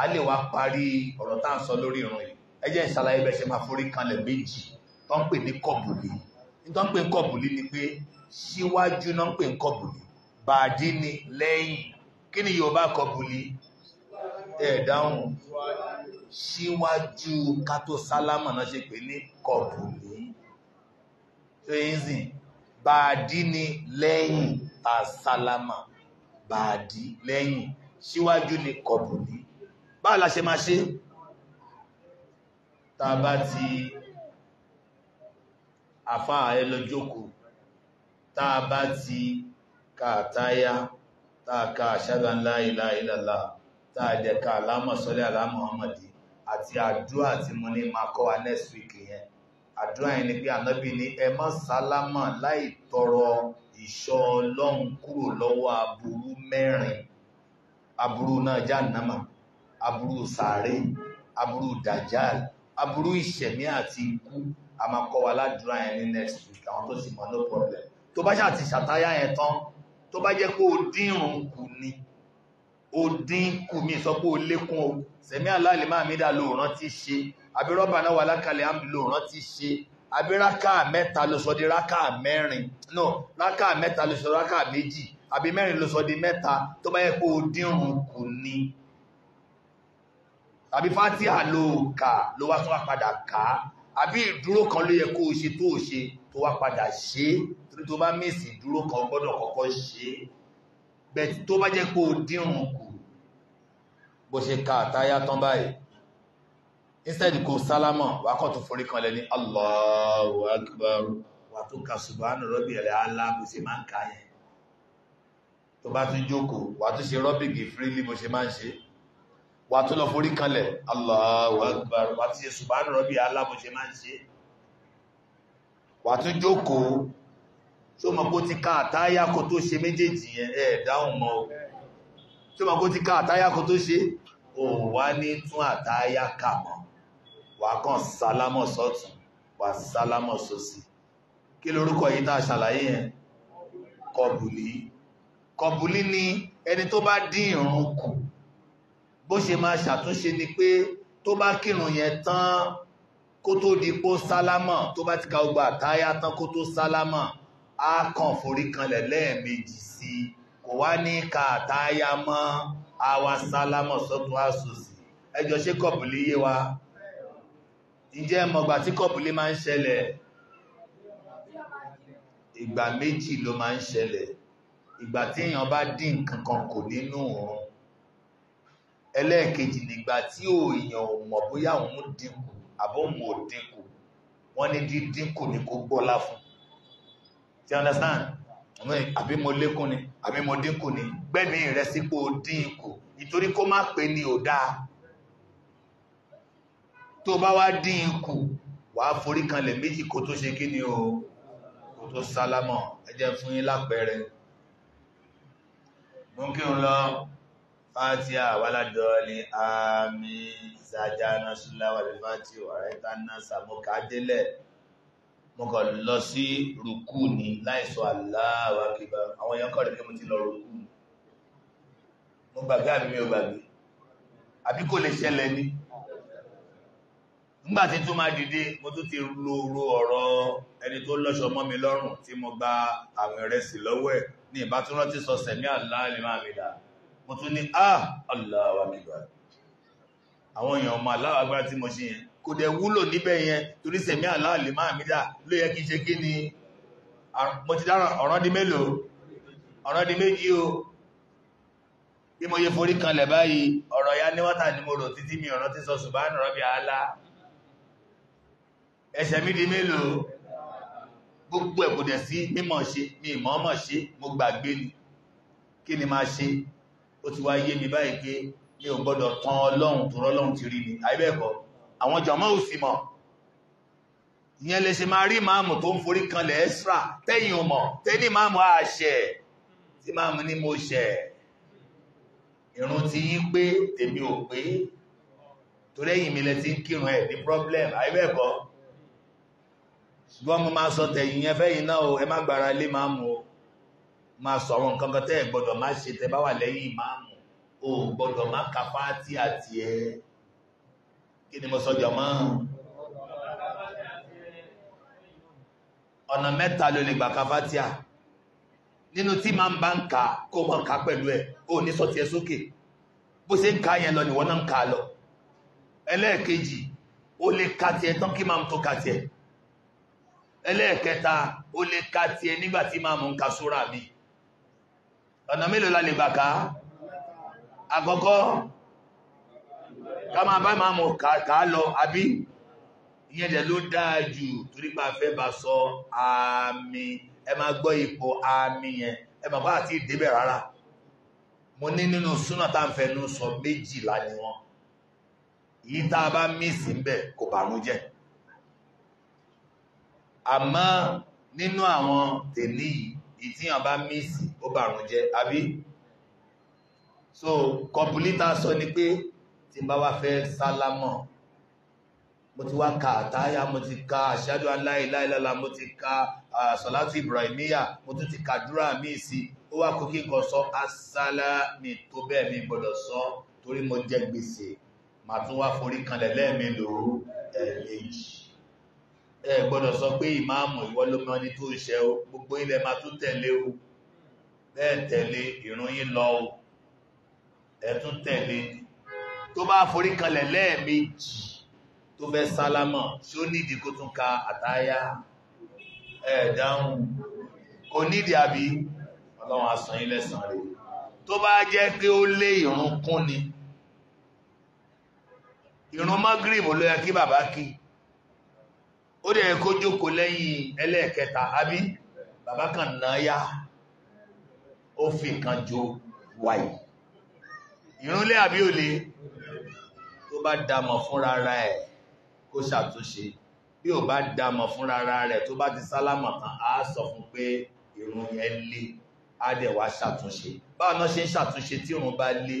a lè wá parí ọ̀rọ̀ tá à ń sọ lórí ìrun yìí ẹ jẹ́ ìṣàlàyé bẹ́ẹ̀ ṣe máa forí kanlẹ̀ méjì tó ń pè ní kọ̀bùlì tó ń pè ní kọ̀bùlì ni pé síwájú náà ń pè ń kọbùlì bàdí ni lẹ́yìn kí ni Yorùbá kọbùlì ẹ̀ dáhùn síwájú kátó sálámà náà ṣe pè ní kọbùlì tó bàdí ni lẹ́yìn ta sálámà bàdí lẹ́yìn síwájú ni kọbùlì báwo la ṣe máa ṣe tá a bá ti àfáà ẹ tá a bá ti kàtáyá tá ká ashadu an la ilaha illallah tá a jẹ ká aláàmọ̀ sọ́lẹ̀ aláàmọ̀ ọmọdé àti àdúrà tí mo ní máa kọ́ wa next week yẹn àdúrà yẹn ni pé ànábì ní ẹ má sálámà láì tọrọ ìṣọ́ ọlọ́run kúrò lọ́wọ́ aburú mẹ́rin aburú náà jàǹnàmà aburú sàárè aburú dàjàl aburú ìṣẹ̀mí àti ikú a máa kọ́ wa ládùúrà yẹn ní next week àwọn tó sì mọ̀ no problem tó bá ṣàti ṣàtáyà yẹn tán tó bá jẹ́ kó o dínrùn kù ni o dín kù mí sọ pé o lékún o sẹ̀mí aláàlè máa mídà ló rántí ṣe àbí rọ́bà náà wà lákàlẹ̀ àmì ló rántí ṣe àbí rákà mẹ́ta ló sọ di rákà mẹ́rin no rákà mẹ́ta ló sọ rákà méjì àbí mẹ́rin ló sọ di mẹ́ta tó bá yẹ kó o dínrùn kù ni àbí fátíà ló kà ló wá tún wá padà kà àbí ìdúró kan ló yẹ kó o ṣe tó o ṣe tó wá padà ṣe torí tó bá mèsì dúró kan gbọ́dọ̀ kọ́kọ́ ṣe bẹ̀tì tó bá jẹ́ pé ó kù bó ṣe ka àtáyá tán báyìí instead kò sálámọ̀ wà kọ́ tó forí kan lẹ́ni Allahu Akbar wà tó ka subhanu rabbil ala bó ṣe máa ń ka yẹn tó bá tún jókòó wà tó ṣe rọ́bìgì frílì bó jókòó tó mọ̀ kó ti ká àtáyà kó tó ṣe méjèèjì yẹn ẹ̀ dáhùn mọ́ o tó mọ̀ kó ti ká àtáyà kó tó ṣe ò wá ní tún àtáyà kà mọ́ wà kàn sálámọ̀ sọ́tún wà sálámọ̀ sósì kí lorúkọ yìí tá a ṣàlàyé yẹn kọbùlí kọbùlí ni ẹni tó bá dín ìrun kù bó ṣe máa ṣàtúnṣe ni pé tó bá kírun yẹn tán kó tó di pó sálámọ̀ tó bá ti ka gbogbo àtáyà tán kó tó sálámọ̀ A kàn forí kanlẹ̀ lẹ́ẹ̀mejì sí i kò wá ní kàtáyà mọ́ àwa sálámọ̀ sọ́tún àsòsì ẹjọ́ ṣé kọ̀bùlé yé wa ǹjẹ́ mọ̀gbà tí kọ̀bùlé máa ń ṣẹlẹ̀ ìgbà méjì ló máa ń ṣẹlẹ̀ ìgbà tí èèyàn bá dín nǹkan kan kò nínú òun ẹlẹ́ẹ̀kejì nígbà tí èèyàn ò mọ̀ bóyá òun dínkù àbóhùn ò dínkù wọ́n ní dídínkù ni kó gbọ́lá fún you understand àbí mo lékún ni àbí mo dínkù ni gbẹ́mí rẹ̀ sípò dínkù ìtorí kó má pè ní ò dáa tó bá wá dínkù wà á forí kanlẹ̀ méjì kó tó ṣe kí ni o kó tó sálámọ̀ ẹ fún yín lápẹẹrẹ mú kí n lọ fàtíà wàládọ́ọ̀lì àmì ìsàjà náà ṣúláwà lè fàtíà ọ̀rẹ́ta náà sàmúkà délẹ̀ mo kàn lọ sí rùkú ní láìsọ Allahu Akbar àwọn èèyàn kọ̀ rí pé mo ti lọ rùkú mo gbàgbé àbí mi ò gbàgbé àbí kò lè ṣẹlẹ̀ ní nígbàtí tó máa dìde mo tó ti lóòrò ọ̀rọ̀ ẹni tó lọ́ṣọ́ mọ́ mi lọ́rùn tí mo gba àwìn rẹ̀ sí lọ́wọ́ ẹ̀ ní ìbátúrọ́ ti sọ sẹ̀mí aláàlìmáàmìlà mo tún ní ah Allahu Akbar àwọn èèyàn ọmọ aláwàgbára tí mo ṣe yẹn kò dẹ̀ wúlò níbẹ̀ yẹn torí sẹ̀mí aláàlè máa mídà ló yẹ kí n ṣe kí ni mo ti dára ọ̀ràn di mélòó ọ̀ràn di méjì o bí mo yẹ forí kanlẹ̀ báyìí ọ̀rọ̀ ya ní wátà ni mo rò títí mi ọ̀ràn ti sọ subhana rabbi àálá ẹsẹ̀ mi di mélòó gbogbo ẹ̀ kò dẹ̀ sí mímọ̀ ṣe mi ìmọ̀ mọ̀ ṣe mo gbàgbé ni kí ni máa ṣe ó ti wá yé mi báyìí pé mi ò gbọ́dọ̀ tán ọlọ́run tó rọ́lọ́run ti rí mi àìbẹ́ẹ̀kọ́ àwọn jọmọ́ ò sì mọ̀ ìyẹn lè ṣe máa rí máàmù tó ń forí kanlẹ̀ ẹ́sìrà tẹ́yìn ò mọ̀ tẹ́ni máàmù àṣẹ tí máàmù ní mo ṣẹ̀ ìrun ti yí pé tèmi ò pé tó lẹ́yìn mi lẹ ti ń kírun ẹ̀ ní problem àìbẹ̀bọ̀ ṣùgbọ́n mo máa sọ tẹ̀yìn yẹn fẹ́yìn náà o ẹ má gbára lé máàmù o máa sọ àwọn nǹkan kan tẹ́ ẹ̀ gbọ́dọ̀ má ṣe tẹ́ bá wà lẹ́yìn máàmù o gbọ́dọ̀ má ka fáátì àti ẹ̀ kí ni mo sọ jọ mọ́ ọ̀nà mẹ́ta ló lè gbà ka fatia nínú tí máa ń bá ń kà kó mọ̀ ká pẹ̀lú ẹ̀ ó ní sọ tiẹ̀ sókè bó ṣe ń ka yẹn lọ nìwọ náà ń ka lọ ẹlẹ́ẹ̀kejì ó lè ka tiẹ̀ tán kí máa ń tó ka tiẹ̀ ẹlẹ́ẹ̀kẹta ó lè ka tiẹ̀ nígbà tí máa mú ń ka súra mi ọ̀nà mélòó la lè gbà ká àkọ́kọ́ ká máa bá máa mọ̀ ká lọ àbí ìyẹn dẹ̀ ló dáa jù torípa fẹ́ bá sọ àmì ẹ máa gbọ́ ipò àmì yẹn ẹ máa bá àti ìdébẹ̀ rárá mo ní nínú súnà tá ń fẹnu sọ méjìlá ni wọn yìí tá a bá mísì ń bẹ kò bànújẹ́ àmọ́ nínú àwọn tèmi yìí tí yàn bá mísì ó bànújẹ́ àbí so kọ̀pùlítà sọ ni pé tí n bá wá fẹ́ sálámọ̀ mo ti wá ka àtáyà mo ti ka àṣádù aláìláìláìlá mo ti ka àṣọláti ibrahimiya mo tún ti kàdúrà míì sí ó wá kó kí kan sọ asálámì tó bẹ́ẹ̀ mi gbọ́dọ̀ sọ torí mo jẹ gbèsè màá tún wá forí kanlẹ̀ lẹ́ẹ̀mí lòrú ẹ̀ẹ̀mejì ẹ gbọ́dọ̀ sọ pé ìmáàmù ìwọ ló mọ́ ní tó ṣe o gbogbo ilẹ̀ máa tún tẹ̀lé o bẹ́ẹ̀ tẹ̀lé ìrun yín lọ o ẹ tún tẹ̀lé tó bá forí kalẹ̀ lẹ́ẹ̀mejì tó fẹ́ sálámọ̀ tí ó nídìí kó tún ka àtáyá ẹ̀ẹ̀dáhùn kò nídìí àbí ọlọ́run á san yín lẹ́san rẹ̀ tó bá jẹ́ pé ó lé ìrun kún ni ìrun magrib ló yẹ kí bàbá kí ó dẹ̀ kó jókòó lẹ́yìn ẹlẹ́ẹ̀kẹta àbí bàbá kan náyà ó fi kan jo wáyé ìrun àbí ò lè bá dámọ̀ fúnra ra ẹ̀ kó ṣàtúnṣe bí ò bá dámọ̀ fúnra ra rẹ̀ tó bá ti sálámọ̀ tán á sọ fún pé irun yẹn lé á dẹ̀ wá ṣàtúnṣe báwọn náà ṣe ń ṣàtúnṣe tí irun bá lé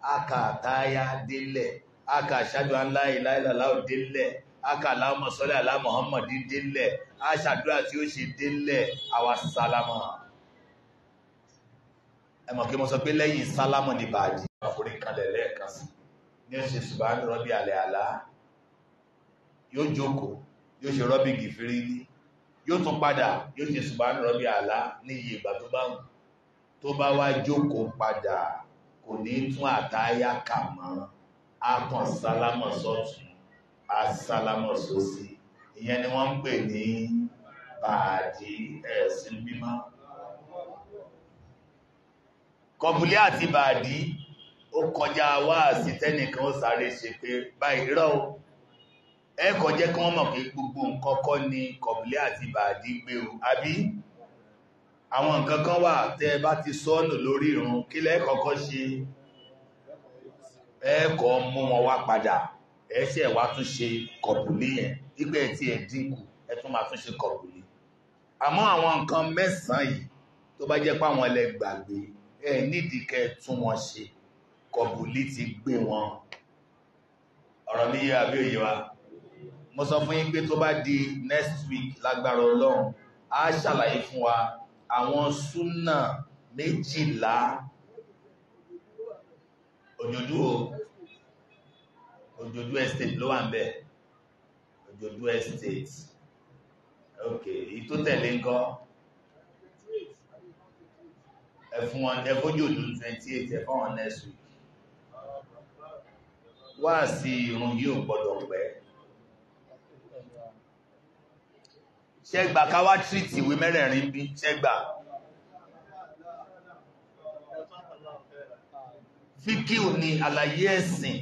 á kà táyà délẹ̀ á kà ṣáájú aláìláìláìlá ò délẹ̀ á kà láwọn sọ́lẹ̀ aláàmọ̀hánmọ̀dé délẹ̀ á ṣàdúrà tí ó ṣe délẹ̀ àwa sálámọ̀ ẹ̀mọ̀ kí mo sọ pé lẹ́yìn sálámọ̀ ni bàjẹ́ àforí kalẹ̀ lẹ́ẹ̀kan sí ní ó ṣe ṣùgbọ́n rọ́bì alẹ́ àlá yóò jókòó yóò ṣe rọ́bì gìfìrí ní yóò tún padà yóò ṣe ṣùgbọ́n rọ́bì àlá ní iye ìgbà tó bá wù tó bá wá jókòó padà kò ní tún àtáyá kà mọ́ akàn sálámọ̀ sọ́tún asálámọ̀ sósì ìyẹn ni wọ́n ń pè ní bàájí ẹ̀sìn mímọ́ kọbùlé àti bàádí ó kọjá wáàsí tẹ́nìkan ó sáré ṣe pé báyìí rọ́ o ẹ̀kọ́ kí wọ́n mọ̀ pé gbogbo nǹkan kọ́ ni kọ̀bílẹ̀ àti bàdí gbé o àbí àwọn nǹkan kan wà tẹ́ bá ti sọ́nù lórí ìrun kí lẹ́ kọ́kọ́ ṣe ẹ̀kọ́ mú wọn wá padà ẹ̀ṣẹ̀ wá tún ṣe kọ̀bùlé yẹn nígbà tí ẹ̀ dínkù ẹ̀ tún máa tún ṣe kọ̀bùlé àmọ́ àwọn nǹkan mẹ́sàn-án yìí tó bá jẹ́ pé àwọn ẹlẹ́gbàgbé ẹ̀ nídìí kẹ́ tún wọn ṣe kọbùlí ti gbé wọn ọ̀rọ̀ mi yé àbí òye wa mo sọ fún yín pé tó bá di next week lágbára ọlọ́run a ṣàlàyé fún wa àwọn súnà méjìlá òjòjú o òjòjú estate ló wà ń bẹ̀ òjòjú estate ok èyí tó tẹ̀lé ńkọ́ ẹ̀fún ọjọ́ ojú 28 ẹ̀fún ọ̀nà next week wá sí irun yìí ò gbọ́dọ̀ pẹ́ ṣẹ́gbà káwá tírìtì ìwé mẹ́rẹ̀ẹ̀rin bí ṣẹ́gbà fíkíù ni àlàyé ẹ̀sìn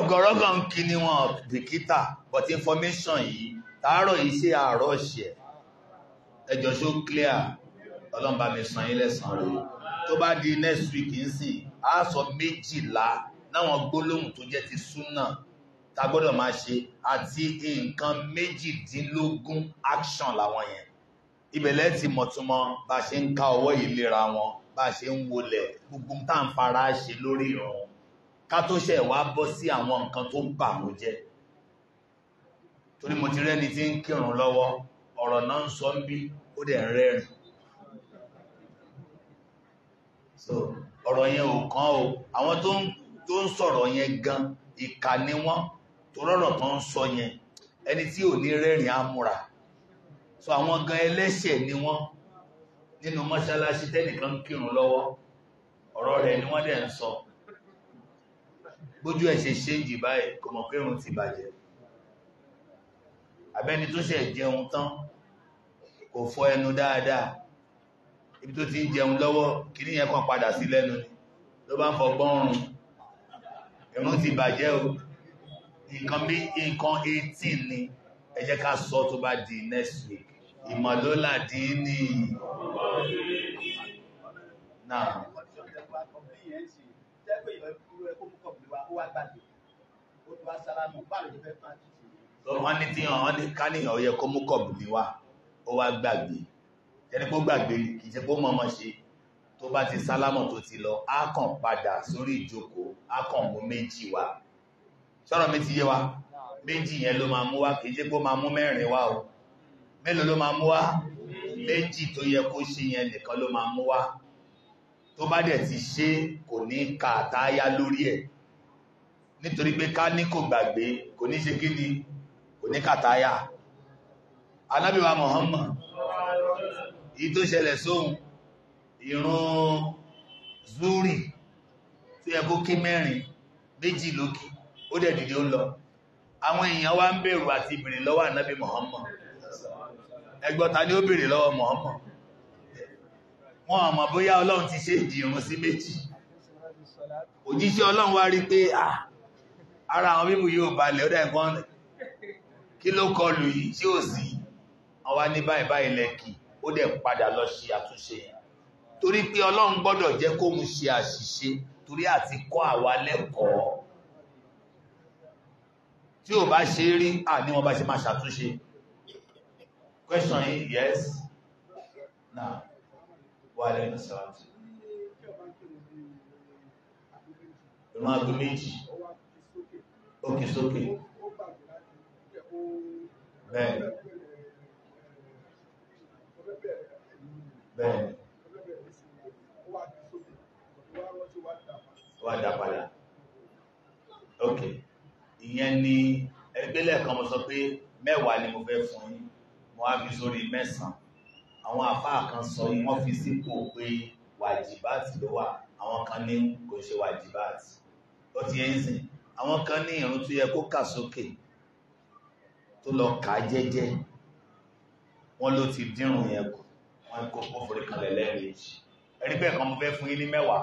ọgọ̀rọ̀gọ̀ ń kí ni wọn dìkítà but information yìí tààrọ̀ iṣẹ́ àárọ̀ ṣẹ̀ ẹjọ́ ṣó clear ọlọ́mbàmí san ilẹ̀ san rẹ̀ tó bá di next week ń sìn á sọ méjìlá láwọn gbólóhùn tó jẹ́ ti súnà ta gbọ́dọ̀ máa ṣe àti nǹkan méjìdínlógún action làwọn yẹn ìbẹ̀lẹ̀ ti mọ̀túnmọ́ bá ṣe ń ká ọwọ́ yìí lera wọn bá ṣe ń wọlẹ̀ gbogbo tá ń fara ṣe lórí ìrun ká tó ṣe wá bọ́ sí àwọn nǹkan tó ń bà mú jẹ́ torí mo ti rẹ́ni tí ń kírun lọ́wọ́ ọ̀rọ̀ náà ń sọ ń bí ó dẹ̀ ń rẹ́rìn so ọ̀rọ̀ yẹn ò kàn o àwọn tó ń tó ń sọ̀rọ̀ yẹn gan ìkà ni wọ́n tó rọ̀rọ̀ tó ń sọ yẹn ẹni tí ò ní rẹ́rìn amúra so àwọn gan ẹlẹ́ṣẹ̀ ni wọ́n nínú mọ́ṣáláṣí tẹ́nìkan ń kírun lọ́wọ́ ọ̀rọ̀ rẹ̀ ni wọ́n dẹ̀ ń sọ gbójú ẹ̀ ṣe ṣe jì báyìí kò mọ̀ pé irun ti bàjẹ́ abẹ́ni tó ṣẹ̀ jẹun tán kò fọ ẹnu dáadáa ibi tó ti ń jẹun lọ́wọ́ kìíní yẹn kan padà sí lẹ́nu ni ló bá ń fọgbọ́n rùn ẹ̀rùn ti bàjẹ́ o nǹkan bí nǹkan 18 ni ẹ jẹ́ ká sọ tó bá di next week ìmọ̀lólà dín ní náà wọ́n ní tí wọ́n ní káníyàn ó yẹ kó mú kọ̀bù ní wá ó wá gbàgbé ẹni pó gbàgbé kìí ṣe pó mọ́mọ́ ṣe tó bá ti sálámọ̀ tó ti lọ á padà sórí ìjókòó á mú méjì wá ṣọ́rọ̀ mi ti yé wa méjì yẹn ló máa mú wá kìí jẹ́ kó máa mú mẹ́rin wá o mélòó ló máa mú wá méjì tó yẹ kó ṣe yẹn nìkan ló máa mú wá tó bá dẹ̀ ti ṣe kò ní ka àtáyá lórí ẹ̀ nítorí pé ká ní kò gbàgbé kò ní ṣe kí ni kò ní kàtáyà anábíwá Muhammad èyí tó ṣẹlẹ̀ sóhun ìrun zuri tí ẹ kó kí mẹ́rin méjì lókì ó dẹ̀ dìde ó lọ àwọn èèyàn wá ń bèrò àti béèrè lọ́wọ́ ànábì Muhammad ẹgbọ́ta ni ó béèrè lọ́wọ́ Muhammad wọn àmọ̀ bóyá ọlọ́run ti ṣe ìdí sí méjì òjíṣẹ́ ọlọ́run wá rí pé ara àwọn bíbù yóò balẹ̀ ó dẹ̀ nǹkan kí ló kọlù yìí tí ó sì àwọn ní báyìí báyìí lẹ́kì ó dẹ̀ padà lọ ṣe àtúnṣe yẹn torí pé ọlọ́run gbọ́dọ̀ jẹ́ kó mú ṣe àṣìṣe torí àti kọ́ àwa lẹ́kọ̀ọ́ tí ò bá ṣe rí à ní wọn bá ṣe máa ṣàtúnṣe question yìí yes na wà lẹ́nu sọ́ọ̀tì ìrún aago méjì òkè sókè bẹ́ẹ̀ bẹ́ẹ̀ wá dá padà ok ìyẹn ni ẹgbẹ́lẹ̀ kan mo sọ pé mẹ́wàá ni mo fẹ́ fún yín mo á fi sórí mẹ́sàn-án àwọn àfáà kan sọ yìí wọ́n fi sípò pé wàjibáàtì ló wà àwọn kan ní kò ṣe wàjibáàtì ó ti yẹ ń sìn àwọn kan ní ìrun tó yẹ kó kà sókè tó lọ kà á jẹ́jẹ́ wọ́n ló ti dírun yẹn kù wọ́n kó kó forí kan lẹ́ẹ̀mejì ẹ̀rí bẹ́ẹ̀ kan mo fẹ́ fún yín ní mẹ́wàá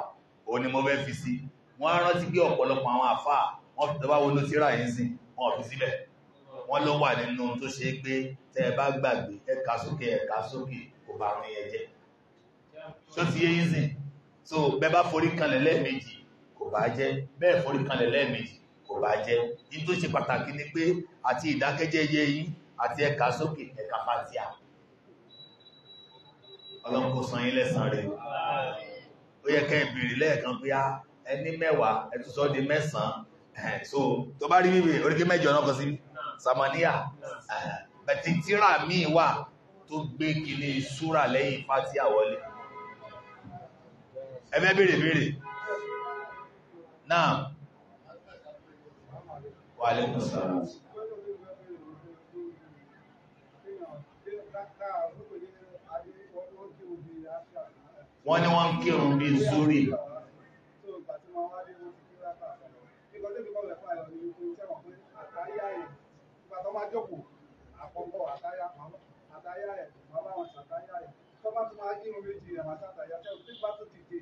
òun ni mo fẹ́ fi sí wọ́n á rántí pé ọ̀pọ̀lọpọ̀ àwọn àfà wọ́n fi tọ́bá wọnú tíra yìí sí wọ́n fi síbẹ̀ wọ́n ló wà nínú tó ṣe pé tẹ́ bá gbàgbé ẹ̀ka sókè ẹ̀ka sókè kò bá rún yẹn jẹ́ tó ti yé sí so bẹ́ẹ̀ bá forí kanlẹ̀ lẹ́ẹ̀mejì kò bá jẹ́ bẹ́ẹ̀ forí kanlẹ̀ lẹ́ẹ̀mejì kò bá jẹ́ in tó ṣe pàtàkì ni pé àti ìdákẹ́jẹ́yẹ yín àti ẹ̀ka sókè ẹ̀ka fàtíà ọlọ́nkó san yín lẹ́sàn rẹ̀ ó yẹ kẹ́ ìbèrè lẹ́ẹ̀kan pé á ah, ẹni mẹ́wàá ẹtùsọ́ di mẹ́sàn-án so tó bá rí bíbí oríkè mẹ́jọ náà kọ sí samaniya bẹ̀tí tíra míì wà tó gbé kìíní súra lẹ́yìn fátíà wọlé ẹgbẹ́ bèèrè bèèrè náà wà lẹ́kùn sára wọ́n ní wọ́n kírun bí sórí bá jókòó àkọ́kọ́ àtáyà àtáyà ẹ̀ bàbá wọn ṣàtáyà ẹ̀ tó bá tún máa kírun méjì ẹ̀ máa ṣàtáyà tẹ́ tí bá tún dìde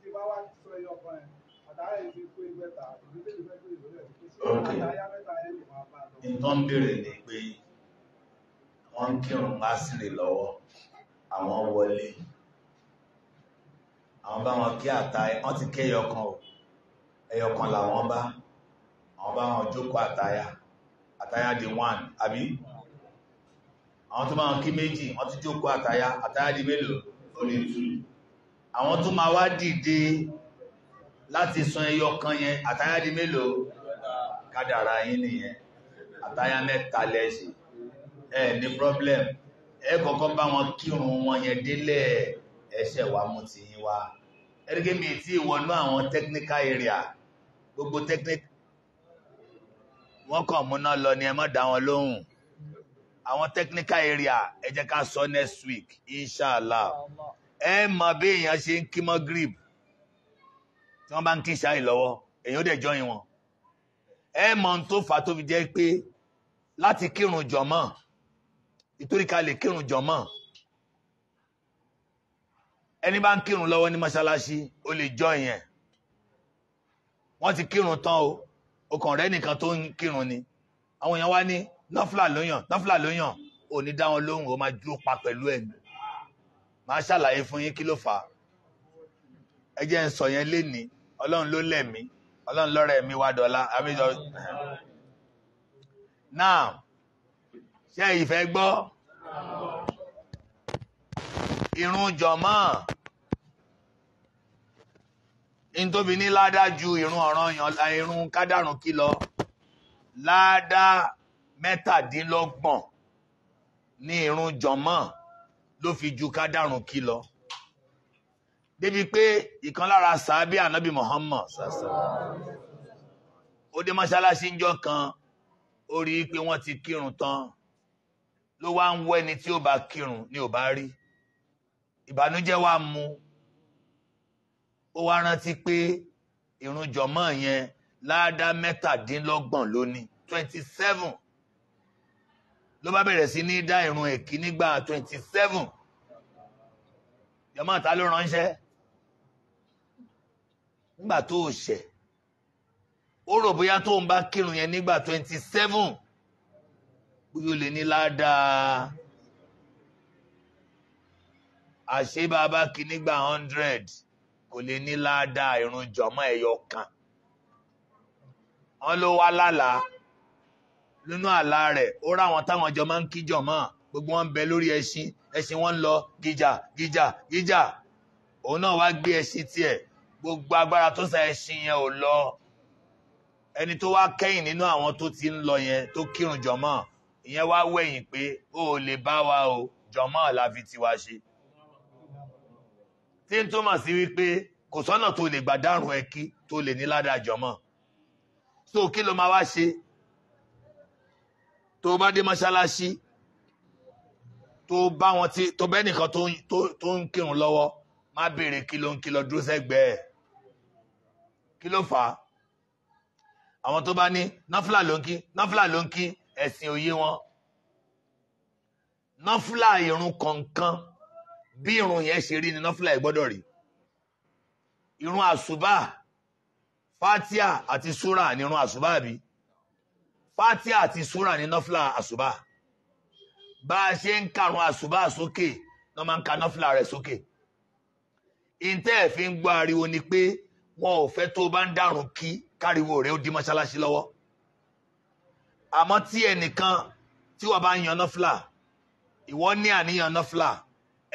tí bá wá sọ ẹyọ kan ẹ̀ àtáyà ẹ̀ ti kó ẹgbẹ́ta ìdílé ìgbẹ́ta ìdílé àtáyà mẹ́ta ẹ̀ lè máa bá lọ. nǹkan béèrè ni pé wọ́n ń kírun lásìrè lọ́wọ́ àwọn wọlé àwọn bá wọn kí àtáyà wọ́n ti kẹ́ ẹyọ kan o ẹyọ kan làwọn bá àwọn bá wọn jókòó àtáyà àtayá di 1 àbí àwọn tó máa kí méjì wọ́n ti jókòó àtayá àtayá di mélòó ó lè tú àwọn tó máa wá dìde láti san ẹyọ kan yẹn àtayá di mélòó kádàrá yín nìyẹn àtayá mẹ́ta lẹ́ṣì ẹ ní problem ẹ kọ́kọ́ bá wọn kírun wọn yẹn délẹ̀ ẹṣẹ̀ wà mú ti yín wá ẹ̀rígẹ́mì tí ìwọ̀nú àwọn technical area gbogbo technical wọ́n kàn múná lọ ni ẹ má dá wọn lóhùn àwọn technical area ẹ jẹ́ ká sọ next week inshallah ẹ mọ bí èèyàn ṣe ń kí mọ́ grip tí wọ́n bá ń kí ṣáì lọ́wọ́ èèyàn ó dẹ̀ jọyìn wọn ẹ mọ ohun tó fà tó fi jẹ́ pé láti kírun jọ̀mọ́ ìtorí ká lè kírun jọ̀mọ́ ẹni bá ń kírun lọ́wọ́ ní mọ́ṣáláṣí ó lè jọyìn ẹ̀ wọ́n ti kírun tán o ọkàn rẹ nìkan tó ń kírun ni àwọn èèyàn wá ní náfìlà lóyàn náfìlà lóyàn ò ní dá wọn lóhùn ó máa dúró pa pẹ̀lú ẹ̀ máa ṣàlàyé fún yín kí ló fà á ẹ jẹ́ ń sọ yẹn léni ọlọ́run ló lẹ̀mí ọlọ́run lọ́rẹ̀ mi wá dọ́lá abéjọ. now ṣé ìfẹ́ gbọ́ irun jọ̀mọ́ ntóbi ní ládàá ju irun ọ̀ranyàn irun kádàrún kí lọ ládàá mẹ́tàdínlọ́gbọ̀n ní irun jọ̀mọ́ ló fi ju kádàrún kí lọ débi pé ìkan lára sàábí ànábì Muhammad sàṣà ó dé mọ́ṣáláṣí ńjọ́ kan ó rí i pé wọ́n ti kírun tán ló wá ń wọ́ ẹni tí ó bá kírun ni ò bá rí ìbànújẹ́ wá mú un ó wá rántí pé irun jọmọ́ yẹn láàdá mẹ́tàdínlọ́gbọ̀n lónìí twenty seven ló bá bẹ̀rẹ̀ sí ní dá irun èkí nígbà twenty seven jọmọ́ ta ló ránṣẹ́ nígbà tó o ṣẹ̀ ó rò bóyá tó ń bá kírun yẹn nígbà twenty seven bóyá o lè ní ládàá àṣé bàbá kí nígbà hundred kò lè ní ládàá irun jọmọ́ ẹ̀yọ kan wọ́n ló wá lálàá nínú àlá rẹ̀ ó ráwọn táwọn jọ máa ń kí jọmọ́ gbogbo wọn bẹ lórí ẹṣin ẹṣin wọn ń lọ gíjà gíjà gíjà òun náà wá gbé ẹṣin tiẹ̀ gbogbo agbára tó sa ẹṣin yẹn ò lọ ẹni tó wá kẹ́yìn nínú àwọn tó ti ń lọ yẹn tó kírun jọmọ́ ìyẹn wá wẹ̀yìn pé ó lè bá wa o jọmọ́ la fi tiwa ṣe tí ń túmọ̀ sí wípé kò sọ́nà tó lè gbà dárùn ẹ kí tó lè ní ládàjọ́ mọ̀ so kí ló máa wá ṣe tó bá dé mọ́ṣáláṣí tó bá wọn tí tó bẹ́ẹ̀ nìkan tó ń kírun lọ́wọ́ má béèrè kí ló ń kí lọ dúró sẹ́gbẹ̀ẹ́ kí ló fà á àwọn tó bá ní náfúlà ló ń kí náfúlà ló ń kí ẹ̀sìn òye wọn náfúlà ìrun kọ̀ọ̀kan bí irun yẹn ṣe rí ni nọ́fìlà ẹ̀ rí irun àṣùbà fatia àti súrà ni irun àṣùbà bí fatia àti súrà ni nọ́fìlà àṣùbà bá a ṣe ń karùn àṣùbà sókè ni wọ́n máa ń ka nọ́fìlà rẹ̀ sókè ìǹtẹ́ ẹ̀ fi ń gbọ́ ariwo ni pé wọn ò fẹ́ tó bá ń dàrún kí káriwo rẹ̀ ó di mọ́ṣáláṣí lọ́wọ́ àmọ́ tí ẹnìkan tí wọ́n bá ń yan nọ́fìlà ìwọ ní àníyàn nọ́fìlà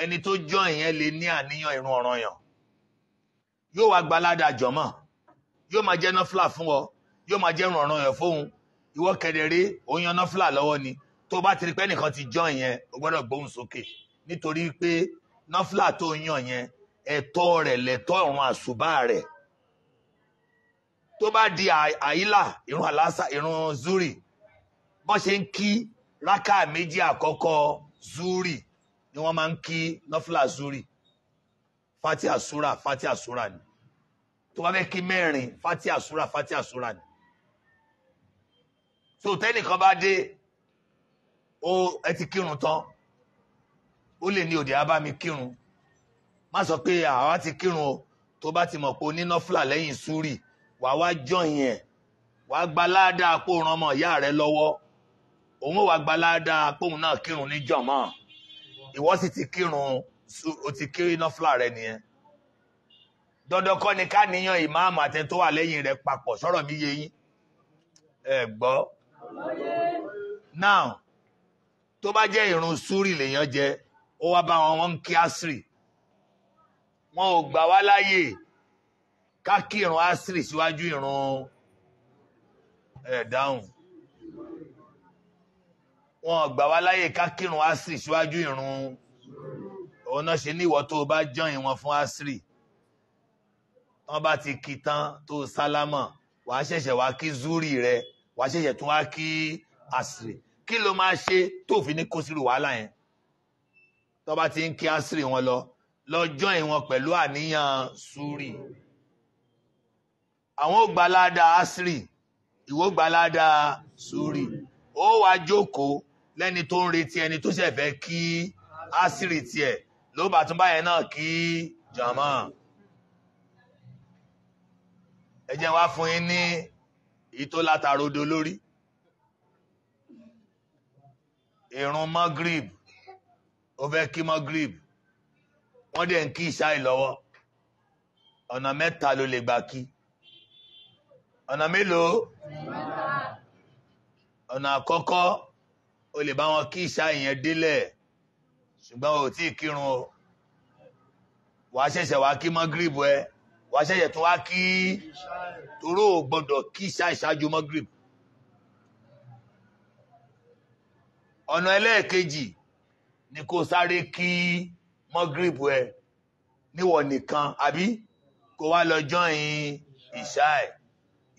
ẹni tó jọ ìyẹn lè ní àníyàn irun ọ̀ranyàn yóò wá gbalada jọmọ yóò máa jẹ nọfìlà fún ọ yóò máa jẹ irun ọ̀ranyàn fóun ìwọ kẹdẹrẹ òun yan nọfìlà lọ́wọ́ ni tó bá ti rí pé ẹnìkan ti jọ ìyẹn o gbọ́dọ̀ gbóhùn sókè nítorí pé nọfìlà tó yàn yẹn ẹ̀tọ́ rẹ̀ lẹ̀tọ́ ìrun àṣùbà rẹ̀ tó bá di àyílà ìrun àlásà ìrun zuri bọ́n ṣe ń kí rákà méjì àkọ́kọ́ zuri ni wọ́n máa ń kí nọ́fìlà zuri fati asura fati asura ni tó bá fẹ́ kí mẹ́rin fati asura fati asura ni so tẹ́nìkan bá dé ó ẹ ti kírun tán ó lè ní òde abá mi kírun má sọ pé àwa ti kírun o tó bá ti mọ̀ pé o ní lẹ́yìn suri wàá wá jọyìn ẹ̀ wàá gba ládàá kó ran ọmọ ìyá rẹ lọ́wọ́ òun ò wá gba ládàá kóun náà kírun ní jọ̀mọ́ ìwọ sì ti kírun o ti kí nọ́fìlà rẹ nìyẹn dandan kọ́ ni ká níyàn ìmáàmù àtẹ tó wà lẹ́yìn rẹ papọ̀ sọ̀rọ̀ mi yé yín ẹ gbọ́ now tó bá jẹ́ ìrun súrì lèèyàn jẹ ó wá bá wọn wọn ń kí àṣírí wọn ò gbà wá láyè ká kí àṣírí síwájú ìrun ẹ dáhùn wọn gbà wá láyè ká kírun asiri síwájú ìrun òun náà ṣe ní ìwọ tó o bá jọyìn wọn fún asiri wọn bá ti kí tán tó o wàá ṣẹ̀ṣẹ̀ wá kí zuri rẹ wàá ṣẹ̀ṣẹ̀ tún wá kí asiri kí ló máa ṣe tó fi ní kó sírù wàhálà yẹn tó bá ti ń kí asiri wọn lọ lọ jọyìn wọn pẹ̀lú àníyàn zuri àwọn ò gbalada asiri ìwọ gbalada zuri ó wàá jókòó lẹ́ni tó ń retí ẹni tó ṣẹ̀ fẹ́ kí àṣírí tiẹ̀ ló bá tún báyẹn náà kí jàmá. ẹ jẹ́ wá fún yín ní ìtò látàrodo lórí. ìrun magrib ó fẹ́ kí magrib wọ́n dẹ̀ ń kí ìṣáì lọ́wọ́ ọ̀nà mẹ́ta ló lè gbà kí ọ̀nà mélòó ọ̀nà àkọ́kọ́ o lè bá wọn kí ìṣá ìyẹn délẹ̀ ṣùgbọ́n o tí ì kírun o wàá ṣẹ̀ṣẹ̀ wàá kí mọ́gírìbù ẹ wàá ṣẹ̀ṣẹ̀ tún wá kí toró o gbọ́dọ̀ kí ìṣá ìṣáájú mọ́gírìbù. ọ̀nà ẹlẹ́ẹ̀kejì ni kò sáré kí mọ́gírìbù ẹ níwọ̀ nìkan àbí kò wá lọ jọ́yìn ìṣá ẹ̀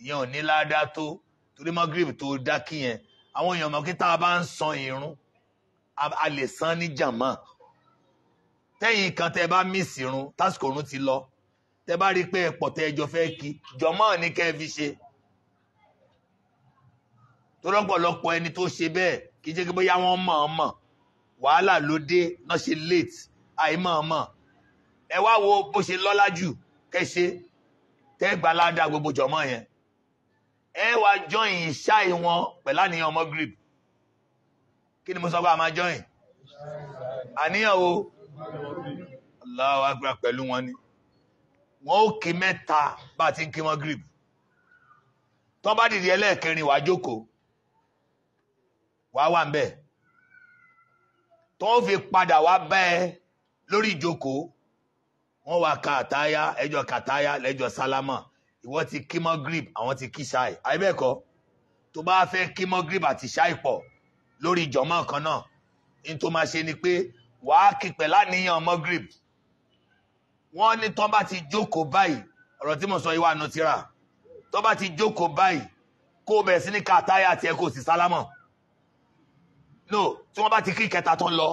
ìyẹn ò ní ládàá tó torí mọ́gírìbù tó dá kí yẹn àwọn èèyàn mọ̀ kí tá a bá ń san irun a lè san ní jàmá tẹ́yìn kan tẹ́ bá mísì irun tásìkò irun ti lọ tẹ́ bá rí pé ẹ̀pọ̀ tẹ́ ẹjọ́ fẹ́ kí jọmọ́ ní kẹ́ ẹ fi ṣe tó ẹni tó ṣe bẹ́ẹ̀ kì í ṣe kí bóyá wọ́n mọ̀ ọ́n mọ̀ wàhálà ló dé náà ṣe late àìmọ̀ ọ́n mọ̀ ẹ wá wo bó ṣe lọ́lá jù kẹ́ ṣe tẹ́ gbàládà gbogbo jọmọ́ yẹn ẹ wá join ìṣá ìwọn pẹ̀lú àníyàn Maghrib kí ni mo sọ pé a máa join àníyàn o Allahu Akbar pẹ̀lú wọn ni wọn ó kí mẹ́ta bá ti ń kí Maghrib tó bá dìde ẹlẹ́ẹ̀kẹrin wàá jókòó wàá wà ń bẹ̀ tó fi padà wá bá ẹ lórí ìjókòó wọ́n wà kàtáyá ẹjọ́ kàtáyá lẹ́jọ́ sálámà ìwọ ti kí mọ́gírìb àwọn ti kí ṣáì àìbẹ́ẹ̀kọ́ tó bá fẹ́ kí mọ́gírìb àti ṣáì pọ̀ lórí ìjọmọ́ kan náà ní tó máa ṣe ni pé wàá kí pẹ̀ láníyàn mọ́gírìb wọ́n ní tọ́ bá ti jókòó báyìí ọ̀rọ̀ tí mo sọ yìí wà nù tíra tọ́ bá ti jókòó báyìí kó o bẹ̀rẹ̀ sí ní kàtáyà tiẹ̀ kó o sì sálámọ̀ no tí wọ́n bá ti kí kẹta tán lọ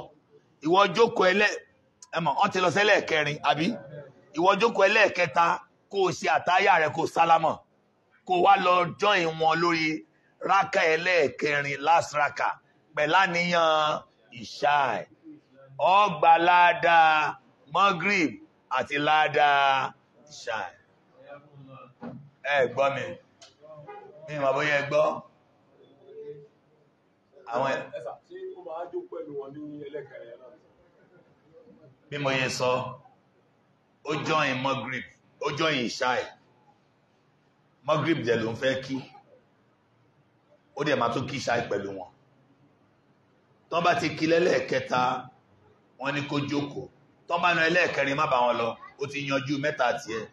ìwọ jókòó ẹlẹ́ ẹ̀mọ̀ wọ́n ti lọ sẹ́lẹ̀ kẹrin àbí ìwọ jókòó ẹlẹ́ẹ̀kẹta kó o ṣe àtáyà rẹ kó o sálámọ̀ kó o wá lọ jọyìn wọn lórí rákà ẹlẹ́ẹ̀kẹrin last raka pẹ̀lá níyàn ìṣáì ọgbà ládàá mọ́gírìb àti ládàá ìṣáì ẹ gbọ́ mi mi ma bóyá ẹ gbọ́ àwọn ẹ̀ bí mo yẹ sọ ó jọyìn mọ́gírìb ó jọyìn ìṣáì magrib dẹ̀ ló ń fẹ́ kí ó dẹ̀ máa tún kí ìṣáì pẹ̀lú wọn tán bá ti kí lẹ́lẹ́ẹ̀kẹta wọ́n ní kó jókòó tán bá na ẹlẹ́ẹ̀kẹrin má bá wọn lọ ó ti yanjú mẹ́ta tiẹ̀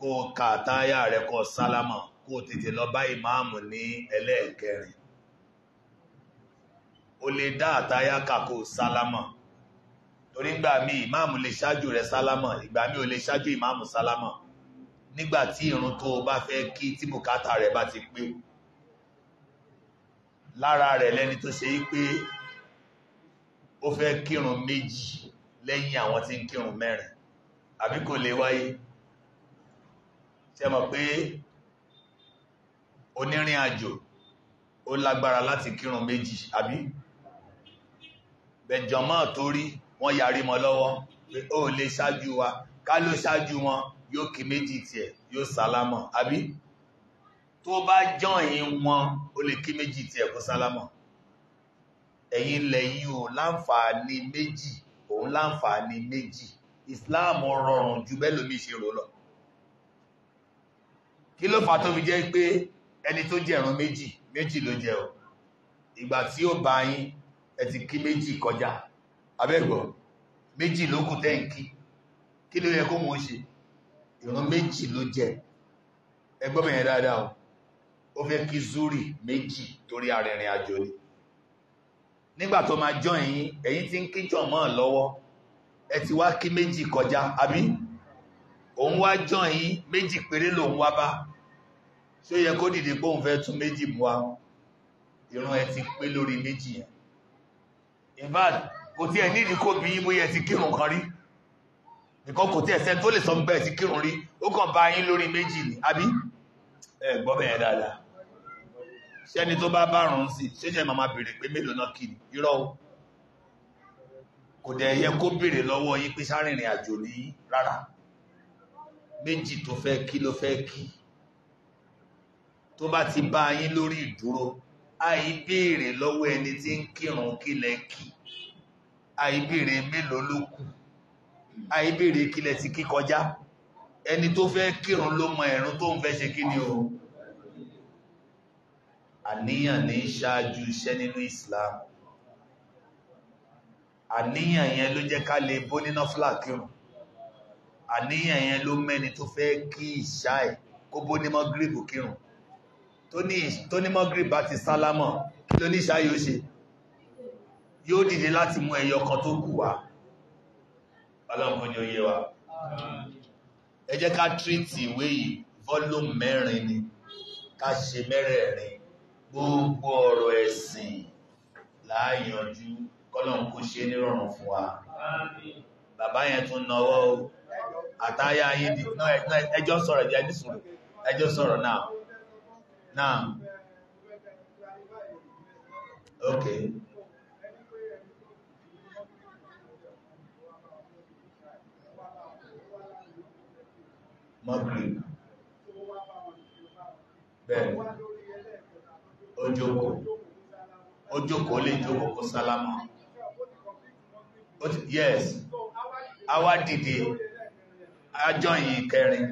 kó ka táyà rẹ kó sálámà kó tètè lọ bá ìmáàmù ní ẹlẹ́ẹ̀kẹrin ó lè dá àtáyà kà kó sálámà torí ìgbà mi ìmáàmù lè ṣáájú rẹ̀ sálámọ̀ ìgbà mi ò lè ṣáájú ìmáàmù sálámọ̀ nígbà tí ìrun tó bá fẹ́ kí tí bùkátà rẹ̀ bá ti pé lára rẹ̀ lẹ́ni tó ṣe pé ó fẹ́ kírun méjì lẹ́yìn àwọn tí ń kírun mẹ́rin àbí kò lè wáyé ṣe mọ̀ pé onírìn àjò ó lágbára láti kírun méjì àbí bẹ̀jọ̀mọ́ torí wọ́n yarí mọ́ lọ́wọ́ pé ó lè ṣáájú wa ká ló ṣáájú wọn yóò kí méjì tiẹ̀ yóò sálámọ̀ àbí tó bá jọyìn wọn ó lè kí méjì tiẹ̀ kó sálámọ̀ ẹ̀yin lẹ́yìn o láǹfààní méjì òun láǹfààní méjì Islam rọrùn ju bẹ́lòmí ṣe rò lọ kí ló fà tó fi jẹ́ pé ẹni tó jẹ̀rún méjì méjì ló jẹ́ o ìgbà tí ó bá yín ẹ ti kí méjì kọjá abẹ́gbọ̀ méjì ló kù tẹ́ǹkí kí ló yẹ kó mọ́ ṣe ìran méjì ló jẹ ẹgbọ́n mẹ́rin dáadáa o ó fẹ́ kí zúrì méjì torí arìnrìn àjò ni nígbà tó máa jọ ẹ̀yin ẹ̀yin tí ń kíjọ mọ́ lọ́wọ́ ẹ ti wá kí méjì kọjá àbí òun wá jọ ẹ̀yin méjì péré lòun wá bá ṣó yẹ kó dìde pé fẹ́ tún méjì mú wa ìran ẹ ti pé lórí méjì yẹn in fact kò tí ẹ̀ ní ìdíkò bí i bóyá ti kírun kan rí nìkan kò tí ẹ̀ sẹ́ tó lè sọ bẹ́ẹ̀ ti kírun rí ó kàn bá yín lórí méjì ni àbí ẹ gbọ́ bẹ́ẹ̀ dáadáa ṣẹ́ni tó bá bárùn sí ṣẹ́jẹ́ màmá béèrè pé mélòó náà kiri irọ́ o kò dẹ̀ yẹ kó béèrè lọ́wọ́ yín pé sárìnrìn àjò ní rárá méjì tó fẹ́ kí ló fẹ́ kí tó bá ti bá yín lórí ìdúró àì béèrè lọ́wọ́ ẹni tí ń kírun kílẹ̀ kí. Leki àìbèrè mélòó ló kù àìbèrè kílẹ̀ ti kí kọjá ẹni tó fẹ́ kírun ló mọ ẹ̀rún tó ń fẹ́ ṣe kí ni o àníyàn ní ṣáájú iṣẹ́ nínú Islam àníyàn yẹn ló jẹ́ ká lè bó níná fúlàkírùn àníyàn yẹn ló mẹ́ni tó fẹ́ kí ìṣá ẹ̀ kó bó ní mọ́gírìbù kírun tó ní mọ́gírìbù bá ti sálámọ̀ kí ló ní ìṣá yóò ṣe yóò dìde láti mú ẹyọ kan tó kù wá ọlọ́pọ̀ ni ó yé wa ẹ jẹ́ ká tírítì ìwé yìí volume mẹ́rin ni ká ṣe mẹ́rẹ̀ẹ̀rin gbogbo ọ̀rọ̀ ẹ̀sìn láàyànjú kọ́lọ̀n kó ṣe nírọ̀rùn fún wa bàbá yẹn tún náwó àtáyà ayédè ẹjọ́ sọ̀rọ̀ ẹjọ́ sọ̀rọ̀ ẹjọ́ sọ̀rọ̀ náà náà okay Maghrib bẹ́ẹ̀ ojoko ojoko lè jókòó kó sálámà yes awa dìde ajọ́yìn kẹrin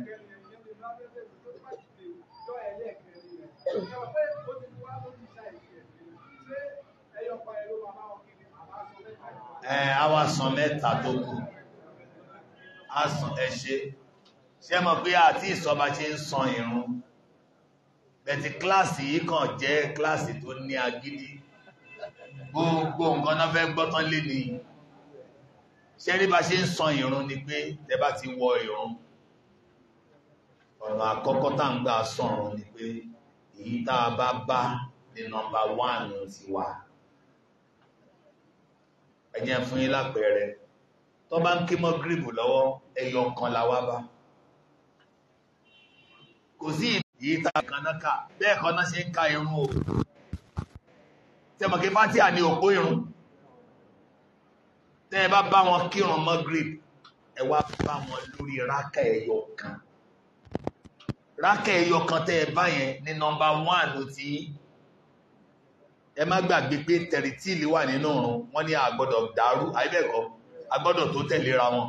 ẹ̀ awa san mẹ́ta tó kù a san ṣe mọ̀ pé àti ìsọba ṣe ń san irun bẹ̀tì kíláàsì yìí kàn jẹ́ kíláàsì tó ní agídí gbogbo nǹkan náà fẹ́ gbọ́tán lé ní ṣe rí bá ṣe ń san irun ni pé tẹ bá ti wọ irun ọ̀nà àkọ́kọ́ tá ń gbà sọ̀rọ̀ ni pé èyí tá a bá bá ní nọmba wánù ti wà ẹjẹ́ fún yín lápẹẹrẹ tó bá ń kí mọ́ gírìbù lọ́wọ́ ẹyọ kan la wá bá kò sí ìta kanáka bẹ́ẹ̀ kan náà ṣe ń ka irun o tẹ́mọ̀kí fátíà ní òpó irun tẹ́ bá bá wọn kírun magrib ẹ wá bá wọn lórí rákà ẹyọ kan rákà ẹyọ kan tẹ́ bá yẹn ní nọ́mbà 1 ló ẹ má gbàgbé pé tẹ̀rìtìlì wà nínú ọ̀run wọ́n ní àgbọ́dọ̀ dàrú àìbẹ̀kọ́ àgbọ́dọ̀ tó tẹ̀léra wọn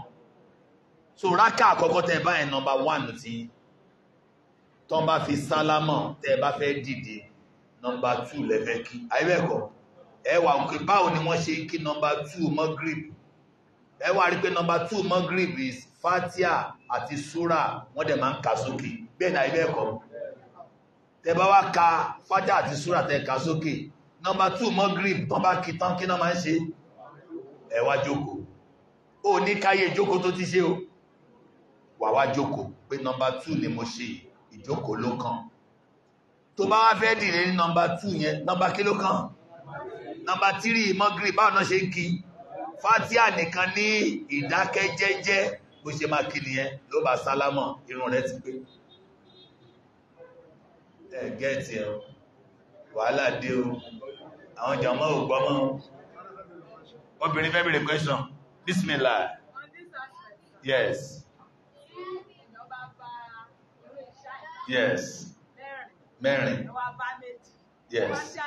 so rákà àkọ́kọ́ tẹ́ bá yẹn nọ́mbà 1 ló tó bá fi sálámọ̀ tẹ́ bá fẹ́ dìde nọmbà 2 lẹ́fẹ́ kí ayébẹ̀kọ́ ẹwà òkè báwo ni wọ́n ṣe kí nọmbà 2 Maghrib ẹwà rí pé nọmbà 2 Maghrib is fatia àti sura wọ́n dẹ̀ máa ń kà sókè bẹ́ẹ̀ ni ayébẹ̀kọ́ tẹ́ bá wá ka fatia àti sura tẹ́ kà sókè nọmbà 2 Maghrib tán bá kí tán kí náà máa ń ṣe ẹwà jókòó ó ní káyé jókòó tó ti ṣe o wàwá jókòó pé nọmbà 2 ni mo ṣe yìí ìjókòó ló kàn tó bá wá fẹ́ dìde ní nọmba tú yẹn nọmba kí ló kàn nọmba tírì mọ́gírì báwọn náà ṣe ń kí fatia nìkan ní ìdákẹ́jẹ́jẹ́ bó ṣe máa kí nìyẹn ló bá sálámọ̀ irun rẹ̀ ti pé ẹ gẹ́ẹ̀tì ẹ̀ wàhálà dé o àwọn jàmọ́ ò gbọ́mọ́ obìnrin fẹ́ bèrè question Bismillah yes. yes Mary. yes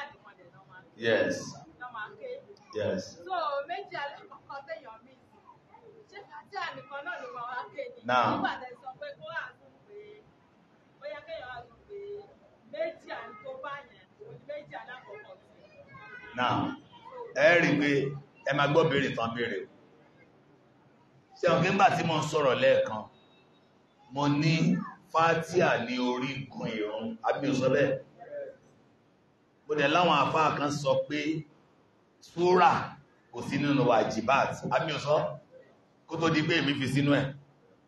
yes yes. so méjì alákọ̀ọ́kọ́ téèyàn mí ṣé fàájì ànìkan náà ló máa wá kéde now ẹ rí i pé ẹ máa gbọ́ béèrè tán béèrè o ṣé ọ̀gbìn gbà tí mo ń sọ̀rọ̀ lẹ́ẹ̀kan mo ní fátíà ní orígun ìrun àbí òsọ bẹ́ẹ̀ bó dẹ̀ láwọn àfáà kan sọ pé súrà kò sí nínú wàjìbáàt àbí òsọ kó tó di pé èmi fi sínú ẹ̀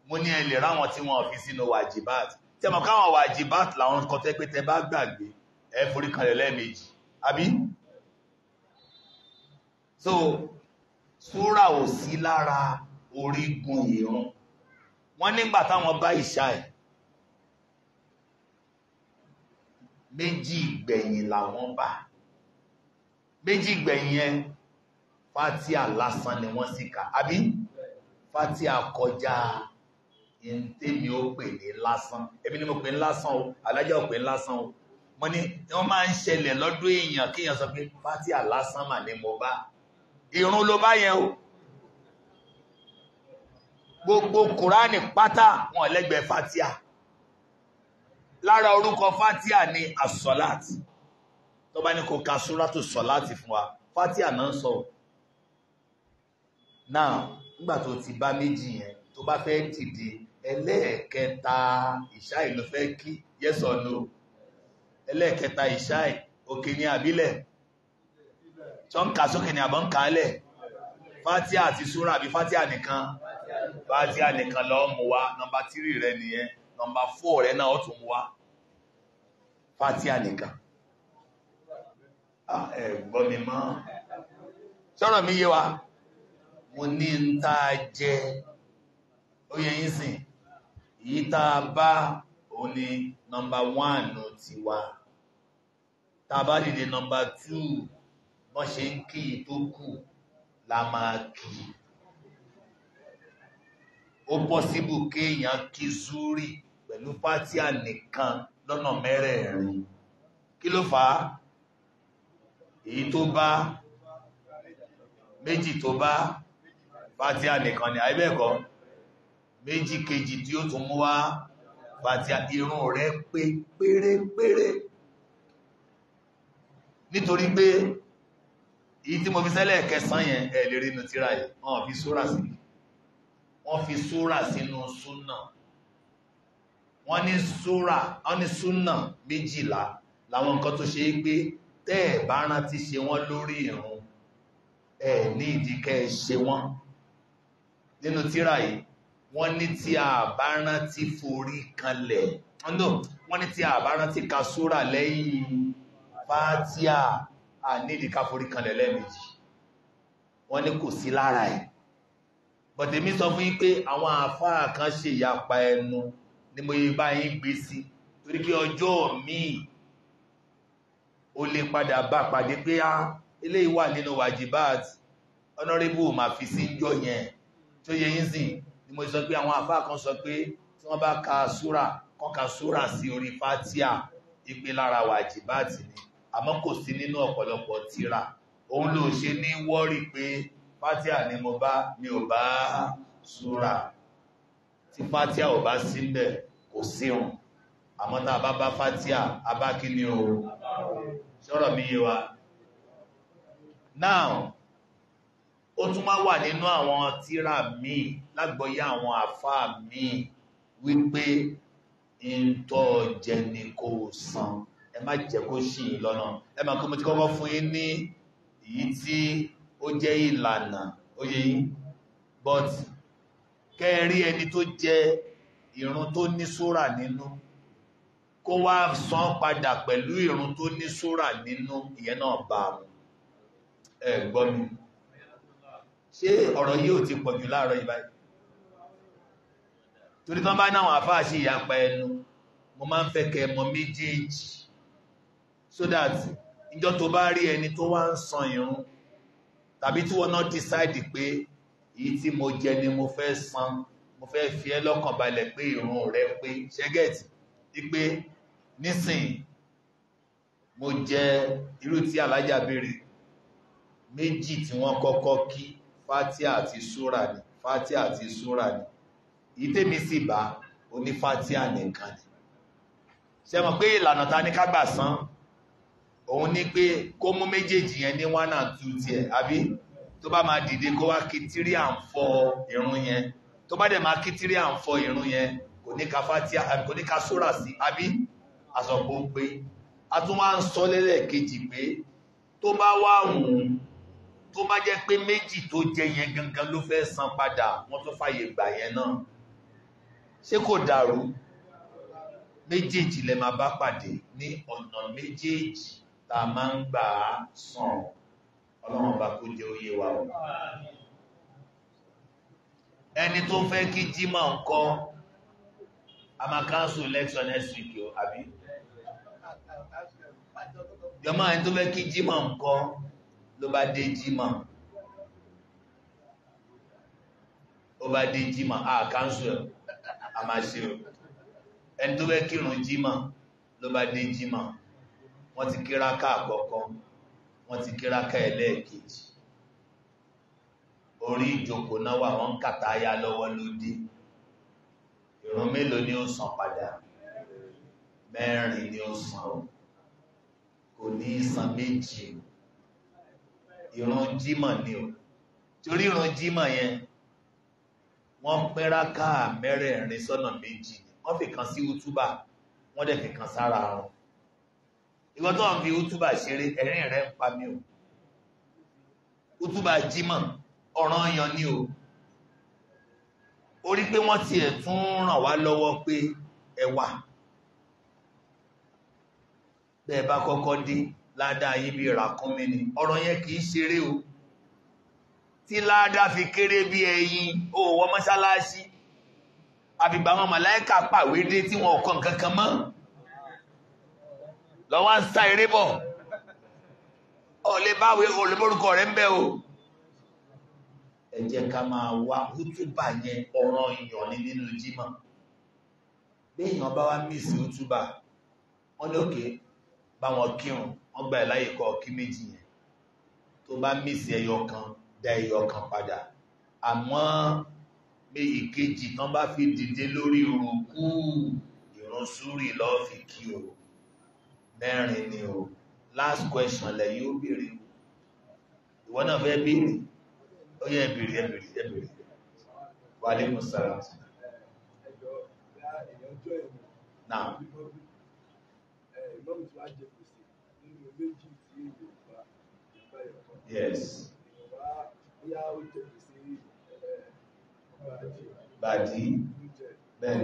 mo ní ẹ lè ráwọn tí wọ́n fi sínú wàjìbáàt tẹ mọ̀ káwọn wàjìbáàt làwọn kan tẹ́ pé tẹ bá gbàgbé ẹ forí kanlẹ̀ lẹ́ẹ̀mejì àbí so súrà ò sí lára orígun ìrun wọ́n nígbà táwọn bá ìṣá ẹ̀ méjì gbẹ̀yìn làwọn bá méjì gbẹ̀yìn yẹn fatia lásán ni wọ́n sì kà àbí fatia kọjá ìntẹ́mi ó pè ní lásán èmi ni mo pè ní lásán o alájà ò pè ní lásán o mo ní wọ́n máa ń ṣẹlẹ̀ lọ́dún èèyàn kí sọ pé fatia lásán mà ni mo bá irun ló bá yẹn o gbogbo kùránì pátá wọn lẹ́gbẹ̀ẹ́ fatia lára orúkọ fatia ní asọ́láàt tó bá ní kò ka súrátù sọ́láàtì fún wa fatia náà sọ náà nígbà tó ti bá méjì yẹn tó bá fẹ́ dìde ẹlẹ́ẹ̀kẹta ìṣáì ló fẹ́ kí yes or no ẹlẹ́ẹ̀kẹta ìṣáì òkè ní àbílẹ̀ tó ń kà sókè ní àbọ̀ ń kà á lẹ̀ fatia àti súra àbí fatia nìkan fatia nìkan lọ́ọ́ mú wa nọmba tírì rẹ nìyẹn nọmba fọ́ rẹ náà ó tún mú wa fatia nìkan ah, ẹ̀gbọ́mi mọ́ sọ́rọ̀ mi yé wa mo ní ń ta jẹ oyè yìí sìn yìí ta bá o ní nọmbà 1 ti wa ta bá dìde nọmbà 2 wọ́n ṣe ń kí tó kù la máa kí ó pọ́síbù kéèyàn kí zúrì pẹ̀lú fatia nìkan lọ́nà mẹ́rẹ̀ẹ̀rin kí ló fà á èyí tó bá méjì tó bá fatia nìkan ni àìbẹ̀ẹ̀kọ́ méjì kejì tí ó tún mú wá fatia irun rẹ̀ pé pérépéré nítorí pé èyí tí mo fi sẹ́lẹ̀ kẹsàn yẹn ẹ̀ lè rí inú tíra yẹn wọ́n fi súrà sínú súnà wọ́n ní súra wọ́n ní súnà méjìlá láwọn nǹkan tó ṣe é pé tẹ́ẹ̀ bá rántí ṣe wọ́n lórí ìrun ẹ̀ ní ìdíkẹ́ ṣe wọ́n nínú tíra yìí wọ́n ní tí a bá rántí forí kanlẹ̀ wọ́n ní tí a bá rántí ka súra lẹ́yìn fátíà a ní ìdíká forí kanlẹ̀ lẹ́ẹ̀mejì wọ́n ní kò sí lára ẹ̀ bọ̀dẹ̀mí sọ fún yín pé àwọn àfáà kan ṣe ìyapa ẹnu ni mo yí bá yín gbé sí torí pé ọjọ́ míì o lè padà bá pàdé pé á ah, eléyìí wà nínú wajibat honorable ma fi sí jọ yẹn tó yẹ yín sí ni mo sọ pé àwọn àfáà kan sọ pé tí wọ́n bá ka súra kan ka súra sí orí fatia ìpè lára wajibat ni àmọ́ kò sí nínú ọ̀pọ̀lọpọ̀ tírà òun ló ṣe ní wọ́rí pé fatia ni mo bá mi ò bá súra tí fatia ò bá sí kò sírun àmọ́ tá a bá bá fatia a bá kí ni o sọ̀rọ̀ mi yé wa now ó tún máa wà nínú àwọn tíra míì lágbọ́yé àwọn àfáà míì wípé ìntọ́ jẹ ni kò san ẹ má jẹ́ kó ṣì í lọ́nà ẹ máa kọ́ mo ti kọ́kọ́ fún yín ní èyí tí ó jẹ́ ìlànà ó yẹ yín but kẹrí ẹni tó jẹ ìrun tó ní súrà nínú kó wá san padà pẹ̀lú ìrun tó ní súrà nínú ìyẹn náà bá mu ẹ gbọ́ mi ṣé ọ̀rọ̀ yìí ò ti pọ̀ jù láàárọ̀ yìí báyìí torí tán bá náwọn àfáà sí ìyapa ẹnu mo máa ń fẹ́ kẹ ẹmọ méjèèjì so that ìjọ tó bá rí ẹni tó wá ń san ìrun tàbí tí wọ́n náà decide pé èyí tí mo jẹ ni mo fẹ́ san mo fẹ́ fi ẹ́ lọ́kàn balẹ̀ pé ìrun rẹ pé ṣẹ́gẹ̀tì wípé nísìn mo jẹ irú tí alájà béèrè méjì tí wọ́n kọ́kọ́ kí fatia àti súra ni fatia àti súra ni èyí tèmi sì bá oní fatia nìkan ni ṣe mọ̀ pé ìlànà ta ní kágbà san òun ni pé kó mú méjèèjì yẹn ní one and two tiẹ̀ àbí tó bá máa dìde kó wá kí tírí à ń fọ irun yẹn tó bá dẹ̀ máa kí tírí à ń fọ irun yẹn kò ní ka fatia kò ní ka sóra sí àbí àsọ̀pọ̀ pé a tún wá ń sọ lẹ́lẹ́kejì pé tó bá wá wù ú tó bá jẹ́ pé méjì tó jẹ yẹn gangan ló fẹ́ san padà wọ́n tún fàyè gbà yẹn náà ṣé kò dàrú méjèèjì lẹ máa bá pàdé ní ọ̀nà méjèèjì tá a máa ń gbà á san ọlọ́wọ́n bá kó jẹ́ oyé wa o ẹni tó fẹ́ kí jimá ńkọ́ amakansu election next week o àbí jọmọ ẹni tó fẹ́ kí jimá ńkọ́ ló bá dé jimá ó bá dé jimá a kansu ẹ a máa ṣe o ẹni tó fẹ́ kírun jimá ló bá dé jimá wọ́n ti kíra ká wọ́n ti kíráká ẹlẹ́ẹ̀kejì orí ìjókòó náà wà wọ́n kàtà ayá lọ́wọ́ lódí ìrun mélòó ni ó san padà mẹ́rin ni ó san kò ní san méjì ìrun jímọ̀ ni ó torí ìrun jímọ̀ yẹn wọ́n pẹ́ráká mẹ́rẹ̀ẹ̀rin sọ́nà méjì wọ́n fi kan sí útúbà wọ́n dẹ̀ fi kan sára àrùn ìwọ tó ń fi útúbà ṣeré ẹ̀rín rẹ̀ ń pa mí o útúbà jímọ̀ ọ̀ràn yan ni o orí pé wọ́n tiẹ̀ tún ràn wá lọ́wọ́ pé ẹ wà bẹ́ẹ̀ bá kọ́kọ́ dé ládàá yín bí ràkúnmí ni ọ̀rọ̀ yẹn kì í ṣeré o tí ládàá fi kéré bí ẹyin ó wọ mọ́ṣáláṣí àbìgbà àwọn màláìkà pàwédé tí wọn ò kọ nǹkan kan mọ́ lọ́wọ́ ń sá eré bọ̀ ọ̀lẹ́ báwé olùmọ̀rúkọ rẹ̀ ń bẹ o ẹ jẹ́ ká máa wá hútùbà yẹn ọ̀ràn ìyàn ní nínú jímọ̀ béèyàn bá wá mísì hútùbà wọ́n ní òkè bá wọn kírun wọ́n gbà láyè kọ́ kí méjì yẹn tó bá mísì ẹyọ kan dá ẹyọ kan padà àmọ́ méjì kejì tán bá fi dìde lórí òrùkú ìrun lọ́ọ́ fi kí òrùn mẹ́rin ni o last question lẹ yóò béèrè ìwọ náà fẹ́ béèrè ó yẹ ẹbìrì ẹbìrì ẹbìrì wàlé musara náà yes bàdí bẹ́ẹ̀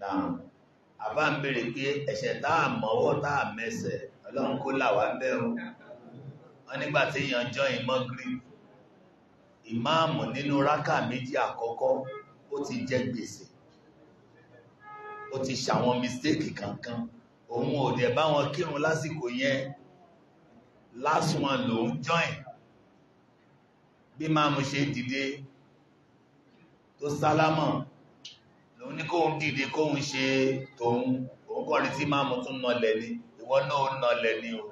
náà àbá ń bèèrè pé ẹ̀ṣẹ̀ táà mọ́wọ́ táà mẹ́sẹ̀ ọlọ́run kó làwà bẹ́ẹ̀ o wọ́n nígbà tí èèyàn jọ ìmọ́ gírí ìmáàmù nínú rákà méjì àkọ́kọ́ ó ti jẹ gbèsè ó ti ṣàwọn mistéèkì kankan òun ò dẹ̀ bá wọn kírun lásìkò yẹn last one lòun join bí máàmù ṣe dìde tó sálámọ̀ lòun ní kóhun dìde kóhun ṣe tòun òun kọ̀ rí tí máa mú tún nọlẹ̀ ni ìwọ náà nọlẹ̀ ni o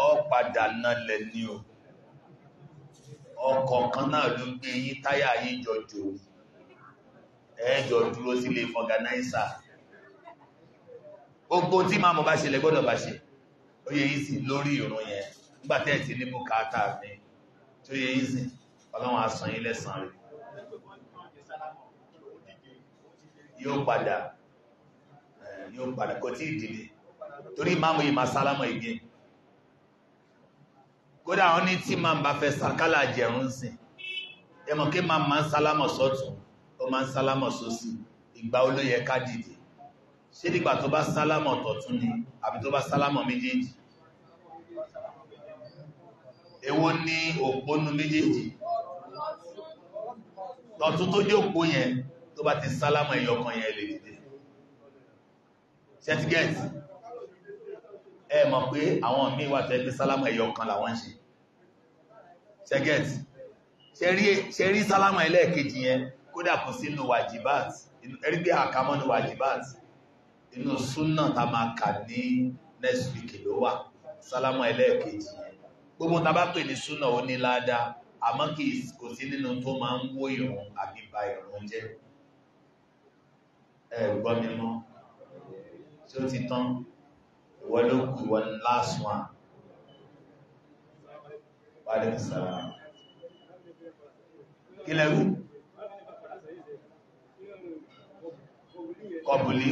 ọ padà nọlẹ̀ ni o ọkọ̀ kan náà ló gbé yín táyà yín jọjọ ẹjọ dúró sílé fọ̀gánáìsà gbogbo tí máa mọ̀ bá ṣe lẹ́gbọ́dọ̀ bá ṣe ó yẹ yìí sí lórí ìrun yẹn nígbàtẹ́ ti ní bùkátà mi tó yẹ yìí sí ọlọ́run á yín lẹ́san rẹ̀ yóò padà eh, yóò padà kò tí ìdìde torí ìmáàmù yìí máa sálámọ̀ igé kódà wọn ní tí máa ń bá fẹ́ sàkálà jẹ̀rún sìn ẹmọ kí máa máa ń sálámọ̀ sọ́tún ó máa ń sálámọ̀ sósì ìgbà ó ká dìde ṣé nígbà tó bá sálámọ̀ tọ̀tún ni àbí tó bá sálámọ̀ méjèèjì èwo ni òpónú méjèèjì tọ̀tún tó jókòó yẹn tó bá ti sálámà ìyọkan yẹn lè dìde ṣẹ́tígẹ́t ẹ mọ̀ pé àwọn míì wà tẹ́gbẹ́ sálámà ìyọkan làwọn ṣe ṣẹ́gẹ́t ṣẹ́rí sálámà ẹlẹ́ẹ̀kejì yẹn kódà kò sí inú wajibat ẹ̀rí pé àkámọ́ ní wajibat inú súnà tá máa kà ní next week ló wà sálámà ẹlẹ́ẹ̀kejì yẹn gbogbo tá bá pè ní súnà ó ní ládàá àmọ́ kò sí nínú tó máa ń wó ìrùn àbí ba ìrùn jẹ́ ẹ̀gbọ́n mi mọ́ tí ó ti tán ìwọ ló kù ìwọ ní last one wàlẹ̀ ìsàrà kílẹ̀ wù kọbùlí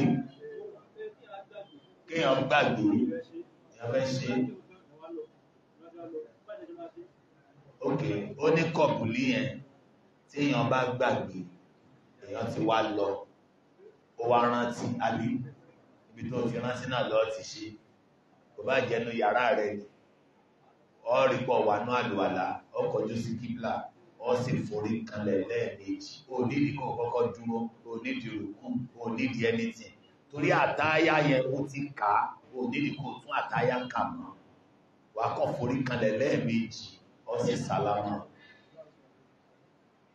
kéèyàn gbàgbé èèyàn fẹ́ ṣe ok ó ní kọbùlí yẹn tí èèyàn bá gbàgbé èèyàn ti wá lọ ó wá rántí àbí ibi tó ti rántí náà lọ ti ṣe kò bá jẹnu yàrá rẹ̀ ni ọ rí pọ̀ wà ní àlùwàlà ọ kọjú sí kíblà ọ sì forí kanlẹ̀ lẹ́ẹ̀mejì ò nídìí kò kọ́kọ́ dúró ò nídìí rùkú ò nídìí anything torí àtáyá yẹn ó ti kà á ò kò tún àtáyá kà mọ́ wà kọ́ forí kanlẹ̀ lẹ́ẹ̀mejì ọ sì sàlámà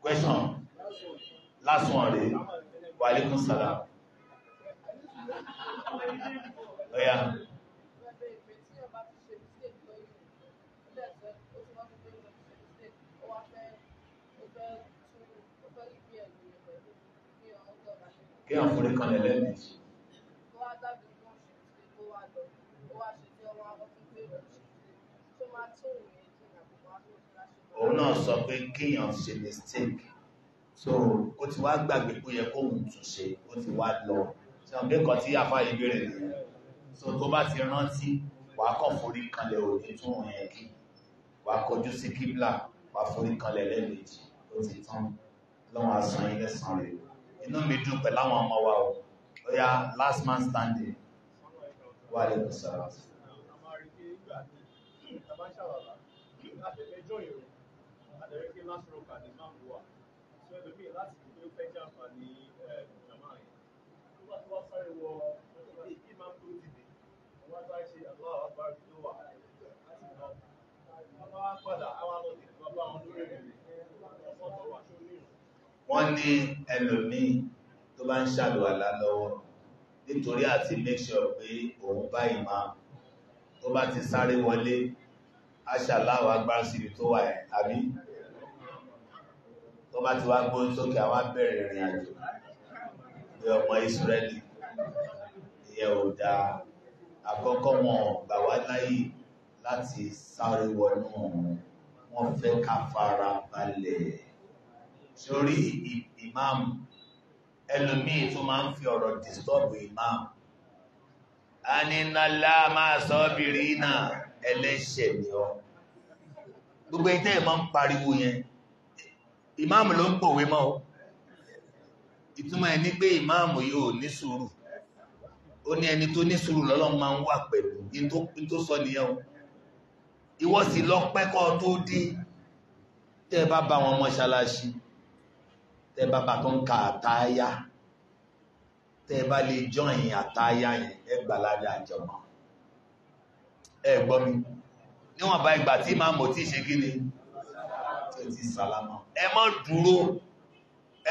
question last one rẹ̀ wàlékún sàlámà ọ̀yà oh, kí àwọn fúnni kan lẹ́lẹ́bìí òun náà sọ pé kíyàn ṣe mistake so ó ti wá gbàgbé pé yẹ kóhun tún ṣe ó ti wá lọ ṣàǹgbé kan tí àfá ìbẹ̀rẹ̀ so tó bá ti rántí wà á kàn forí kanlẹ̀ òní tún òun yẹn kí wà á kọjú sí kíblà wà á kanlẹ̀ lẹ́ẹ̀mejì àwọn ọmọ wa o ó last man standing wà lè Láti ẹ̀rọ kí máa wà, ṣé láti fẹ́ jàǹfà ní wọ ilé kí máa ń tó dìde wọn bá ṣe àwọn àbárí tó wà láti lọ wọn bá wá padà àwọn àlọdì tó bá wọn lórí rẹ ọmọ tó wà tó ní. wọ́n ní ẹlòmíín tó bá ń ṣàlùwàlá lọ́wọ́ nítorí àti make sure pé òun bá ìmáà tó bá ti sáré wọlé aṣàláwọ̀ agbára síbi tó wà ẹ̀ àbí tó bá ti wá gbóhùn sókè àwọn abẹ́rẹ̀ ìrìn àjò bí ọmọ Ísírẹ́lì ìyẹn ò dáa àkọ́kọ́ wọn gbà wá láyè láti sáré wọnú ọ̀run wọ́n fẹ́ ká fara balẹ̀ sórí ìmáàmù ẹlòmíì tó máa ń fi ọ̀rọ̀ disturb ìmáàmù a ní nálá máa sọ bìrì náà ẹlẹ́ṣẹ̀ ni ọ gbogbo ìtẹ́ ìmọ̀ ń pariwo yẹn ìmáàmù ló ń pòwe mọ́ ìtumọ̀ ẹ̀ pé ìmáàmù yóò ní sùúrù ó ní ẹni tó ní sùúrù lọ́lọ́run máa ń wà pẹ̀lú ní tó sọ nìyẹn o ìwọ sì lọ pẹ́kọ́ tó dé tẹ́ bá bá wọn mọ́ṣáláṣí tẹ́ bá bá tó ń ka àtáyá tẹ́ bá lè jọyìn àtáyá yẹn ẹ gbà lálẹ́ àjọmọ́ ẹ gbọ́ mi níwọ̀n bá ìgbà tí máa mọ̀ tí ṣe kí ni tí ti sàlámà ẹ má dúró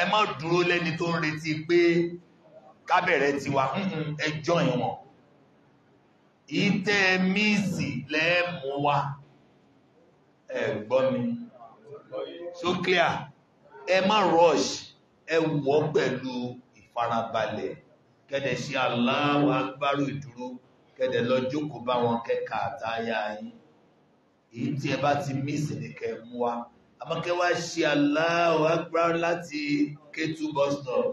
ẹ má dúró lẹ́ni tó ń retí pé kábẹ̀rẹ̀ tiwa ẹjọ́ ìwọ̀n ìtẹ́ míìsì lẹ́ẹ̀mú wa ẹ̀gbọ́n so clear ẹ má rush ẹ wọ́ pẹ̀lú ìfarabalẹ̀ kẹ́dẹ̀ sí Allahu agbárò ìdúró kẹ́dẹ̀ lọ jókòó bá wọn kẹ́kà àtàyà yìí èyí tí ẹ bá ti míìsì ní kẹ́ mú wa àmọ́kẹ́wàá ṣe Allahu agbárò láti Ketu bus stop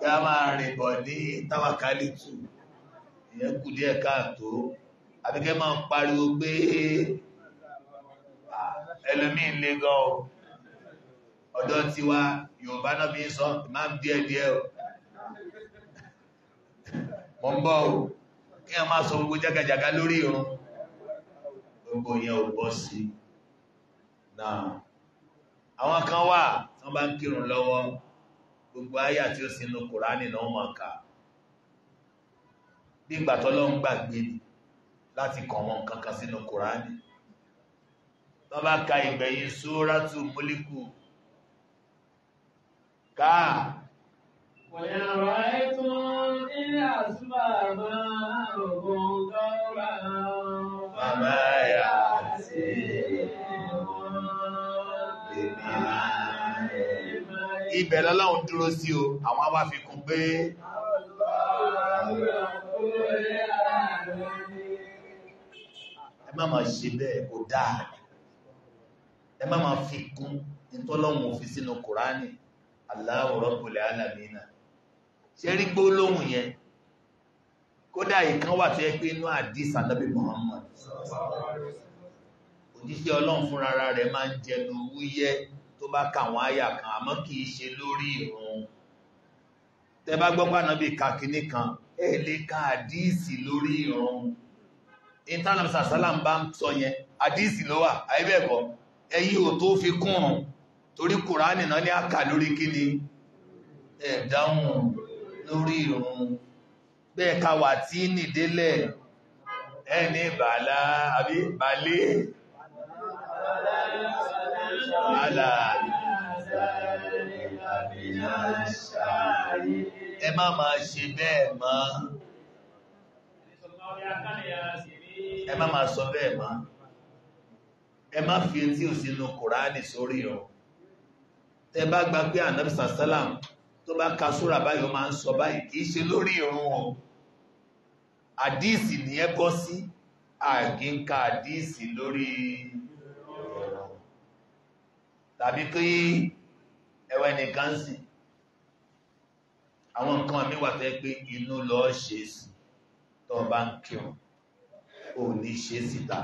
kí a máa rìn bọ̀ ní tàwàkálì tù ìyẹn kù díẹ̀ káàtó àbíkẹ́ máa ń pariwo pé ẹlòmí ilé gan o ọ̀dọ́ ti wá Yorùbá náà bí sọ máa ń díẹ̀ díẹ̀ o mọ́ ń bọ́ o kí a máa sọ gbogbo jágajàga lórí irun gbogbo yẹn ò bọ́ sí náà àwọn kan wà wọ́n bá ń kírun lọ́wọ́ gbogbo àyà tí ó sì ń lo kòránì náà mọ̀ ká bí ìgbà ń gbàgbé ni láti kàn wọn kankan sínú kòránì tó bá ka ìgbẹ̀yìn sóràtù múlíkù káà wọ̀nyàn rọ̀ ẹ́ tún ní àsúbà máa rògbòn gọ́ọ̀rọ̀ ibẹ̀ lọ́lọ́run dúró sí o àwọn wá fi kún pé ẹ má máa ṣe bẹ́ẹ̀ kò dáa ẹ má máa fi kún nítọ́lọ́run òfin sínú kùránì Allahu Rabbul Alamin ṣe rí gbólóhùn yẹn kódà ìkan wà tó yẹ pé inú àdìs ànábì Muhammad òjíṣẹ́ ọlọ́run fúnra rẹ̀ máa ń jẹnu wúyẹ́ tó bá kà wọ́n àyà kan àmọ́ kì í ṣe lórí ìrun tẹ bá gbọ́ pànàbí kàkíní kan ẹ lè ka àdíìsì lórí ìrun intanamsa salam bá ń sọ yẹn àdíìsì ló wà àìbẹ̀kọ́ èyí ò tó fi kúrùn torí kùránì náà ní àkà lórí kíni ẹ dáhùn lórí ìrun bẹ́ẹ̀ ka wà tí nìdélẹ̀ ẹni bàlá àbí bàlé bàlá على ذلك من الشاهدين ẹ má máa ṣe bẹ́ẹ̀ mọ́. ẹ má máa sọ bẹ́ẹ̀ mọ́. ẹ má fi etí ò sínú kùránì sórí o. tẹ bá gba pé anabi sàsálàm tó bá ka súra báyìí máa ń sọ báyìí kì ṣe lórí irun o. àdíìsì nìyẹn bọ́ sí àgínká àdíìsì lórí irun tàbí kí ẹwà ẹnìkan sì àwọn nǹkan mi wà fẹ́ pé inú lọ ṣe sí tó bá ń kírun ò ní ṣe síta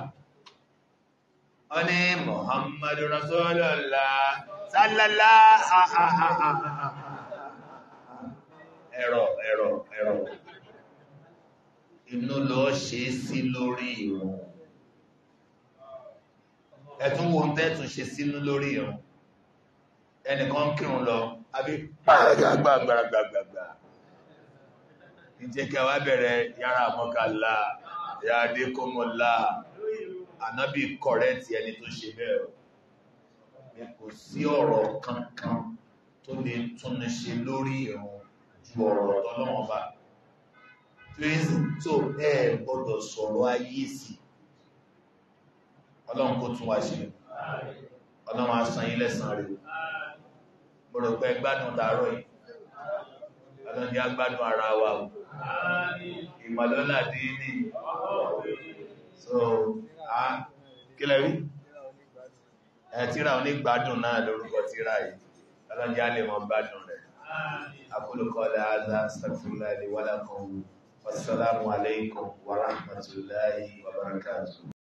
wọ́n ní Muhammadu Rasulullah sálálá ẹ̀rọ ẹ̀rọ ẹ̀rọ inú lọ ṣe sí lórí ìrun ẹ̀tún wo ń tẹ́tún ṣe sínú lórí ìrun ẹnìkan kírun lọ àbí gbàgbàgbàgbàgbà ìjẹ́kẹ́ wá bẹ̀rẹ̀ yára àmọ́kànlá yáadé kọmọlá ànábì kọ̀rẹ́tì ẹni tó ṣe bẹ́ẹ̀ ni kò sí ọ̀rọ̀ kankan tó lè túnni ṣe lórí ìrun ju ọ̀rọ̀ tọ́lọ́wọ́n bá tó ẹ gbọ́dọ̀ sọ̀rọ̀ ayé sí ọlọ́run kó tún wá ṣe ọlọ́run á yín lẹ́san rẹ̀ mo rò pé gbádùn tààrọ̀ yìí ọlọ́run ni a gbádùn ara wa o ìmọ̀lọ́lá dìídì so a kílẹ̀ rí ẹ̀tíra onígbádùn náà lórúkọ tíra yìí ọlọ́run ni a lè mọ gbádùn rẹ̀ akólùkọ́lẹ̀ àádá sàfihàn ìwádàkan